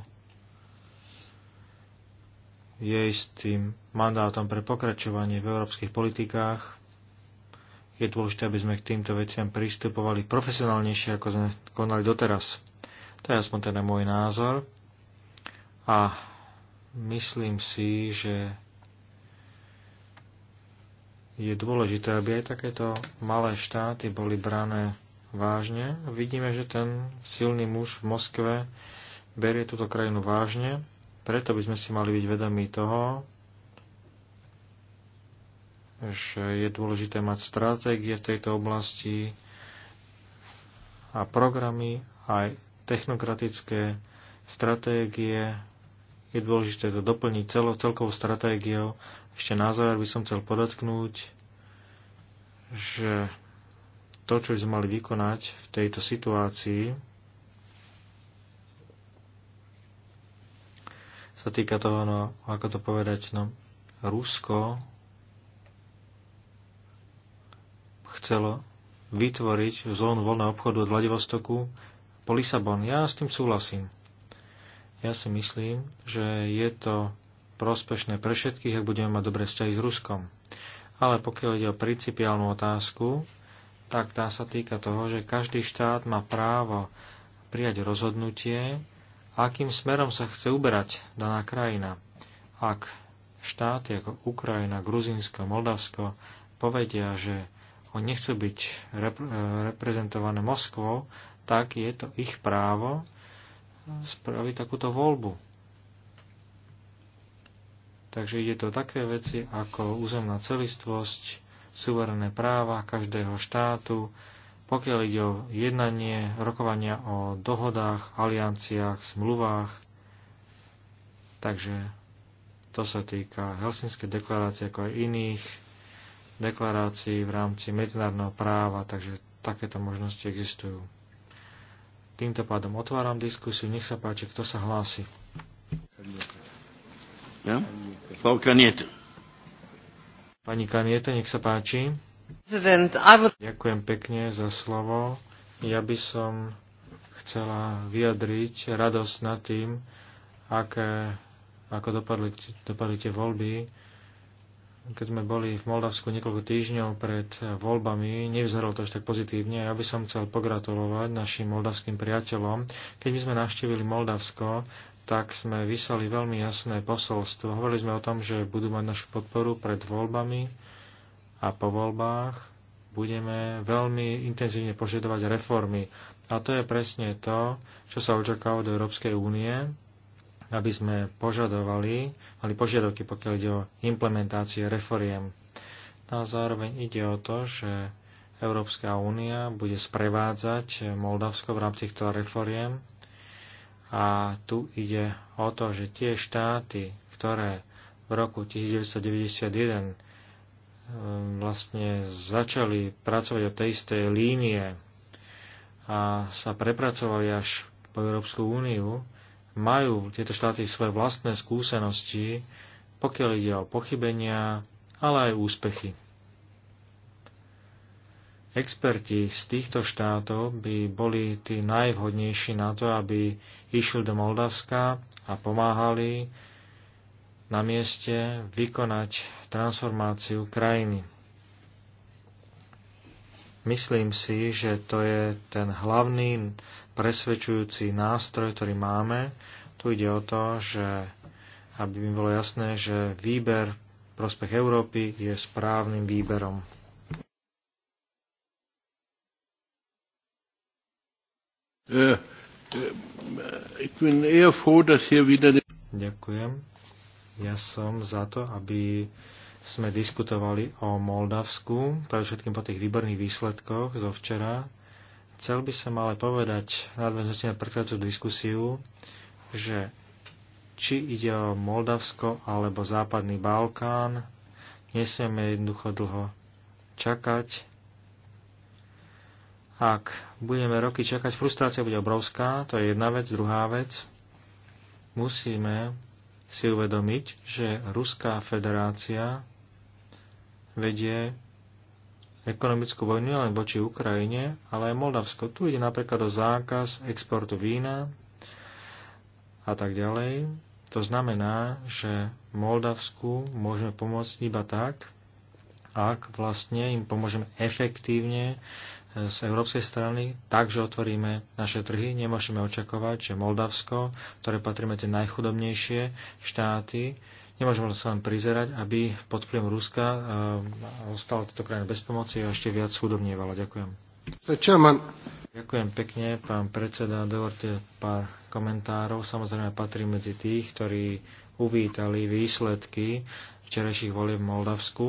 je tým mandátom pre pokračovanie v európskych politikách. Je dôležité, aby sme k týmto veciam pristupovali profesionálnejšie, ako sme konali doteraz. To je aspoň teda môj názor. A myslím si, že je dôležité, aby aj takéto malé štáty boli brané vážne. Vidíme, že ten silný muž v Moskve berie túto krajinu vážne, preto by sme si mali byť vedomí toho, že je dôležité mať stratégie v tejto oblasti a programy, aj technokratické stratégie. Je dôležité to doplniť celou, celkovou stratégiou ešte na záver by som chcel podotknúť, že to, čo by sme mali vykonať v tejto situácii, sa týka toho, no, ako to povedať, no, Rusko chcelo vytvoriť zónu voľného obchodu od Vladivostoku po Lisabon. Ja s tým súhlasím. Ja si myslím, že je to prospešné pre všetkých, ak budeme mať dobré vzťahy s Ruskom. Ale pokiaľ ide o principiálnu otázku, tak tá sa týka toho, že každý štát má právo prijať rozhodnutie, akým smerom sa chce uberať daná krajina. Ak štáty ako Ukrajina, Gruzinsko, Moldavsko povedia, že oni nechcú byť e, reprezentované Moskvou, tak je to ich právo spraviť takúto voľbu. Takže ide to také veci ako územná celistvosť, suverené práva každého štátu, pokiaľ ide o jednanie, rokovania o dohodách, alianciách, zmluvách. Takže to sa týka Helsinskej deklarácie ako aj iných deklarácií v rámci medzinárodného práva, takže takéto možnosti existujú. Týmto pádom otváram diskusiu, nech sa páči, kto sa hlási. Ďakujem. Ja? Frau Kaniete. Pani Kaniete, nech sa páči. Ďakujem pekne za slovo. Ja by som chcela vyjadriť radosť nad tým, aké, ako dopadli, dopadli tie voľby. Keď sme boli v Moldavsku niekoľko týždňov pred voľbami, nevyzeralo to až tak pozitívne. Ja by som chcel pogratulovať našim moldavským priateľom. Keď by sme navštívili Moldavsko, tak sme vyslali veľmi jasné posolstvo. Hovorili sme o tom, že budú mať našu podporu pred voľbami a po voľbách budeme veľmi intenzívne požadovať reformy. A to je presne to, čo sa očakáva do Európskej únie, aby sme požadovali, mali požiadavky, pokiaľ ide o implementácie reforiem. No a zároveň ide o to, že Európska únia bude sprevádzať Moldavsko v rámci týchto reforiem a tu ide o to, že tie štáty, ktoré v roku 1991 um, vlastne začali pracovať od tej istej línie a sa prepracovali až po Európsku úniu, majú tieto štáty svoje vlastné skúsenosti, pokiaľ ide o pochybenia, ale aj úspechy experti z týchto štátov by boli tí najvhodnejší na to, aby išli do Moldavska a pomáhali na mieste vykonať transformáciu krajiny. Myslím si, že to je ten hlavný presvedčujúci nástroj, ktorý máme. Tu ide o to, že aby mi bolo jasné, že výber prospech Európy je správnym výberom. Eh, eh, Ďakujem. Ja som za to, aby sme diskutovali o Moldavsku, pre všetkým po tých výborných výsledkoch zo včera. Chcel by som ale povedať nadväznosti na predchádzajúcu diskusiu, že či ide o Moldavsko alebo Západný Balkán, nesieme jednoducho dlho čakať. Ak budeme roky čakať, frustrácia bude obrovská, to je jedna vec. Druhá vec, musíme si uvedomiť, že Ruská federácia vedie ekonomickú vojnu nielen voči Ukrajine, ale aj Moldavsko. Tu ide napríklad o zákaz exportu vína a tak ďalej. To znamená, že Moldavsku môžeme pomôcť iba tak, ak vlastne im pomôžeme efektívne z európskej strany tak, že otvoríme naše trhy. Nemôžeme očakovať, že Moldavsko, ktoré patrí medzi najchudobnejšie štáty, nemôžeme sa len prizerať, aby pod vplyvom Ruska eh, ostala táto krajina bez pomoci a ešte viac chudobnievala. Ďakujem. Ďakujem pekne, pán predseda. Dovolte pár komentárov. Samozrejme patrí medzi tých, ktorí uvítali výsledky včerajších volieb v Moldavsku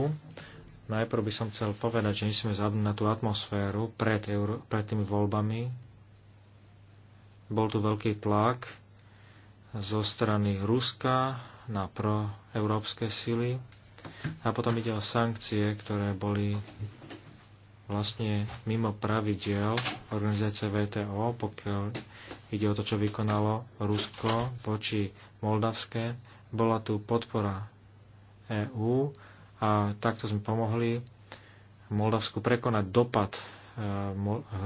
Najprv by som chcel povedať, že nesme zabudnúť na tú atmosféru pred, Euró- pred tými voľbami. Bol tu veľký tlak zo strany Ruska na proeurópske sily. A potom ide o sankcie, ktoré boli vlastne mimo pravidiel organizácie VTO, pokiaľ ide o to, čo vykonalo Rusko voči Moldavské. Bola tu podpora EÚ a takto sme pomohli Moldavsku prekonať dopad e,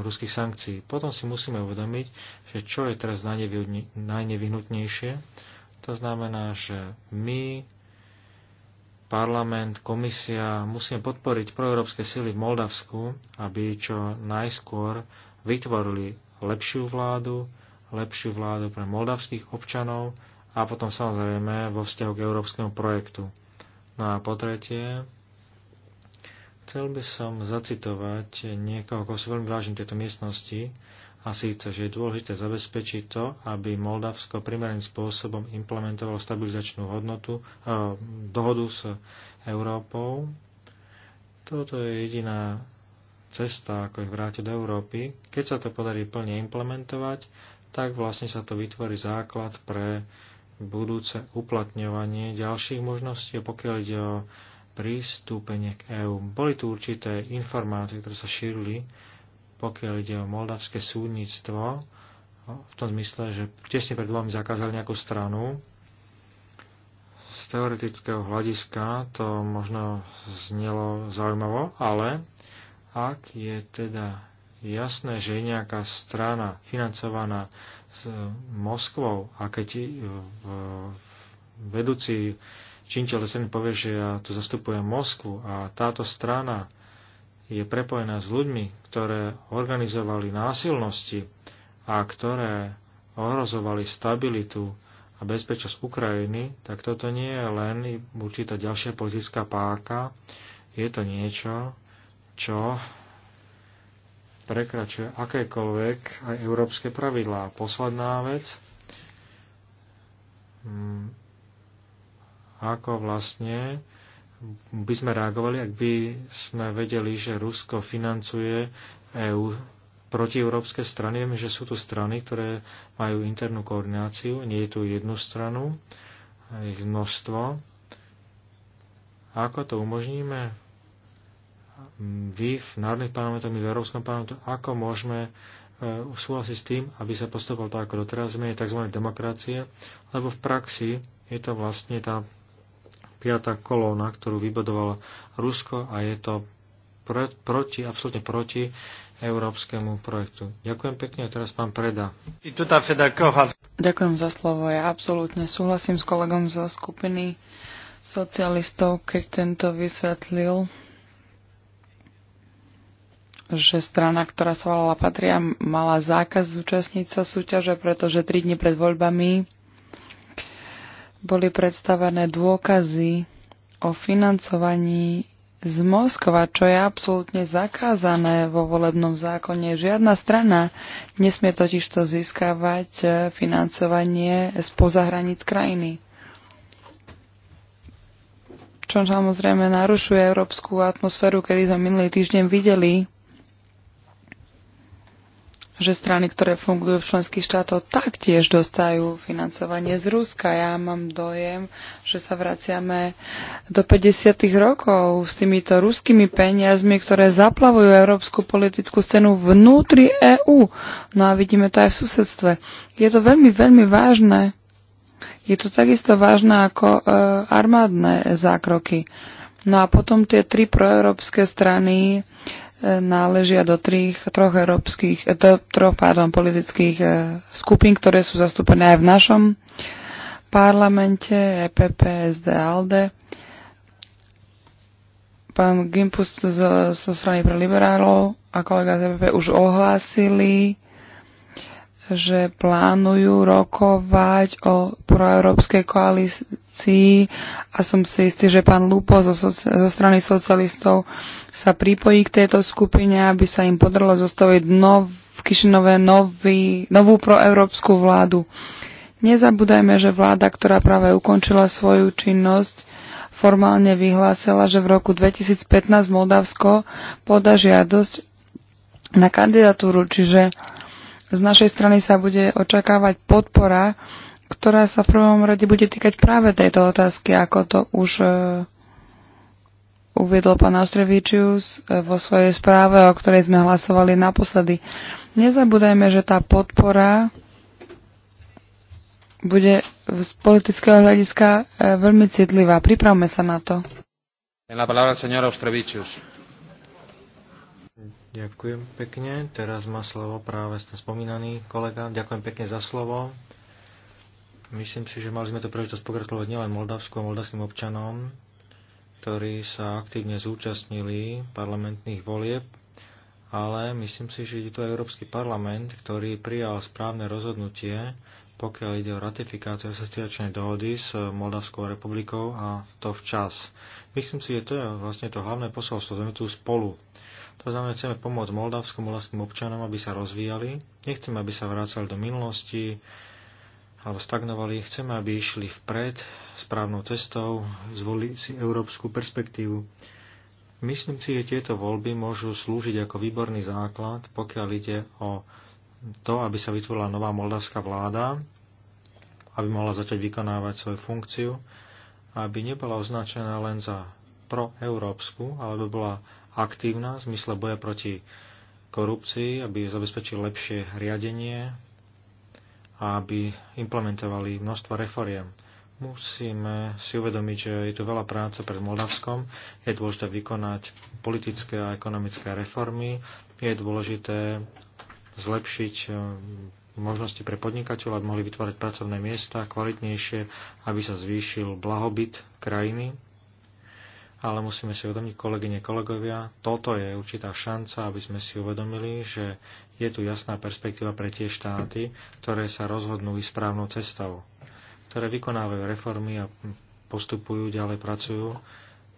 ruských sankcií. Potom si musíme uvedomiť, že čo je teraz najnevyhnutnejšie. To znamená, že my, parlament, komisia musíme podporiť proeurópske sily v Moldavsku, aby čo najskôr vytvorili lepšiu vládu, lepšiu vládu pre moldavských občanov a potom samozrejme vo vzťahu k európskemu projektu. No a po tretie, chcel by som zacitovať niekoho, koho si veľmi vážim tejto miestnosti, a síce, že je dôležité zabezpečiť to, aby Moldavsko primeraným spôsobom implementovalo stabilizačnú hodnotu, eh, dohodu s Európou. Toto je jediná cesta, ako ich vrátiť do Európy. Keď sa to podarí plne implementovať, tak vlastne sa to vytvorí základ pre eh, budúce uplatňovanie ďalších možností, pokiaľ ide o prístupenie k EÚ. Boli tu určité informácie, ktoré sa šírili, pokiaľ ide o moldavské súdnictvo, v tom zmysle, že tesne pred voľbami zakázali nejakú stranu. Z teoretického hľadiska to možno znelo zaujímavo, ale ak je teda jasné, že je nejaká strana financovaná s e, Moskvou a keď e, v vedúci činiteľ SN povie, že ja tu zastupujem Moskvu a táto strana je prepojená s ľuďmi, ktoré organizovali násilnosti a ktoré ohrozovali stabilitu a bezpečnosť Ukrajiny, tak toto nie je len určitá ďalšia politická páka, je to niečo, čo prekračuje akékoľvek aj európske pravidlá. Posledná vec, hmm. ako vlastne by sme reagovali, ak by sme vedeli, že Rusko financuje EU protieurópske strany. Viem, že sú tu strany, ktoré majú internú koordináciu, nie je tu jednu stranu, ich množstvo. Ako to umožníme? vy v národných parlamentoch, my v Európskom parlamentu, ako môžeme e, súhlasiť s tým, aby sa postupovalo tak, ako doteraz sme, je tzv. demokracie, lebo v praxi je to vlastne tá piatá kolóna, ktorú vybudovalo Rusko a je to proti, absolútne proti európskemu projektu. Ďakujem pekne a teraz pán Preda. Ďakujem za slovo. Ja absolútne súhlasím s kolegom zo skupiny socialistov, keď tento vysvetlil, že strana, ktorá sa volala Patria, mala zákaz zúčastniť sa súťaže, pretože tri dni pred voľbami boli predstavené dôkazy o financovaní z Moskva, čo je absolútne zakázané vo volebnom zákone. Žiadna strana nesmie totiž to získavať eh, financovanie spoza hraníc krajiny. Čo samozrejme narušuje európsku atmosféru, kedy sme minulý týždeň videli, že strany, ktoré fungujú v členských štátoch, taktiež dostajú financovanie z Ruska. Ja mám dojem, že sa vraciame do 50. rokov s týmito ruskými peniazmi, ktoré zaplavujú európsku politickú scénu vnútri EÚ. No a vidíme to aj v susedstve. Je to veľmi, veľmi vážne. Je to takisto vážne ako e, armádne zákroky. No a potom tie tri proeurópske strany náležia do trých, troch, európskych, eh, do troch pardon, politických eh, skupín, ktoré sú zastúpené aj v našom parlamente, EPP, SD, ALDE. Pán Gimpus zo, zo strany pre liberálov a kolega z EPP už ohlásili, že plánujú rokovať o proeurópskej koalícii frakcií a som si istý, že pán Lupo zo, zo strany socialistov sa pripojí k tejto skupine, aby sa im podarilo zostaviť nov, v Kišinove nový, novú proeurópsku vládu. Nezabúdajme, že vláda, ktorá práve ukončila svoju činnosť, formálne vyhlásila, že v roku 2015 Moldavsko poda žiadosť na kandidatúru, čiže z našej strany sa bude očakávať podpora ktorá sa v prvom rade bude týkať práve tejto otázky, ako to už e, uviedol pán Austrevičius e, vo svojej správe, o ktorej sme hlasovali naposledy. Nezabúdajme, že tá podpora bude z politického hľadiska e, veľmi citlivá. Pripravme sa na to. Ďakujem pekne. Teraz má slovo práve ste spomínaný kolega. Ďakujem pekne za slovo. Myslím si, že mali sme to príležitosť pogratulovať nielen Moldavsku a moldavským občanom, ktorí sa aktívne zúčastnili parlamentných volieb, ale myslím si, že je to Európsky parlament, ktorý prijal správne rozhodnutie, pokiaľ ide o ratifikáciu asociačnej dohody s Moldavskou republikou a to včas. Myslím si, že to je vlastne to hlavné posolstvo, sme tu spolu. To znamená, chceme pomôcť Moldavskom vlastným občanom, aby sa rozvíjali. Nechceme, aby sa vracali do minulosti, alebo stagnovali. Chceme, aby išli vpred správnou cestou, zvolili si európsku perspektívu. Myslím si, že tieto voľby môžu slúžiť ako výborný základ, pokiaľ ide o to, aby sa vytvorila nová moldavská vláda, aby mohla začať vykonávať svoju funkciu, aby nebola označená len za proeurópsku, ale aby bola aktívna v zmysle boja proti korupcii, aby zabezpečil lepšie riadenie, aby implementovali množstvo reforiem. Musíme si uvedomiť, že je tu veľa práce pred Moldavskom, je dôležité vykonať politické a ekonomické reformy, je dôležité zlepšiť eh, možnosti pre podnikateľov, aby mohli vytvárať pracovné miesta kvalitnejšie, aby sa zvýšil blahobyt krajiny ale musíme si uvedomiť, kolegyne, kolegovia, toto je určitá šanca, aby sme si uvedomili, že je tu jasná perspektíva pre tie štáty, ktoré sa rozhodnú ísť správnou cestou, ktoré vykonávajú reformy a postupujú, ďalej pracujú.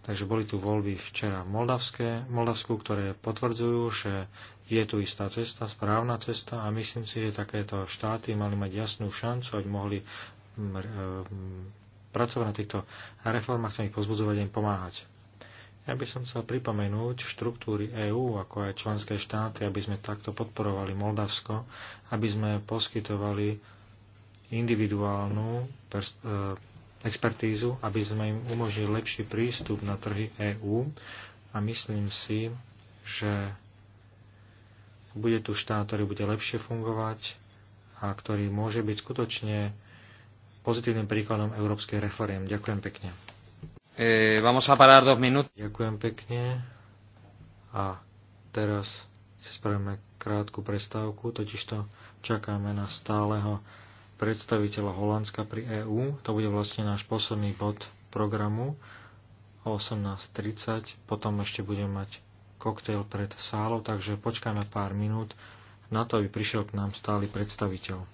Takže boli tu voľby včera v Moldavské, Moldavsku, ktoré potvrdzujú, že je tu istá cesta, správna cesta a myslím si, že takéto štáty mali mať jasnú šancu, aby mohli mm, mm, pracovať na týchto reformách, chcem ich pozbudzovať a im pomáhať. Ja by som chcel pripomenúť štruktúry EÚ, ako aj členské štáty, aby sme takto podporovali Moldavsko, aby sme poskytovali individuálnu e, expertízu, aby sme im umožnili lepší prístup na trhy EÚ a myslím si, že bude tu štát, ktorý bude lepšie fungovať a ktorý môže byť skutočne pozitívnym príkladom európskej reforiem. Ďakujem pekne. Eh, vamos a parar dos Ďakujem pekne. A teraz si spravíme krátku prestávku, totižto čakáme na stáleho predstaviteľa Holandska pri EÚ. To bude vlastne náš posledný bod programu o 18.30. Potom ešte budeme mať koktejl pred sálou, takže počkáme pár minút na to, aby prišiel k nám stály predstaviteľ.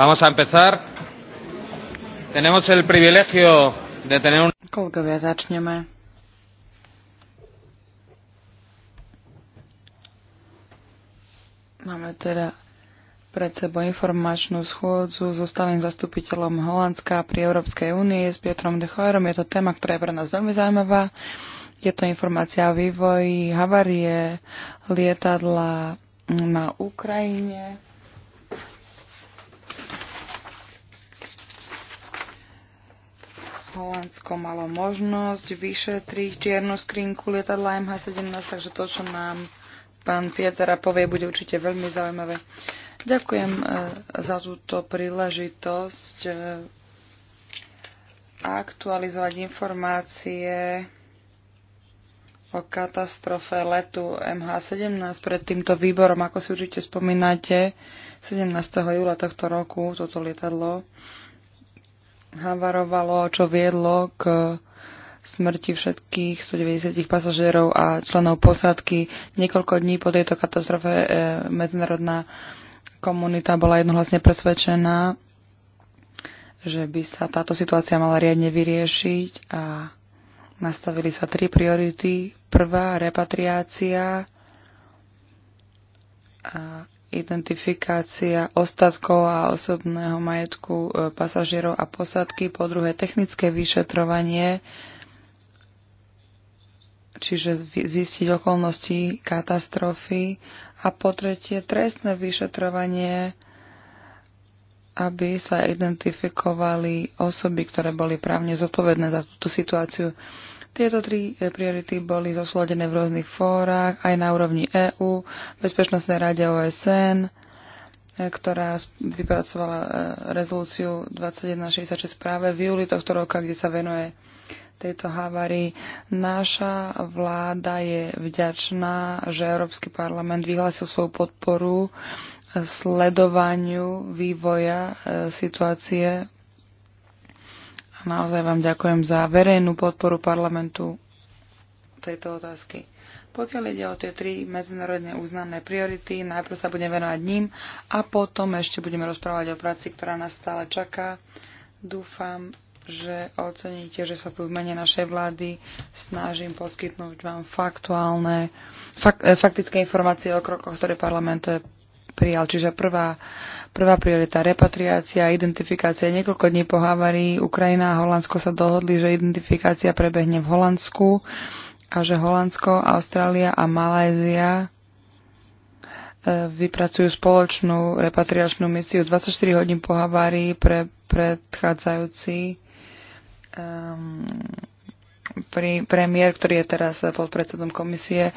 Vamos a empezar. Tenemos el privilegio de tener un... začneme. Máme teda pred sebou informačnú schôdzu so stálym zastupiteľom Holandska pri Európskej únii s Pietrom de Choerom. Je to téma, ktorá je pre nás veľmi zaujímavá. Je to informácia o vývoji havarie lietadla na Ukrajine Holandsko malo možnosť vyšetriť čiernu skrinku lietadla MH17, takže to, čo nám pán Pietera povie, bude určite veľmi zaujímavé. Ďakujem e, za túto príležitosť e, aktualizovať informácie o katastrofe letu MH17 pred týmto výborom. Ako si určite spomínate, 17. júla tohto roku toto lietadlo havarovalo, čo viedlo k smrti všetkých 190 pasažierov a členov posádky. Niekoľko dní po tejto katastrofe e, medzinárodná komunita bola jednohlasne presvedčená, že by sa táto situácia mala riadne vyriešiť a nastavili sa tri priority. Prvá, repatriácia a identifikácia ostatkov a osobného majetku e, pasažierov a posadky, po druhé technické vyšetrovanie, čiže zistiť okolnosti katastrofy a po tretie trestné vyšetrovanie, aby sa identifikovali osoby, ktoré boli právne zodpovedné za túto situáciu. Tieto tri eh, priority boli zosladené v rôznych fórach, aj na úrovni EÚ, Bezpečnostnej rade OSN, eh, ktorá vypracovala eh, rezolúciu 2166 práve v júli tohto roka, kde sa venuje tejto havárii. Naša vláda je vďačná, že Európsky parlament vyhlásil svoju podporu sledovaniu vývoja situácie a naozaj vám ďakujem za verejnú podporu parlamentu tejto otázky. Pokiaľ ide o tie tri medzinárodne uznané priority, najprv sa budeme venovať ním a potom ešte budeme rozprávať o práci, ktorá nás stále čaká. Dúfam, že oceníte, že sa tu v mene našej vlády snažím poskytnúť vám faktuálne, fakt, e, faktické informácie o krokoch, ktoré parlament prijal. Čiže prvá, prvá priorita repatriácia, identifikácia. Niekoľko dní po havárii Ukrajina a Holandsko sa dohodli, že identifikácia prebehne v Holandsku a že Holandsko, Austrália a Malajzia e, vypracujú spoločnú repatriačnú misiu 24 hodín po havárii pre predchádzajúci um, pri, premiér, ktorý je teraz pod predsedom komisie, uh,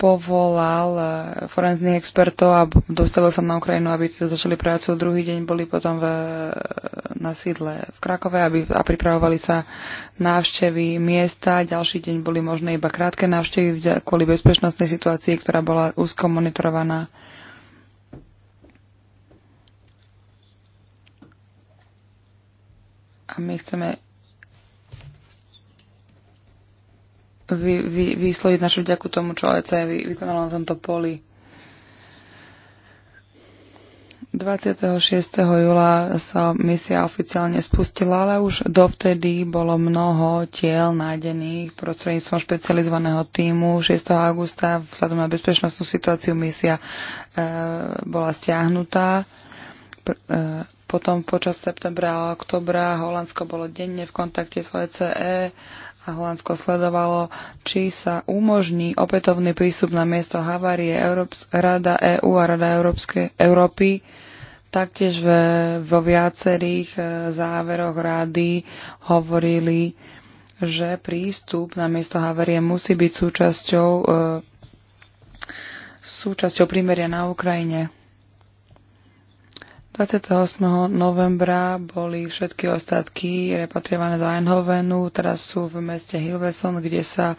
povolal eh, forenzných expertov a dostavil som na Ukrajinu, aby začali prácu. Druhý deň boli potom v, eh, na sídle v Krakove aby, a pripravovali sa návštevy miesta. Ďalší deň boli možné iba krátke návštevy kvôli bezpečnostnej situácii, ktorá bola úzko monitorovaná. A my chceme vy, vy, vysloviť našu ďaku tomu, čo OEC vy, vykonalo na tomto poli. 26. júla sa misia oficiálne spustila, ale už dovtedy bolo mnoho tiel nájdených prostredníctvom špecializovaného týmu. 6. augusta vzhľadom na bezpečnostnú situáciu misia e, bola stiahnutá. Pr- e, potom počas septembra a oktobra Holandsko bolo denne v kontakte s OECE a Holandsko sledovalo, či sa umožní opätovný prístup na miesto havárie Európs- Rada EÚ a Rada Európskej Európy. Taktiež vo viacerých e, záveroch rady hovorili, že prístup na miesto havárie musí byť súčasťou, e, súčasťou primeria na Ukrajine. 28. novembra boli všetky ostatky repatriované do Eindhovenu, teraz sú v meste Hilveson, kde sa,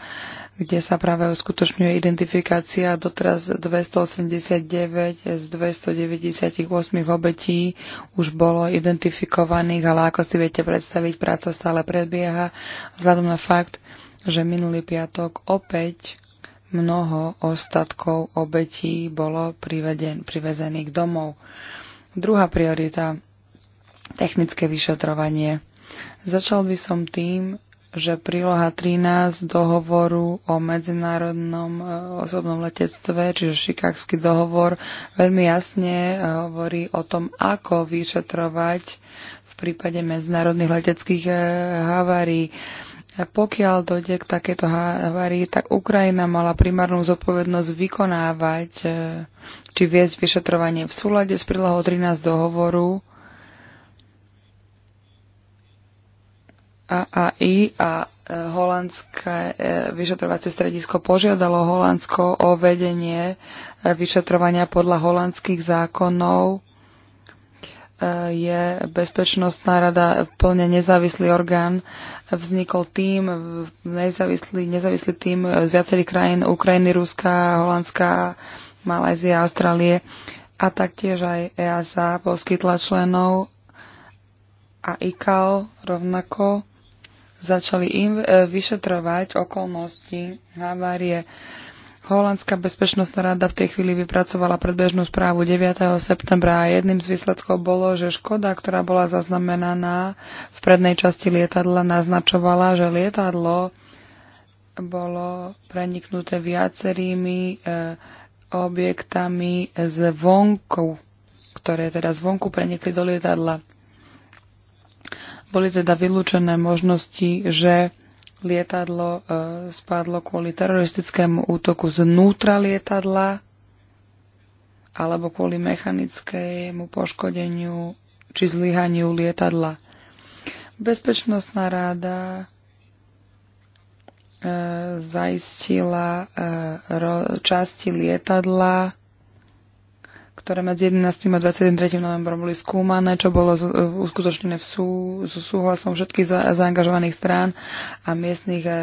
kde sa práve uskutočňuje identifikácia doteraz 289 z 298 obetí už bolo identifikovaných, ale ako si viete predstaviť, práca stále predbieha vzhľadom na fakt, že minulý piatok opäť mnoho ostatkov obetí bolo privezených domov. Druhá priorita. Technické vyšetrovanie. Začal by som tým, že príloha 13 dohovoru o medzinárodnom e, osobnom letectve, čiže Šikákský dohovor, veľmi jasne e, hovorí o tom, ako vyšetrovať v prípade medzinárodných leteckých e, havárií. A pokiaľ dojde k takéto havárii, tak Ukrajina mala primárnu zodpovednosť vykonávať e, či viesť vyšetrovanie v súlade s prílohou 13 dohovoru AAI a e, holandské e, vyšetrovacie stredisko požiadalo Holandsko o vedenie vyšetrovania podľa holandských zákonov. Je Bezpečnostná rada plne nezávislý orgán vznikol tým, nezávislý, nezávislý tým z viacerých krajín, Ukrajiny, Ruska, Holandska, Malézia, Austrálie a taktiež aj EASA poskytla členov a ICAO rovnako začali im e, vyšetrovať okolnosti havárie. Holandská bezpečnostná rada v tej chvíli vypracovala predbežnú správu 9. septembra a jedným z výsledkov bolo, že škoda, ktorá bola zaznamenaná v prednej časti lietadla, naznačovala, že lietadlo bolo preniknuté viacerými e, objektami zvonku, ktoré teda zvonku prenikli do lietadla. Boli teda vylúčené možnosti, že lietadlo e, spadlo kvôli teroristickému útoku znútra lietadla alebo kvôli mechanickému poškodeniu či zlyhaniu lietadla. Bezpečnostná ráda e, zaistila e, časti lietadla ktoré medzi 11. a 23. novembrom boli skúmané, čo bolo e, uskutočnené v sú, so súhlasom všetkých zaangažovaných strán a miestnych e,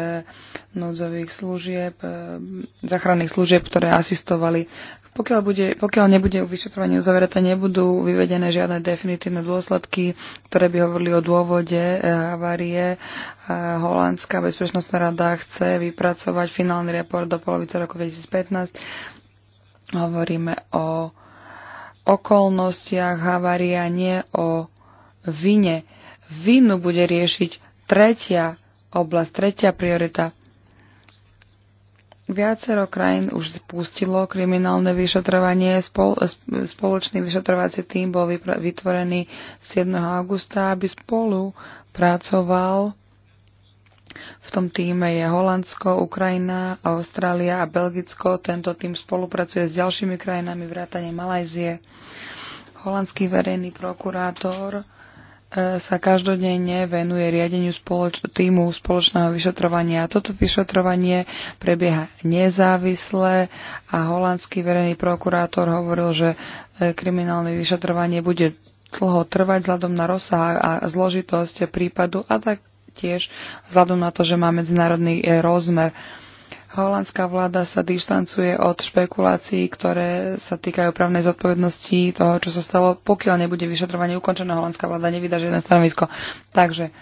núdzových služieb, e, záchranných služieb, ktoré asistovali. Pokiaľ, bude, pokiaľ nebude vyšetrovanie uzavreté, nebudú vyvedené žiadne definitívne dôsledky, ktoré by hovorili o dôvode e, havárie. E, Holandská bezpečnostná rada chce vypracovať finálny report do polovice roku 2015. Hovoríme o okolnostiach havaria, nie o vine. Vinu bude riešiť tretia oblasť, tretia priorita. Viacero krajín už spustilo kriminálne vyšetrovanie. Spoločný vyšetrovací tým bol vytvorený 7. augusta, aby spolu pracoval v tom týme je Holandsko, Ukrajina, Austrália a Belgicko. Tento tým spolupracuje s ďalšími krajinami vrátane Malajzie. Holandský verejný prokurátor e, sa každodenne venuje riadeniu spoloč- týmu spoločného vyšetrovania. Toto vyšetrovanie prebieha nezávisle a holandský verejný prokurátor hovoril, že e, kriminálne vyšetrovanie bude dlho trvať vzhľadom na rozsah a zložitosť prípadu a tak tiež vzhľadom na to, že má medzinárodný e, rozmer. Holandská vláda sa dištancuje od špekulácií, ktoré sa týkajú právnej zodpovednosti toho, čo sa stalo, pokiaľ nebude vyšetrovanie ukončené. Holandská vláda nevydá žiadne stanovisko. Takže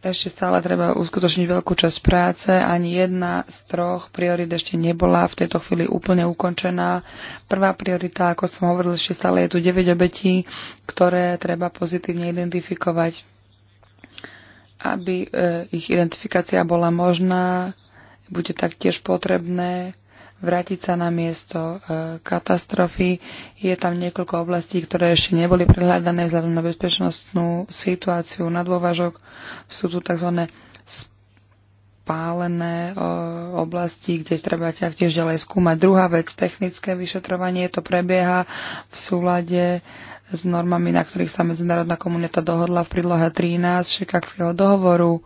ešte stále treba uskutočniť veľkú časť práce. Ani jedna z troch priorit ešte nebola v tejto chvíli úplne ukončená. Prvá priorita, ako som hovoril, ešte stále je tu 9 obetí, ktoré treba pozitívne identifikovať. Aby e, ich identifikácia bola možná, bude taktiež potrebné vrátiť sa na miesto e, katastrofy. Je tam niekoľko oblastí, ktoré ešte neboli prehľadané vzhľadom na bezpečnostnú situáciu na dôvažok. Sú tu tzv. spálené e, oblasti, kde treba taktiež ďalej skúmať. Druhá vec, technické vyšetrovanie, to prebieha v súlade s normami, na ktorých sa medzinárodná komunita dohodla v prílohe 13 Šikakského dohovoru.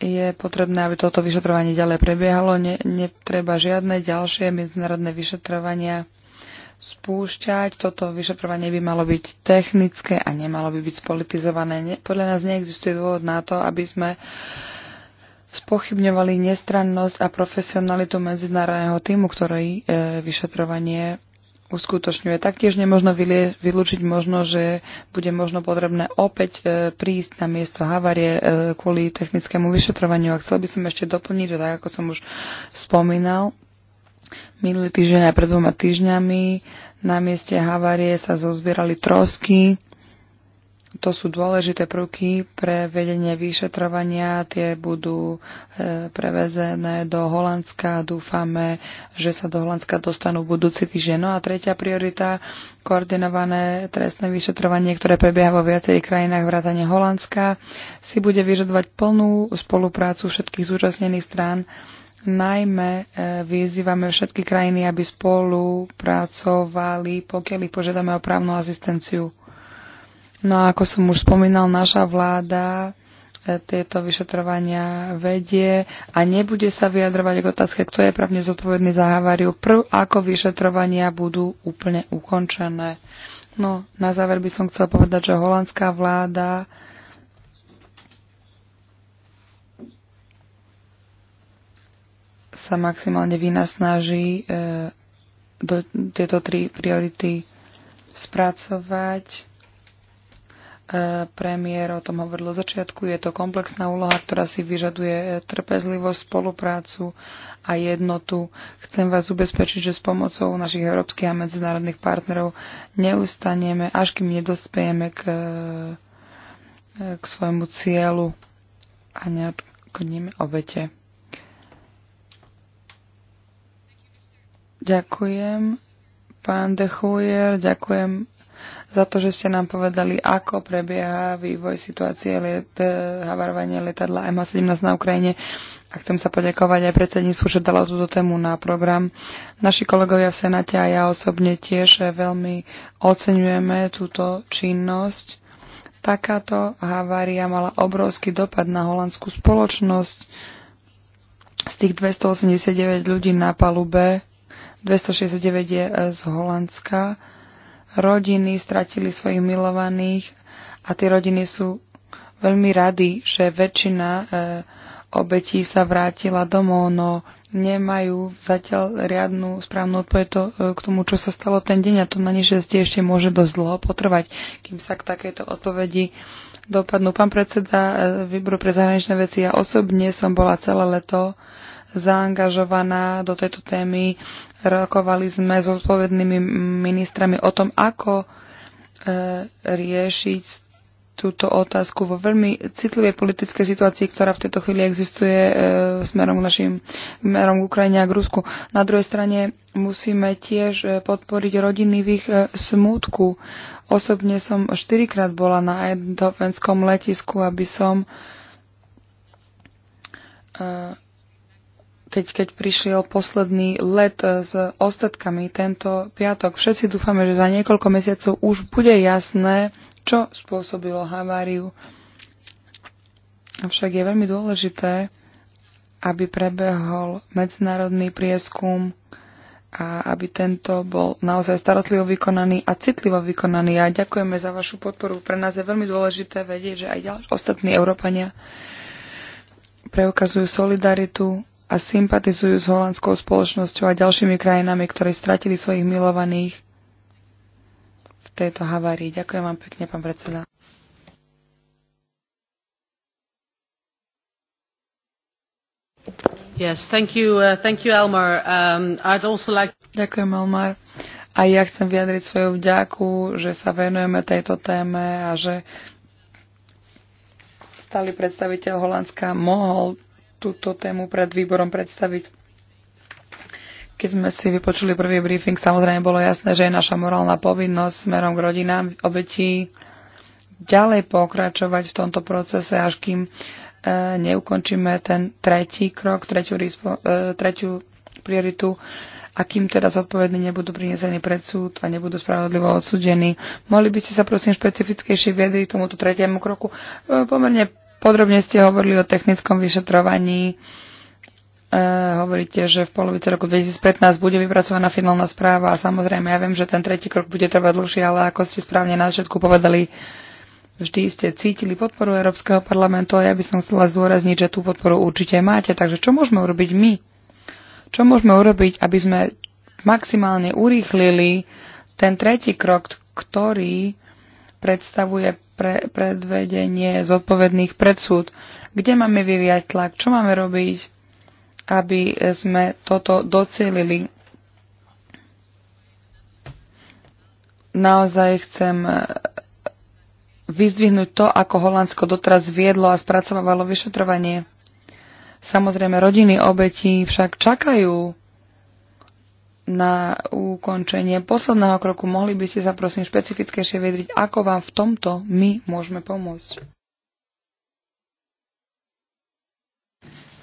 Je potrebné, aby toto vyšetrovanie ďalej prebiehalo. Ne, netreba žiadne ďalšie medzinárodné vyšetrovania spúšťať. Toto vyšetrovanie by malo byť technické a nemalo by byť spolitizované. Ne, podľa nás neexistuje dôvod na to, aby sme spochybňovali nestrannosť a profesionalitu medzinárodného týmu, ktorý e, vyšetrovanie uskutočňuje. Taktiež nemožno vylúčiť možno, že bude možno potrebné opäť e, prísť na miesto havarie e, kvôli technickému vyšetrovaniu. A chcel by som ešte doplniť, že tak ako som už spomínal, minulý týždeň aj pred dvoma týždňami na mieste havárie sa zozbierali trosky to sú dôležité prvky pre vedenie vyšetrovania. Tie budú e, prevezené do Holandska. Dúfame, že sa do Holandska dostanú budúci týždeň. No a tretia priorita, koordinované trestné vyšetrovanie, ktoré prebieha vo viacerých krajinách vrátane Holandska, si bude vyžadovať plnú spoluprácu všetkých zúčastnených strán najmä e, vyzývame všetky krajiny, aby spolupracovali, pokiaľ ich požiadame o právnu asistenciu. No a ako som už spomínal, naša vláda e, tieto vyšetrovania vedie a nebude sa vyjadrovať k otázke, kto je právne zodpovedný za haváriu, prv ako vyšetrovania budú úplne ukončené. No, na záver by som chcel povedať, že holandská vláda sa maximálne vynasnaží e, do, tieto tri priority spracovať E, premiér o tom hovoril od začiatku. Je to komplexná úloha, ktorá si vyžaduje e, trpezlivosť, spoluprácu a jednotu. Chcem vás ubezpečiť, že s pomocou našich európskych a medzinárodných partnerov neustaneme, až kým nedospejeme k, e, k svojmu cieľu a neodkodníme obete. Ďakujem, pán Dechujer, ďakujem za to, že ste nám povedali, ako prebieha vývoj situácie liet, havarovania letadla MH17 na Ukrajine. A chcem sa poďakovať aj predsedníctvu, že dalo túto tému na program. Naši kolegovia v Senáte a ja osobne tiež veľmi oceňujeme túto činnosť. Takáto havária mala obrovský dopad na holandskú spoločnosť. Z tých 289 ľudí na palube 269 je z Holandska rodiny stratili svojich milovaných a tie rodiny sú veľmi rady, že väčšina e, obetí sa vrátila domov, no nemajú zatiaľ riadnu správnu odpoveď to, e, k tomu, čo sa stalo ten deň a to na nešťastie ešte môže dosť dlho potrvať, kým sa k takejto odpovedi dopadnú. Pán predseda e, výboru pre zahraničné veci, ja osobne som bola celé leto e, zaangažovaná do tejto témy. Rokovali sme so zodpovednými ministrami o tom, ako e, riešiť túto otázku vo veľmi citlivej politickej situácii, ktorá v tejto chvíli existuje e, smerom k našim, smerom k Ukrajine a k Rusku. Na druhej strane musíme tiež e, podporiť rodiny v ich e, smútku. Osobne som štyrikrát bola na Eindhovenskom letisku, aby som e, keď, keď prišiel posledný let eh, s ostatkami tento piatok. Všetci dúfame, že za niekoľko mesiacov už bude jasné, čo spôsobilo haváriu. Avšak je veľmi dôležité, aby prebehol medzinárodný prieskum a aby tento bol naozaj starostlivo vykonaný a citlivo vykonaný. A ďakujeme za vašu podporu. Pre nás je veľmi dôležité vedieť, že aj ďalší ostatní Európania preukazujú solidaritu a sympatizujú s holandskou spoločnosťou a ďalšími krajinami, ktoré stratili svojich milovaných v tejto havárii. Ďakujem vám pekne, pán predseda. Yes, thank you, uh, thank you, Elmar. Um, I'd also like... Ďakujem, Elmar. A ja chcem vyjadriť svoju vďaku, že sa venujeme tejto téme a že stály predstaviteľ Holandska mohol túto tému pred výborom predstaviť. Keď sme si vypočuli prvý briefing, samozrejme bolo jasné, že je naša morálna povinnosť smerom k rodinám obetí ďalej pokračovať v tomto procese, až kým e, neukončíme ten tretí krok, tretiu, rispo, e, tretiu prioritu a kým teda zodpovední nebudú prinesení pred súd a nebudú spravodlivo odsudení. Mohli by ste sa prosím špecifickejšie viedriť k tomuto tretiemu kroku? E, pomerne Podrobne ste hovorili o technickom vyšetrovaní. E, hovoríte, že v polovici roku 2015 bude vypracovaná finálna správa a samozrejme ja viem, že ten tretí krok bude trvať dlhšie, ale ako ste správne na začiatku povedali, vždy ste cítili podporu Európskeho parlamentu a ja by som chcela zdôrazniť, že tú podporu určite máte. Takže čo môžeme urobiť my? Čo môžeme urobiť, aby sme maximálne urýchlili ten tretí krok, ktorý predstavuje pre, predvedenie zodpovedných predsúd. Kde máme vyviať tlak? Čo máme robiť, aby sme toto docelili? Naozaj chcem e, vyzdvihnúť to, ako Holandsko doteraz viedlo a spracovávalo vyšetrovanie. Samozrejme, rodiny obetí však čakajú na ukončenie posledného kroku. Mohli by ste sa prosím špecifickejšie vedriť, ako vám v tomto my môžeme pomôcť.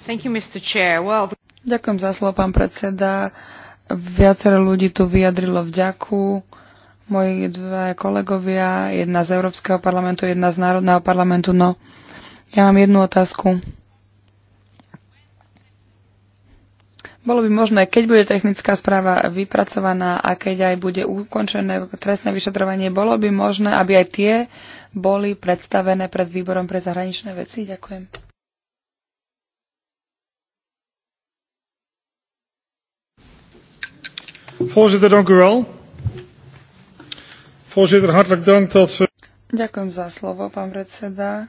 Thank you, Mr. Chair. Well, the... Ďakujem za slovo, pán predseda. Viacero ľudí tu vyjadrilo vďaku. Moji dva kolegovia, jedna z Európskeho parlamentu, jedna z Národného parlamentu. No, ja mám jednu otázku Bolo by možné, keď bude technická správa vypracovaná a keď aj bude ukončené trestné vyšetrovanie, bolo by možné, aby aj tie boli predstavené pred výborom pre zahraničné veci? Ďakujem. Voorzitter, dank u wel. Voorzitter, hartelijk dank dat we... Ďakujem za slovo, pán predseda.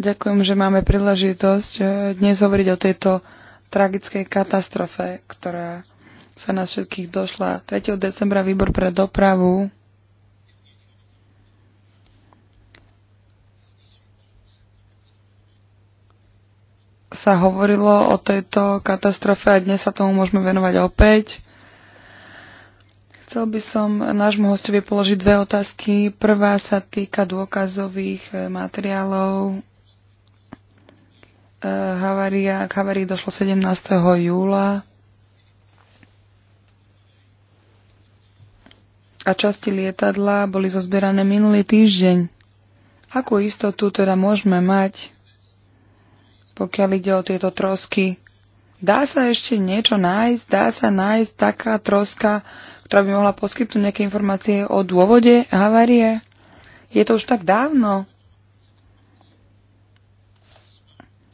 Ďakujem, že máme príležitosť eh, dnes hovoriť o tejto tragickej katastrofe, ktorá sa nás všetkých došla. 3. decembra výbor pre dopravu sa hovorilo o tejto katastrofe a dnes sa tomu môžeme venovať opäť. Chcel by som nášmu hostovi položiť dve otázky. Prvá sa týka dôkazových eh, materiálov havária, k havárii došlo 17. júla a časti lietadla boli zozbierané minulý týždeň. Akú istotu teda môžeme mať, pokiaľ ide o tieto trosky? Dá sa ešte niečo nájsť? Dá sa nájsť taká troska, ktorá by mohla poskytnúť nejaké informácie o dôvode havárie? Je to už tak dávno.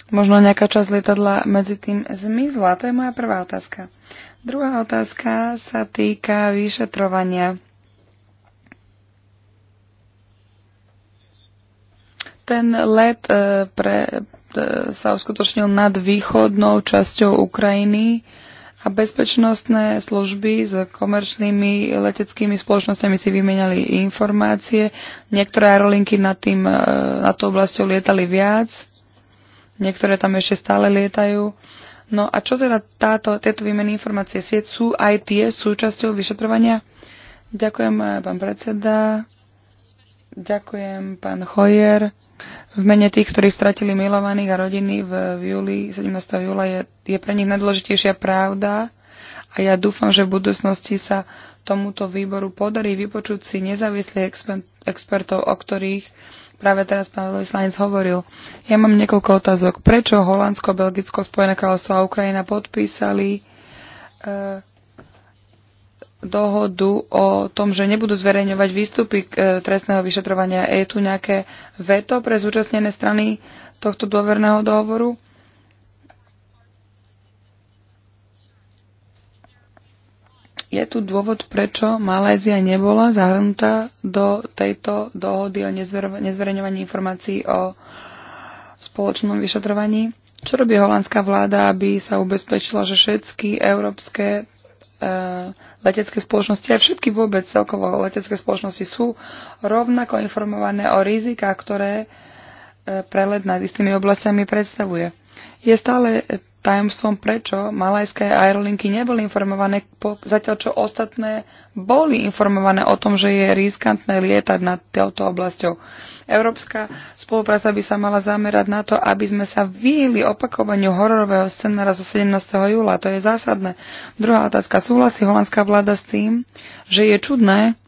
Možno nejaká časť lietadla medzi tým zmizla. To je moja prvá otázka. Druhá otázka sa týka vyšetrovania. Ten let e, pre, e, sa uskutočnil nad východnou časťou Ukrajiny a bezpečnostné služby s komerčnými leteckými spoločnosťami si vymenali informácie. Niektoré aerolinky nad, tým, e, nad tou oblasťou lietali viac Niektoré tam ešte stále lietajú. No a čo teda táto, tieto výmeny informácie sieť sú aj tie súčasťou vyšetrovania? Ďakujem, eh, pán predseda. Ďakujem, pán Hojer. V mene tých, ktorí stratili milovaných a rodiny v, v júli, 17. júla, je, je pre nich najdôležitejšia pravda a ja dúfam, že v budúcnosti sa tomuto výboru podarí vypočuť si nezávislých exper- expertov, o ktorých práve teraz pán veľvyslanec hovoril. Ja mám niekoľko otázok. Prečo Holandsko, Belgicko, Spojené kráľovstvo a Ukrajina podpísali e, dohodu o tom, že nebudú zverejňovať výstupy e, trestného vyšetrovania? Je tu nejaké veto pre zúčastnené strany tohto dôverného dohovoru? je tu dôvod, prečo Malézia nebola zahrnutá do tejto dohody o nezverejňovaní informácií o spoločnom vyšetrovaní? Čo robí holandská vláda, aby sa ubezpečila, že všetky európske e, letecké spoločnosti a všetky vôbec celkovo letecké spoločnosti sú rovnako informované o rizikách, ktoré e, prelet nad istými oblastiami predstavuje. Je stále tajomstvom, prečo malajské aerolinky neboli informované, zatiaľ čo ostatné boli informované o tom, že je riskantné lietať nad touto oblasťou. Európska spolupráca by sa mala zamerať na to, aby sme sa vyhli opakovaniu hororového scenára zo 17. júla. To je zásadné. Druhá otázka. Súhlasí holandská vláda s tým, že je čudné,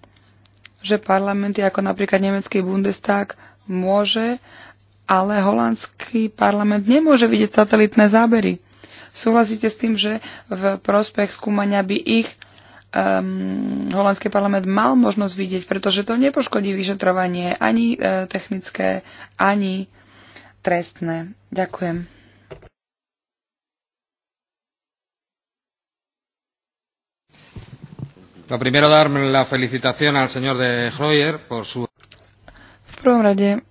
že parlamenty ako napríklad nemecký Bundestag môže ale holandský parlament nemôže vidieť satelitné zábery. Súhlasíte s tým, že v prospech skúmania by ich um, holandský parlament mal možnosť vidieť, pretože to nepoškodí vyšetrovanie ani e, technické, ani trestné. Ďakujem. No, primero la al señor de por su... V prvom rade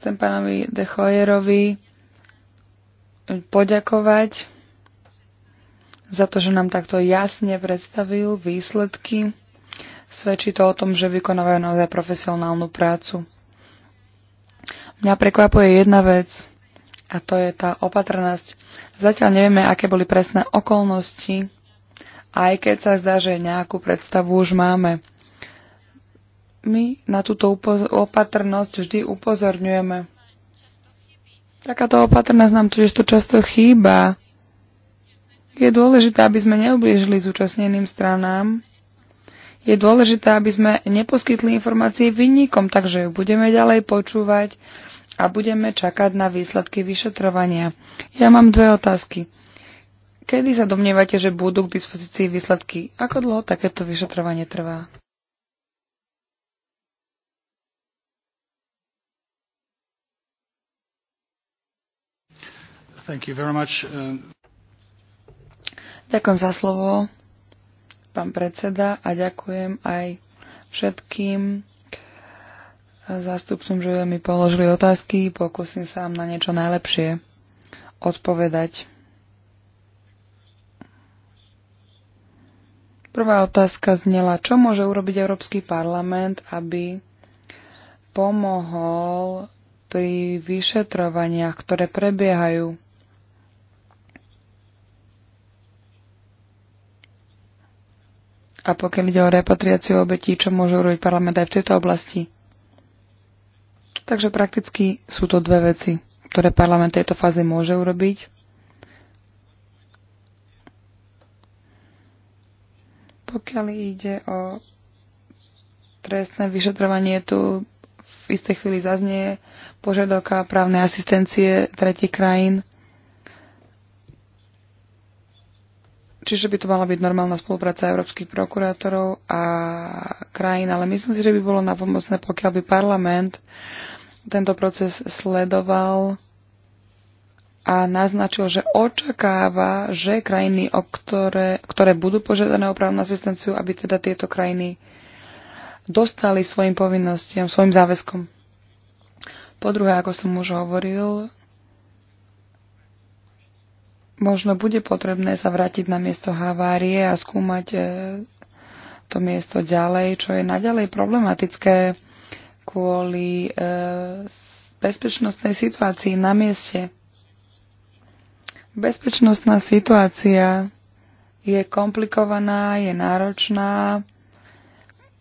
Chcem pánovi Dechojerovi poďakovať za to, že nám takto jasne predstavil výsledky. Svedčí to o tom, že vykonávajú naozaj profesionálnu prácu. Mňa prekvapuje jedna vec a to je tá opatrnosť. Zatiaľ nevieme, aké boli presné okolnosti, aj keď sa zdá, že nejakú predstavu už máme my na túto opatrnosť vždy upozorňujeme. Takáto opatrnosť nám tiež to často chýba. Je dôležité, aby sme neublížili zúčastneným stranám. Je dôležité, aby sme neposkytli informácie vinníkom, takže budeme ďalej počúvať a budeme čakať na výsledky vyšetrovania. Ja mám dve otázky. Kedy sa domnievate, že budú k dispozícii výsledky? Ako dlho takéto vyšetrovanie trvá? Uh, ďakujem za slovo, pán predseda, a ďakujem aj všetkým zástupcom, že mi položili otázky. Pokúsim sa vám na niečo najlepšie odpovedať. Prvá otázka znela, čo môže urobiť Európsky parlament, aby pomohol pri vyšetrovaniach, ktoré prebiehajú A pokiaľ ide o repatriáciu obetí, čo môže urobiť parlament aj v tejto oblasti? Takže prakticky sú to dve veci, ktoré parlament v tejto fáze môže urobiť. Pokiaľ ide o trestné vyšetrovanie, tu v istej chvíli zaznie požiadavka právnej asistencie tretich krajín Čiže by to mala byť normálna spolupráca európskych prokurátorov a krajín, ale myslím si, že by bolo napomocné, pokiaľ by parlament tento proces sledoval a naznačil, že očakáva, že krajiny, o ktoré, ktoré budú požiadané o právnu asistenciu, aby teda tieto krajiny dostali svojim povinnostiam, svojim záväzkom. Po druhé, ako som už hovoril, možno bude potrebné sa vrátiť na miesto havárie a skúmať e, to miesto ďalej, čo je naďalej problematické kvôli e, bezpečnostnej situácii na mieste. Bezpečnostná situácia je komplikovaná, je náročná,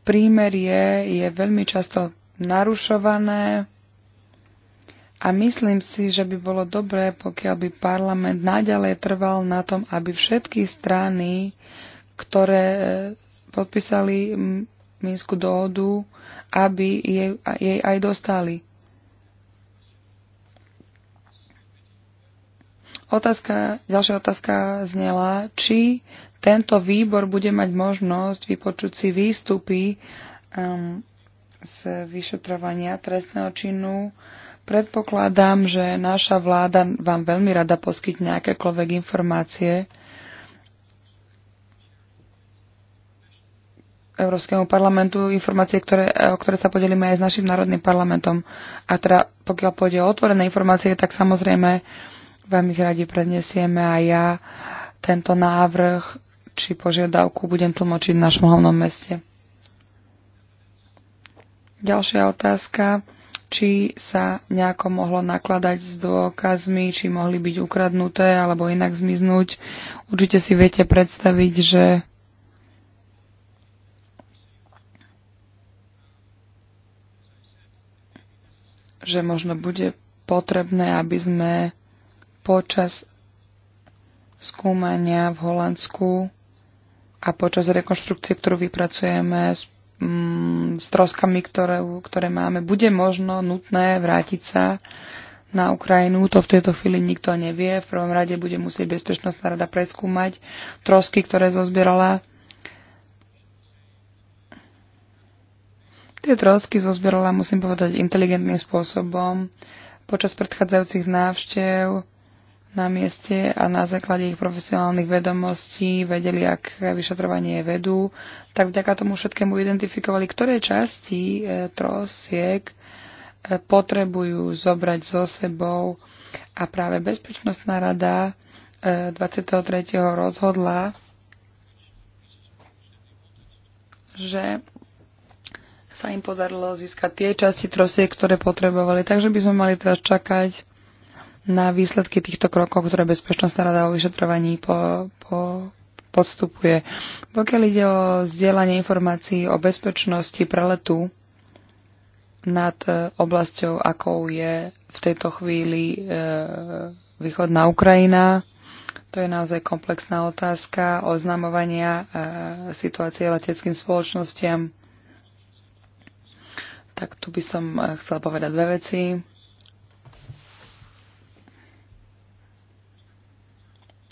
je, je veľmi často narušované, a myslím si, že by bolo dobré, pokiaľ by parlament naďalej trval na tom, aby všetky strany, ktoré e, podpísali Minskú dohodu, aby jej, jej aj dostali. Otázka, ďalšia otázka znela, či tento výbor bude mať možnosť vypočuť si výstupy um, z vyšetrovania trestného činu uh, Predpokladám, že naša vláda vám veľmi rada poskytne akékoľvek informácie Európskemu parlamentu, informácie, ktoré, o ktoré sa podelíme aj s našim národným parlamentom. A teda pokiaľ pôjde o otvorené informácie, tak samozrejme vám ich radi prednesieme a ja tento návrh či požiadavku budem tlmočiť v našom hlavnom meste. Ďalšia otázka či sa nejako mohlo nakladať s dôkazmi, či mohli byť ukradnuté alebo inak zmiznúť. Určite si viete predstaviť, že že možno bude potrebné, aby sme počas skúmania v Holandsku a počas rekonštrukcie, ktorú vypracujeme Mm, s troskami, ktoré, ktoré máme, bude možno nutné vrátiť sa na Ukrajinu. To v tejto chvíli nikto nevie. V prvom rade bude musieť Bezpečnostná rada preskúmať trosky, ktoré zozbierala. Tie trosky zozbierala, musím povedať, inteligentným spôsobom. Počas predchádzajúcich návštev na mieste a na základe ich profesionálnych vedomostí vedeli, aké vyšetrovanie vedú, tak vďaka tomu všetkému identifikovali, ktoré časti e, trosiek e, potrebujú zobrať so sebou. A práve Bezpečnostná rada 23. E, rozhodla, že sa im podarilo získať tie časti trosiek, ktoré potrebovali. Takže by sme mali teraz čakať na výsledky týchto krokov, ktoré Bezpečnostná rada o vyšetrovaní po, po, podstupuje. Pokiaľ ide o zdieľanie informácií o bezpečnosti preletu nad e, oblasťou, akou je v tejto chvíli e, východná Ukrajina, to je naozaj komplexná otázka oznamovania e, situácie leteckým spoločnostiam. Tak tu by som e, chcela povedať dve veci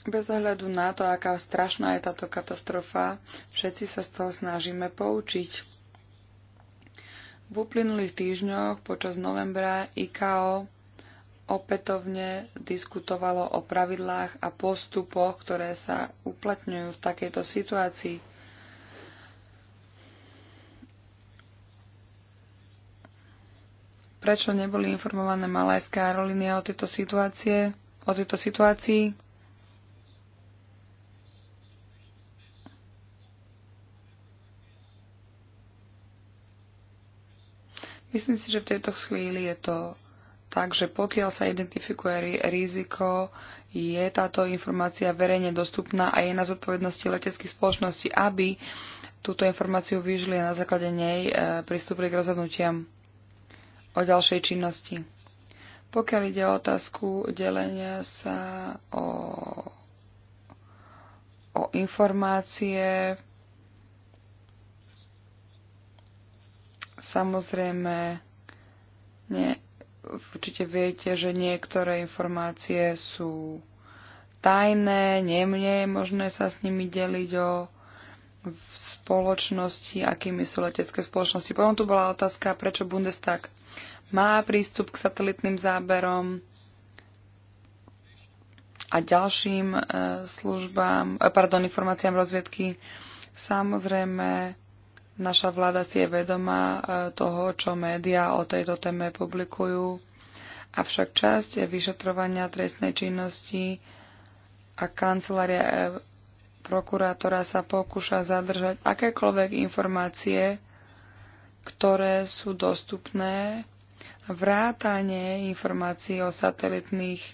Bez ohľadu na to, aká strašná je táto katastrofa, všetci sa z toho snažíme poučiť. V uplynulých týždňoch počas novembra IKO opätovne diskutovalo o pravidlách a postupoch, ktoré sa uplatňujú v takejto situácii. Prečo neboli informované malajské aerolínie o tejto situácie? O tejto situácii? Myslím si, že v tejto chvíli je to tak, že pokiaľ sa identifikuje riziko, je táto informácia verejne dostupná a je na zodpovednosti leteckých spoločností, aby túto informáciu vyžili a na základe nej e, pristúpili k rozhodnutiam o ďalšej činnosti. Pokiaľ ide o otázku delenia sa o, o informácie, Samozrejme, nie, určite viete, že niektoré informácie sú tajné, nie, je možné sa s nimi deliť o v spoločnosti, akými sú letecké spoločnosti. Potom tu bola otázka, prečo Bundestag má prístup k satelitným záberom a ďalším e, službám, e, pardon, informáciám rozviedky. Samozrejme, Naša vláda si je vedomá e, toho, čo médiá o tejto téme publikujú, avšak časť vyšetrovania trestnej činnosti a kancelária e, prokurátora sa pokúša zadržať akékoľvek informácie, ktoré sú dostupné, vrátanie informácií o satelitných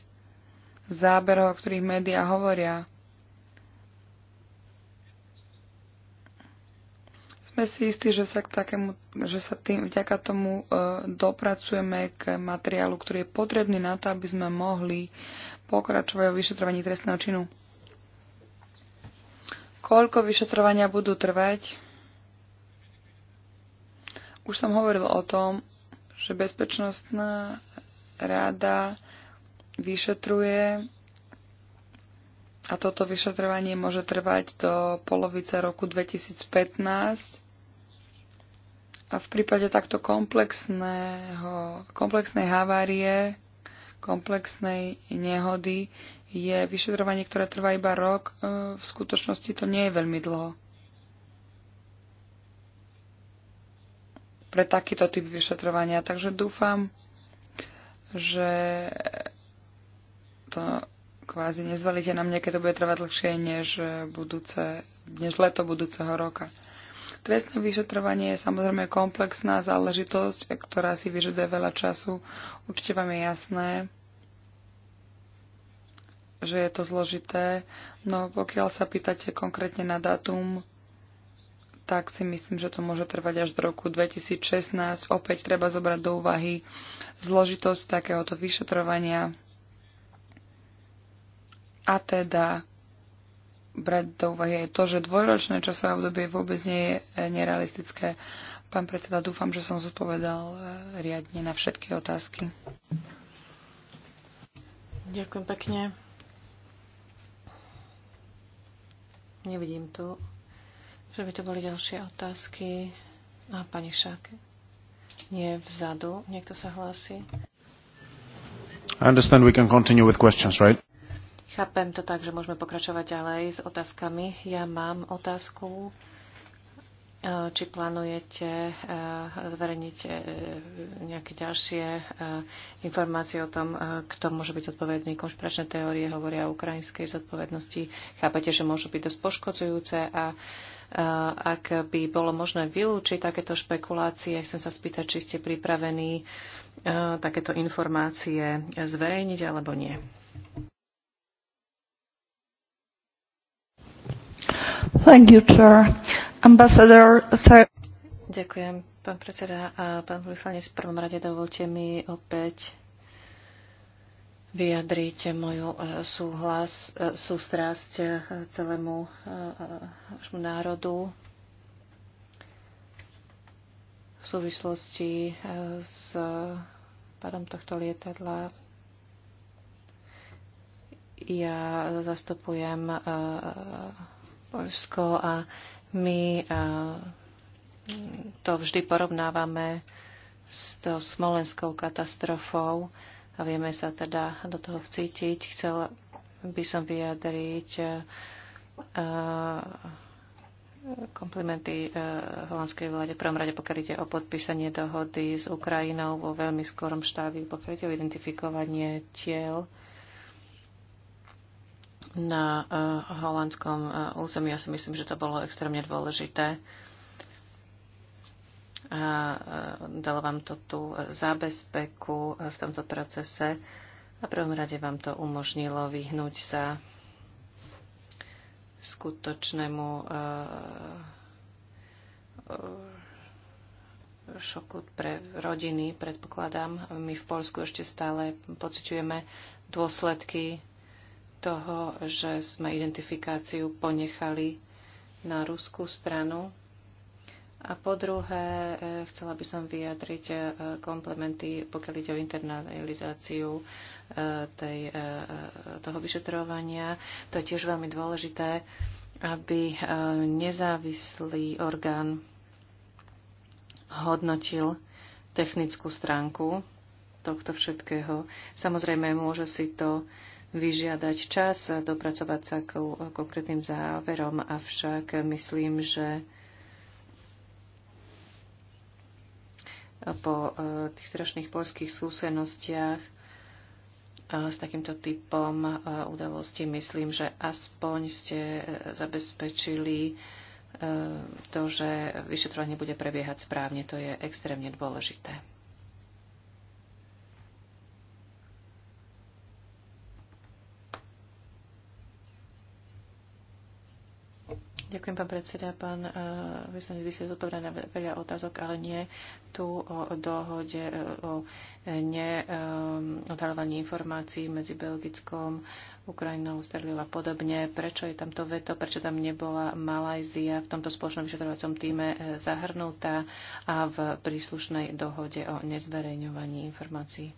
záberoch, o ktorých médiá hovoria. Sme si istí, že sa, k takému, že sa tým, vďaka tomu e, dopracujeme k materiálu, ktorý je potrebný na to, aby sme mohli pokračovať o vyšetrovaní trestného činu. Koľko vyšetrovania budú trvať? Už som hovoril o tom, že bezpečnostná rada vyšetruje a toto vyšetrovanie môže trvať do polovice roku 2015 a v prípade takto komplexného, komplexnej havárie, komplexnej nehody je vyšetrovanie, ktoré trvá iba rok, e, v skutočnosti to nie je veľmi dlho. Pre takýto typ vyšetrovania. Takže dúfam, že to kvázi nezvalíte na mne, keď to bude trvať dlhšie než, budúce, než leto budúceho roka. Trestné vyšetrovanie je samozrejme komplexná záležitosť, ktorá si vyžaduje veľa času. Určite vám je jasné, že je to zložité, no pokiaľ sa pýtate konkrétne na dátum, tak si myslím, že to môže trvať až do roku 2016. Opäť treba zobrať do úvahy zložitosť takéhoto vyšetrovania a teda brať do úvahy aj to, že dvojročné časové obdobie vôbec nie je eh, nerealistické. Pán predseda, dúfam, že som zodpovedal eh, riadne na všetky otázky. Ďakujem pekne. Nevidím tu, že by to boli ďalšie otázky. A pani Šáke. Nie, vzadu. Niekto sa hlási. I understand we can continue with questions, right? Chápem to tak, že môžeme pokračovať ďalej s otázkami. Ja mám otázku, e, či plánujete e, zverejniť e, nejaké ďalšie informácie o tom, kto môže byť odpovedný. Konšpiračné teórie hovoria o ukrajinskej zodpovednosti. Chápete, že môžu byť dosť poškodzujúce a ak by bolo možné vylúčiť takéto špekulácie, chcem sa spýtať, či ste pripravení takéto informácie zverejniť alebo nie. Thank you, Chair. Ambassador... Ďakujem, pán predseda a pán vyslanec. V prvom rade dovolte mi opäť vyjadriť moju e, súhlas, e, sústrasť e, celému vášmu národu v súvislosti s pádom tohto lietadla. Ja zastupujem Polsko a my to vždy porovnávame s tou smolenskou katastrofou a vieme sa teda do toho vcítiť. Chcel by som vyjadriť komplimenty e, holandskej vláde. V prvom rade, pokiaľ ide o podpísanie dohody s Ukrajinou vo veľmi skorom štádiu, pokiaľ ide o identifikovanie tiel na eh, holandskom eh, území. Ja si myslím, že to bolo extrémne dôležité. A eh, dala vám to tú zábezpeku v tomto procese a prvom rade vám to umožnilo vyhnúť sa skutočnému šoku pre rodiny, predpokladám. My v Polsku ešte stále pociťujeme dôsledky toho, že sme identifikáciu ponechali na ruskú stranu. A po druhé, e, chcela by som vyjadriť e, komplementy, pokiaľ ide o internalizáciu e, tej, toho vyšetrovania. To je tiež veľmi dôležité, aby nezávislý orgán hodnotil technickú stránku tohto všetkého. Samozrejme, môže si to vyžiadať čas a dopracovať sa k konkrétnym záverom, avšak myslím, že po e, tých strašných polských skúsenostiach e, s takýmto typom e, udalostí myslím, že aspoň ste zabezpečili to, že vyšetrovanie bude prebiehať správne. To je extrémne dôležité. Ďakujem, pán predseda. Pán uh, vyslanec, vy ste zodpovedali na veľa otázok, ale nie tu o dohode eh, o eh, neodhalovaní um, informácií medzi Belgickom, Ukrajinou, Sterliou a podobne. Prečo je tam to veto? Prečo tam nebola Malajzia v tomto spoločnom vyšetrovacom týme zahrnutá a v príslušnej dohode o nezverejňovaní informácií?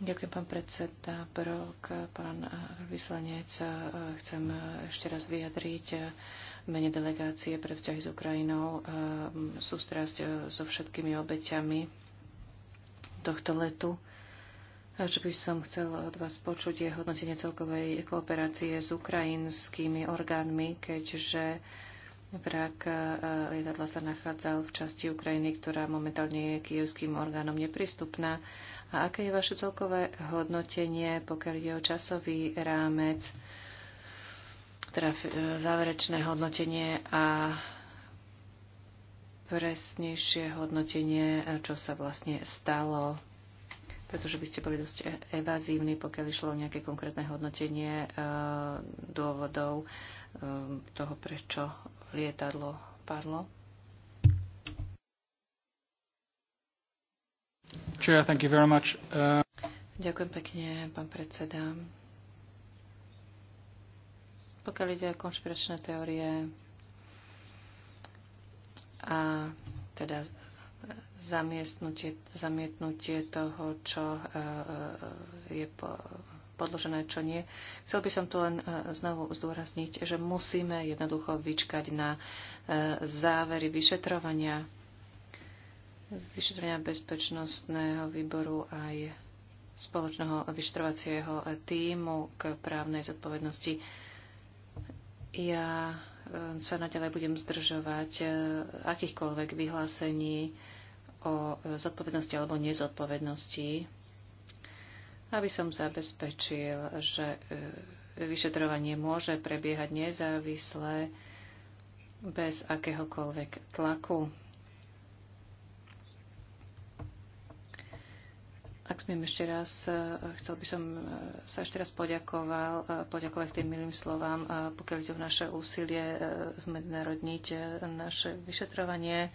Ďakujem, pán predseda Brok, pán eh, vyslanec. Eh, chcem eh, ešte raz vyjadriť mene delegácie pre vzťahy s Ukrajinou sústrasť so všetkými obeťami tohto letu. Až by som chcel od vás počuť je hodnotenie celkovej kooperácie s ukrajinskými orgánmi, keďže Vrak lietadla sa nachádzal v časti Ukrajiny, ktorá momentálne je kievským orgánom neprístupná a aké je vaše celkové hodnotenie, pokiaľ ide o časový rámec, teda e, záverečné hodnotenie a presnejšie hodnotenie, e, čo sa vlastne stalo, pretože by ste boli dosť e, evazívni, pokiaľ išlo o nejaké konkrétne hodnotenie dôvodov toho, prečo lietadlo padlo? Chair, thank you very much. Uh, Ďakujem pekne, pán predseda. Pokiaľ ide o konšpiračné teórie a teda zamietnutie toho, čo uh, uh, je po, podložené, čo nie. Chcel by som tu len znovu zdôrazniť, že musíme jednoducho vyčkať na závery vyšetrovania vyšetrenia bezpečnostného výboru aj spoločného vyšetrovacieho týmu k právnej zodpovednosti. Ja e, sa naďalej budem zdržovať e, akýchkoľvek vyhlásení o zodpovednosti alebo nezodpovednosti, aby som zabezpečil, že e, vyšetrovanie môže prebiehať nezávisle bez akéhokoľvek tlaku. Ak smiem ešte raz, e, chcel by som e, sa ešte raz poďakoval, e, poďakovať tým milým slovám, pokiaľ ide o naše úsilie zmednárodniť naše vyšetrovanie.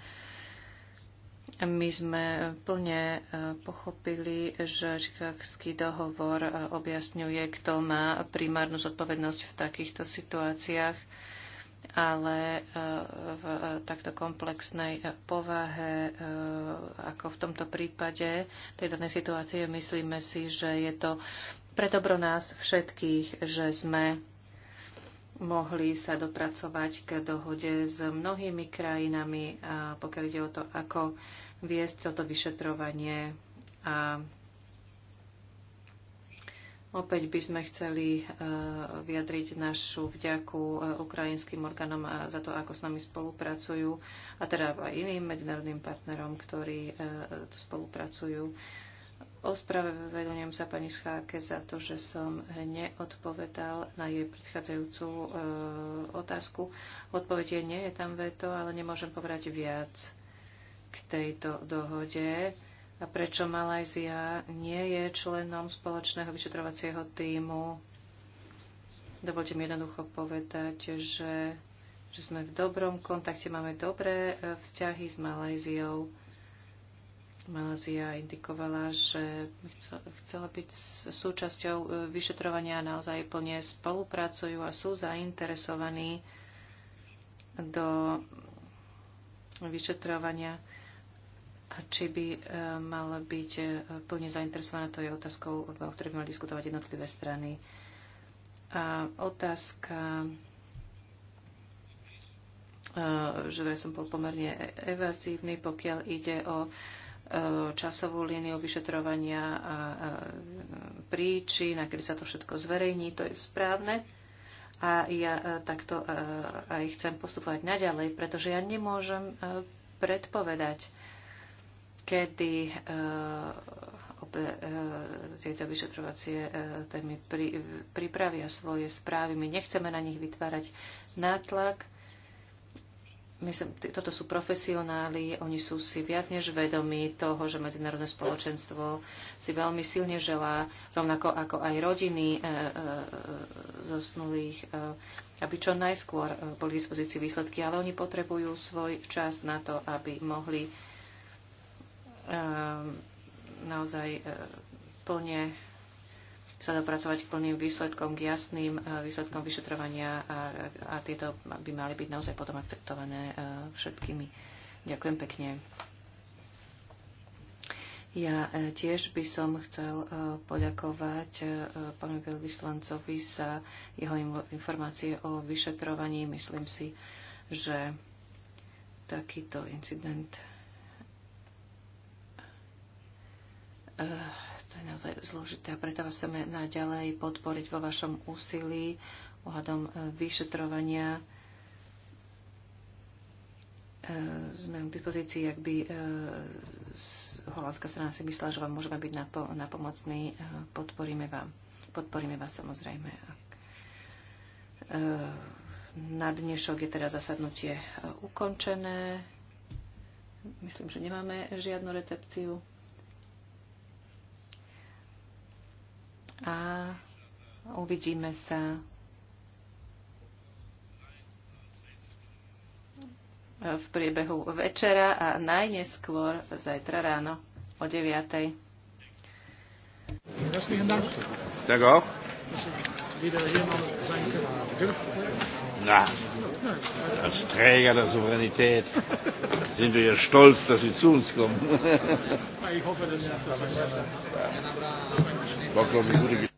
My sme plne pochopili, že Čikákský dohovor objasňuje, kto má primárnu zodpovednosť v takýchto situáciách ale eh, v eh, takto komplexnej eh, povahe, ako v tomto prípade tej danej situácie, myslíme si, že je to pre dobro nás všetkých, že sme mohli sa dopracovať k dohode s mnohými krajinami, pokiaľ ide o to, ako viesť toto vyšetrovanie a Opäť by sme chceli e, vyjadriť našu vďaku e, ukrajinským orgánom e, za to, ako s nami spolupracujú a teda aj iným medzinárodným partnerom, ktorí tu spolupracujú. Ospravedlňujem sa pani Scháke za to, že som neodpovedal na jej predchádzajúcu e, otázku. je nie je tam veto, ale nemôžem povedať viac k tejto dohode a prečo Malajzia nie je členom spoločného vyšetrovacieho týmu. Dovolte mi jednoducho povedať, že, že sme v dobrom kontakte, máme dobré e, vzťahy s Malajziou. Malázia indikovala, že chcela byť súčasťou e, vyšetrovania a naozaj plne spolupracujú a sú zainteresovaní do vyšetrovania či by e, mal byť e, plne zainteresovaná, to je otázkou, o ktorej by mali diskutovať jednotlivé strany. A otázka, e, že som bol pomerne evazívny, pokiaľ ide o časovú líniu vyšetrovania a príčin, kedy sa to všetko zverejní, to je správne. A ja takto aj chcem postupovať naďalej, pretože ja nemôžem predpovedať kedy uh, tieto vyšetrovacie eh, témy pri, pripravia svoje správy. My nechceme na nich vytvárať nátlak. Myslím, toto sú profesionáli, oni sú si viac než vedomí toho, že medzinárodné spoločenstvo si veľmi silne želá, rovnako ako aj rodiny e, e, zosnulých, e, aby čo najskôr boli k dispozícii výsledky, ale oni potrebujú svoj čas na to, aby mohli e, Ehm, naozaj e, plne sa dopracovať k plným výsledkom, k jasným e, výsledkom vyšetrovania a, a tieto by mali byť naozaj potom akceptované e, všetkými. Ďakujem pekne. Ja tiež by som chcel poďakovať pánu veľvyslancovi za jeho informácie o vyšetrovaní. Myslím si, že takýto incident Eh, to je naozaj zložité a preto vás chceme naďalej podporiť vo vašom úsilí ohľadom eh, vyšetrovania. Eh, sme k dispozícii, ak by holandská strana si myslela, že vám môžeme byť napomocní, podporíme vám. Podporíme vás samozrejme. Na dnešok je teda zasadnutie ukončené. Myslím, že nemáme žiadnu recepciu. a uvidíme sa v priebehu večera a najneskôr zajtra ráno o 9. Tak auch. Na, als Träger der Souveränität sind wir ja stolz, dass Sie zu uns kommen. Ich hoffe, dass war, glaube ich, eine gute